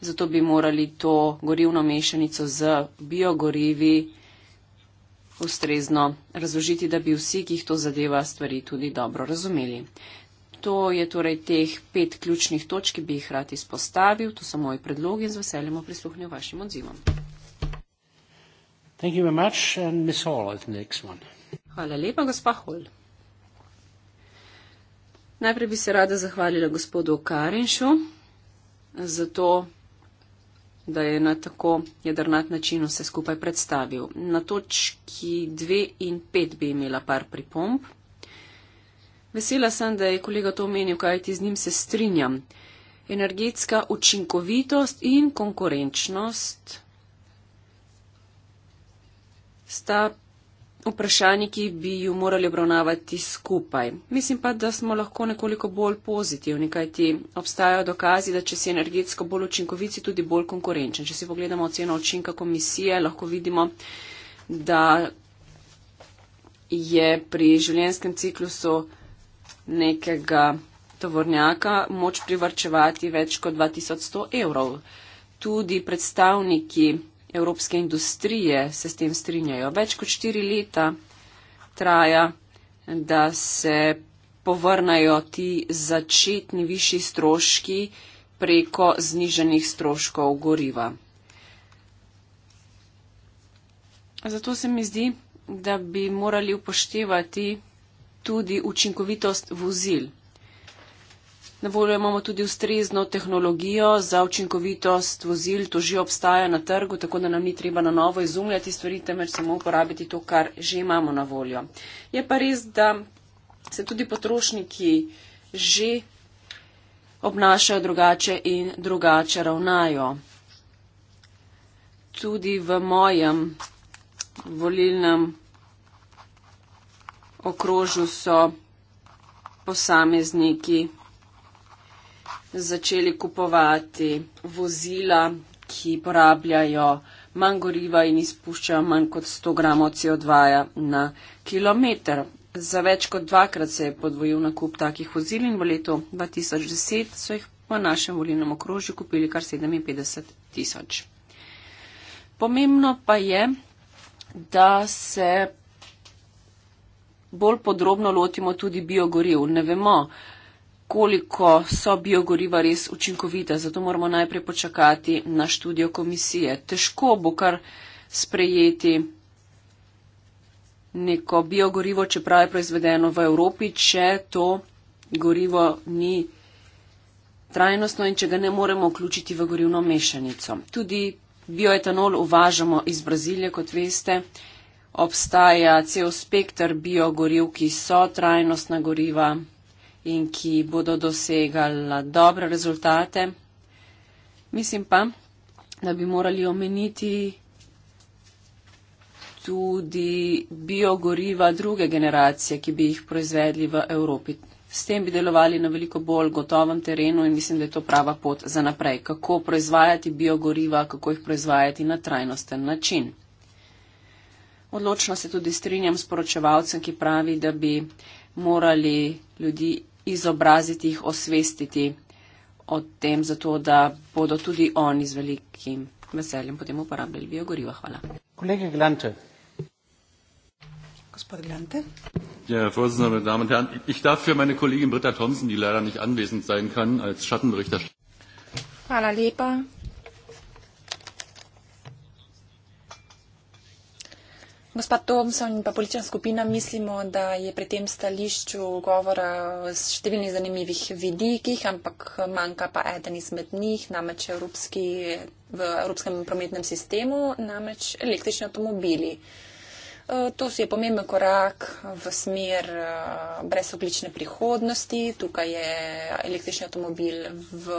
Zato bi morali to gorivno mešanico z biogorivi ustrezno razložiti, da bi vsi, ki jih to zadeva, stvari tudi dobro razumeli. To je torej teh pet ključnih točk, ki bi jih rad izpostavil. To so moji predlogi in z veseljem prisluhnil vašim odzivom. Hvala. Hvala lepa, gospa Hol. Najprej bi se rada zahvalila gospodu Karinšu za to, da je na tako jedrnat način vse skupaj predstavil. Na točki 2 in 5 bi imela par pripomb. Vesela sem, da je kolega to omenil, kaj ti z njim se strinjam. Energetska učinkovitost in konkurenčnost sta vprašanji, ki bi jo morali obravnavati skupaj. Mislim pa, da smo lahko nekoliko bolj pozitivni, kaj ti obstajajo dokazi, da če si energetsko bolj učinkovici, tudi bolj konkurenčen. Če si pogledamo oceno učinka komisije, lahko vidimo, da je pri življenjskem ciklusu nekega tovornjaka moč privrčevati več kot 2100 evrov. Tudi predstavniki evropske industrije se s tem strinjajo. Več kot štiri leta traja, da se povrnajo ti začetni višji stroški preko zniženih stroškov goriva. Zato se mi zdi, da bi morali upoštevati tudi učinkovitost vozil. Na voljo imamo tudi ustrezno tehnologijo za učinkovitost vozil, to že obstaja na trgu, tako da nam ni treba na novo izumljati stvari, temveč samo uporabiti to, kar že imamo na voljo. Je pa res, da se tudi potrošniki že obnašajo drugače in drugače ravnajo. Tudi v mojem volilnem okrožju so posamezniki začeli kupovati vozila, ki porabljajo manj goriva in izpuščajo manj kot 100 gramov CO2 -ja na kilometr. Za več kot dvakrat se je podvojil nakup takih vozil in v letu 2010 so jih v našem volilnem okrožju kupili kar 57 tisoč. Pomembno pa je, da se bolj podrobno lotimo tudi biogoriv. Ne vemo, koliko so biogoriva res učinkovita. Zato moramo najprej počakati na študijo komisije. Težko bo kar sprejeti neko biogorivo, čeprav je proizvedeno v Evropi, če to gorivo ni trajnostno in če ga ne moremo vključiti v gorivno mešanico. Tudi bioetanol uvažamo iz Brazilije, kot veste. Obstaja cel spektr biogoriv, ki so trajnostna goriva, in ki bodo dosegala dobre rezultate. Mislim pa, da bi morali omeniti tudi biogoriva druge generacije, ki bi jih proizvedli v Evropi. S tem bi delovali na veliko bolj gotovem terenu in mislim, da je to prava pot za naprej. Kako proizvajati biogoriva, kako jih proizvajati na trajnosten način. Odločno se tudi strinjam s poročevalcem, ki pravi, da bi morali ljudi izobraziti, jih osvestiti o tem, zato da bodo tudi oni z velikim veseljem potem uporabljali biogoriva. Hvala. Kolega Glante. Gospod Glante. Ja, vorsitzende, dame und herren, ich darf für meine Kollegin Britta Thomsen, die leider nicht anwesend sein kann, als Schattenberichterstatterin. Hvala lepa. Gospa Thompson in pa politična skupina mislimo, da je pri tem stališču govora z številnih zanimivih vidikih, ampak manjka pa eden izmed njih, namreč evropski, v evropskem prometnem sistemu, namreč električni avtomobili. E, to je pomemben korak v smer e, brezoglične prihodnosti. Tukaj je električni avtomobil v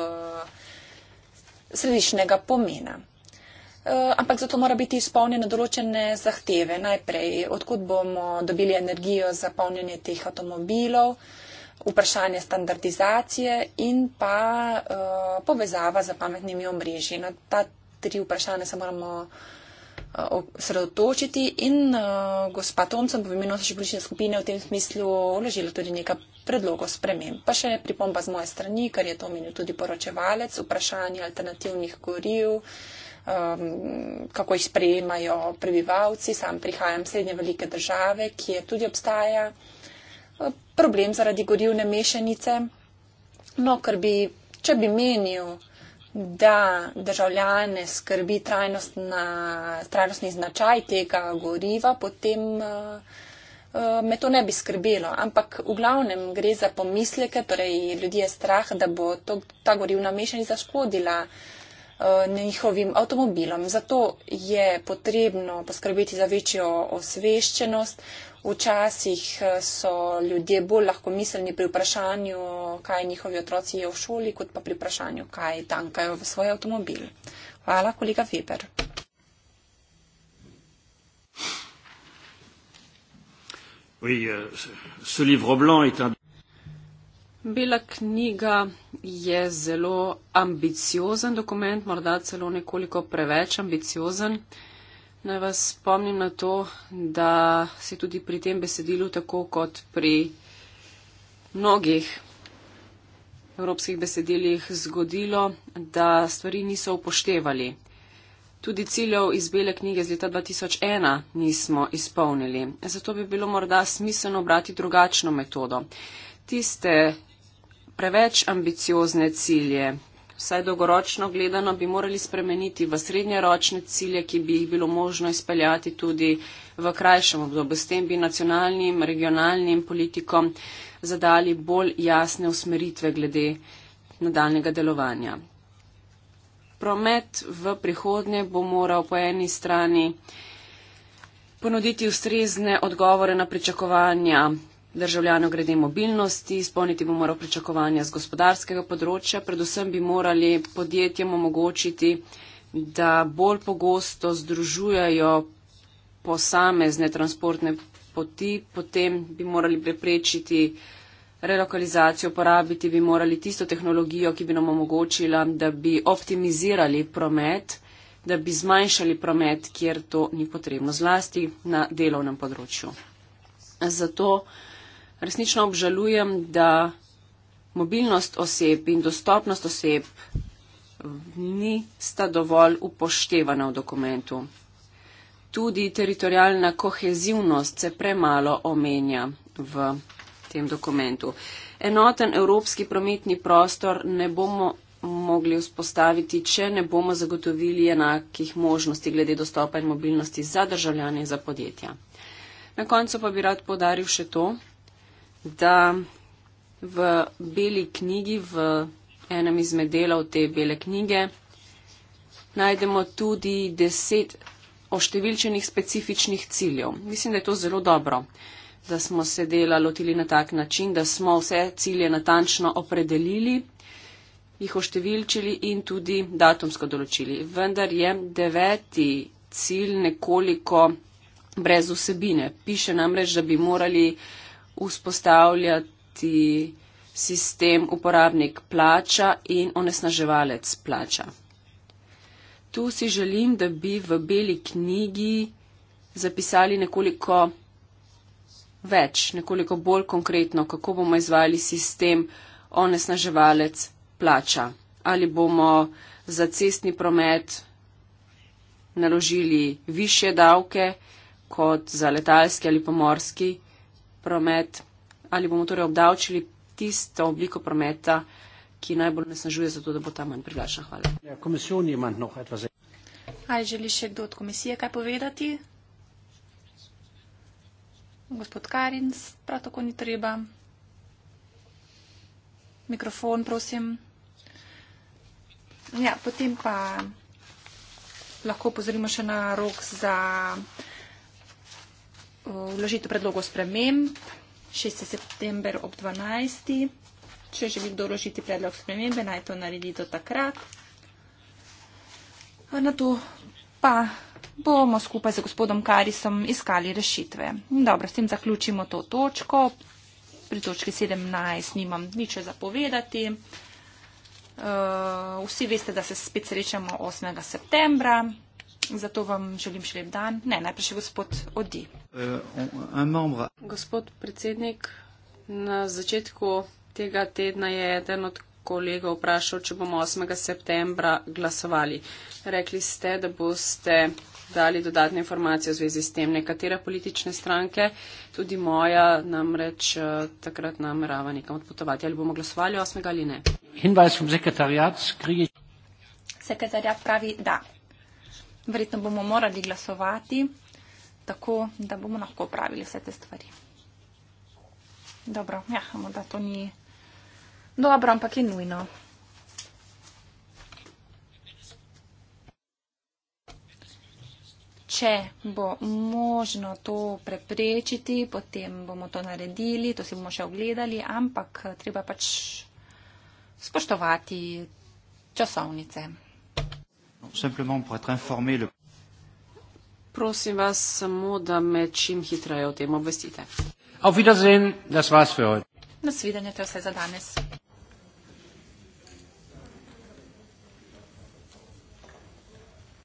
središnjega pomena. Eh, ampak zato mora biti izpolnjene določene zahteve. Najprej, odkud bomo dobili energijo za polnjenje teh avtomobilov, vprašanje standardizacije in pa uh, povezava z pametnimi omrežji. Na ta tri vprašanja se moramo eh, sredotočiti in uh, gospa Tomcem bo v imenu naše politične skupine v tem smislu vložila tudi nekaj predlogov sprememb. Pa še pripomba z moje strani, ker je to omenil tudi poročevalec, vprašanje alternativnih goriv, uh, um, kako jih sprejemajo prebivalci. Sam prihajam iz srednje velike države, kjer tudi obstaja uh, problem zaradi gorivne mešanice. No, ker bi, če bi menil, da državljane skrbi trajnostna, trajnostni značaj tega goriva, potem uh, uh, me to ne bi skrbelo. Ampak v glavnem gre za pomisleke, torej ljudi je strah, da bo to, ta gorivna mešanica škodila uh, Eh, njihovim avtomobilom. Zato je potrebno poskrbeti za večjo osveščenost. Včasih eh, so ljudje bolj lahko miselni pri vprašanju, kaj njihovi otroci je v šoli, kot pa pri vprašanju, kaj tankajo v svoj avtomobil. Hvala, kolega Weber. Oui, euh, ce livre blanc est un. Bela knjiga je zelo ambiciozen dokument, morda celo nekoliko preveč ambiciozen. Naj vas spomnim na to, da se tudi pri tem besedilu, tako kot pri mnogih evropskih besedilih, zgodilo, da stvari niso upoštevali. Tudi ciljev iz bele knjige z leta 2001 nismo izpolnili. Zato bi bilo morda smiselno obrati drugačno metodo. Tiste preveč ambiciozne cilje. Vsaj dolgoročno gledano bi morali spremeniti v srednjeročne cilje, ki bi jih bilo možno izpeljati tudi v krajšem obdobju. S tem bi nacionalnim, regionalnim politikom zadali bolj jasne usmeritve glede nadaljnega delovanja. Promet v prihodnje bo moral po eni strani ponuditi ustrezne odgovore na pričakovanja državljane grede mobilnosti, izpolniti bo moral pričakovanja z gospodarskega področja, predvsem bi morali podjetjem omogočiti, da bolj pogosto združujajo posamezne transportne poti, potem bi morali preprečiti relokalizacijo, uporabiti bi morali tisto tehnologijo, ki bi nam omogočila, da bi optimizirali promet, da bi zmanjšali promet, kjer to ni potrebno, zlasti na delovnem področju. Zato resnično obžalujem, da mobilnost oseb in dostopnost oseb nista dovolj upoštevana v dokumentu. Tudi teritorijalna kohezivnost se premalo omenja v tem dokumentu. Enoten evropski prometni prostor ne bomo mogli vzpostaviti, če ne bomo zagotovili enakih možnosti glede dostopa in mobilnosti za državljane in za podjetja. Na koncu pa bi rad podaril še to, da v beli knjigi, v enem izmed delov te bele knjige, najdemo tudi deset oštevilčenih specifičnih ciljev. Mislim, da je to zelo dobro, da smo se dela lotili na tak način, da smo vse cilje natančno opredelili, jih oštevilčili in tudi datumsko določili. Vendar je deveti cilj nekoliko brez vsebine. Piše namreč, da bi morali uh, vzpostavljati sistem uporabnik plača in onesnaževalec plača. Tu si želim, da bi v beli knjigi zapisali nekoliko več, nekoliko bolj konkretno, kako bomo izvajali sistem onesnaževalec plača. Ali bomo za cestni promet naložili više davke kot za letalski ali pomorski promet promet, ali bomo torej obdavčili tisto obliko prometa, ki najbolj nasnažuje za to, da bo ta manj privlačna. Hvala. Ja, ali želi še kdo od komisije kaj povedati? Gospod Karinc, prav tako ni treba. Mikrofon, prosim. Ja, potem pa lahko pozorimo še na rok za vložitev predlogov sprememb 6. september ob 12. Če želi kdo vložiti predlog spremembe, naj to naredi do takrat. Na to pa bomo skupaj z gospodom Karisom iskali rešitve. Dobro, s tem zaključimo to točko. Pri točki 17 nimam nič zapovedati. Eh, vsi veste, da se spet srečamo 8. septembra. Zato vam želim še lep dan. Ne, najprej še gospod Odi. Eh, gospod predsednik, na začetku tega tedna je eden od kolega vprašal, če bomo 8. septembra glasovali. Rekli ste, da boste dali dodatne informacije v zvezi s tem. Nekatere politične stranke, tudi moja, namreč eh, takrat namerava nekam odpotovati. Ali bomo glasovali 8. ali ne? Sekretarjat pravi da verjetno bomo morali glasovati tako, da bomo lahko upravili vse te stvari. Dobro, ja, morda to ni dobro, ampak je nujno. Če bo možno to preprečiti, potem bomo to naredili, to si bomo še ogledali, ampak treba pač spoštovati časovnice. Prosim vas samo, da me čim hitreje o tem obvestite. Auf Wiedersehen, das war's für heute. Nasvidenje, to je vse za danes.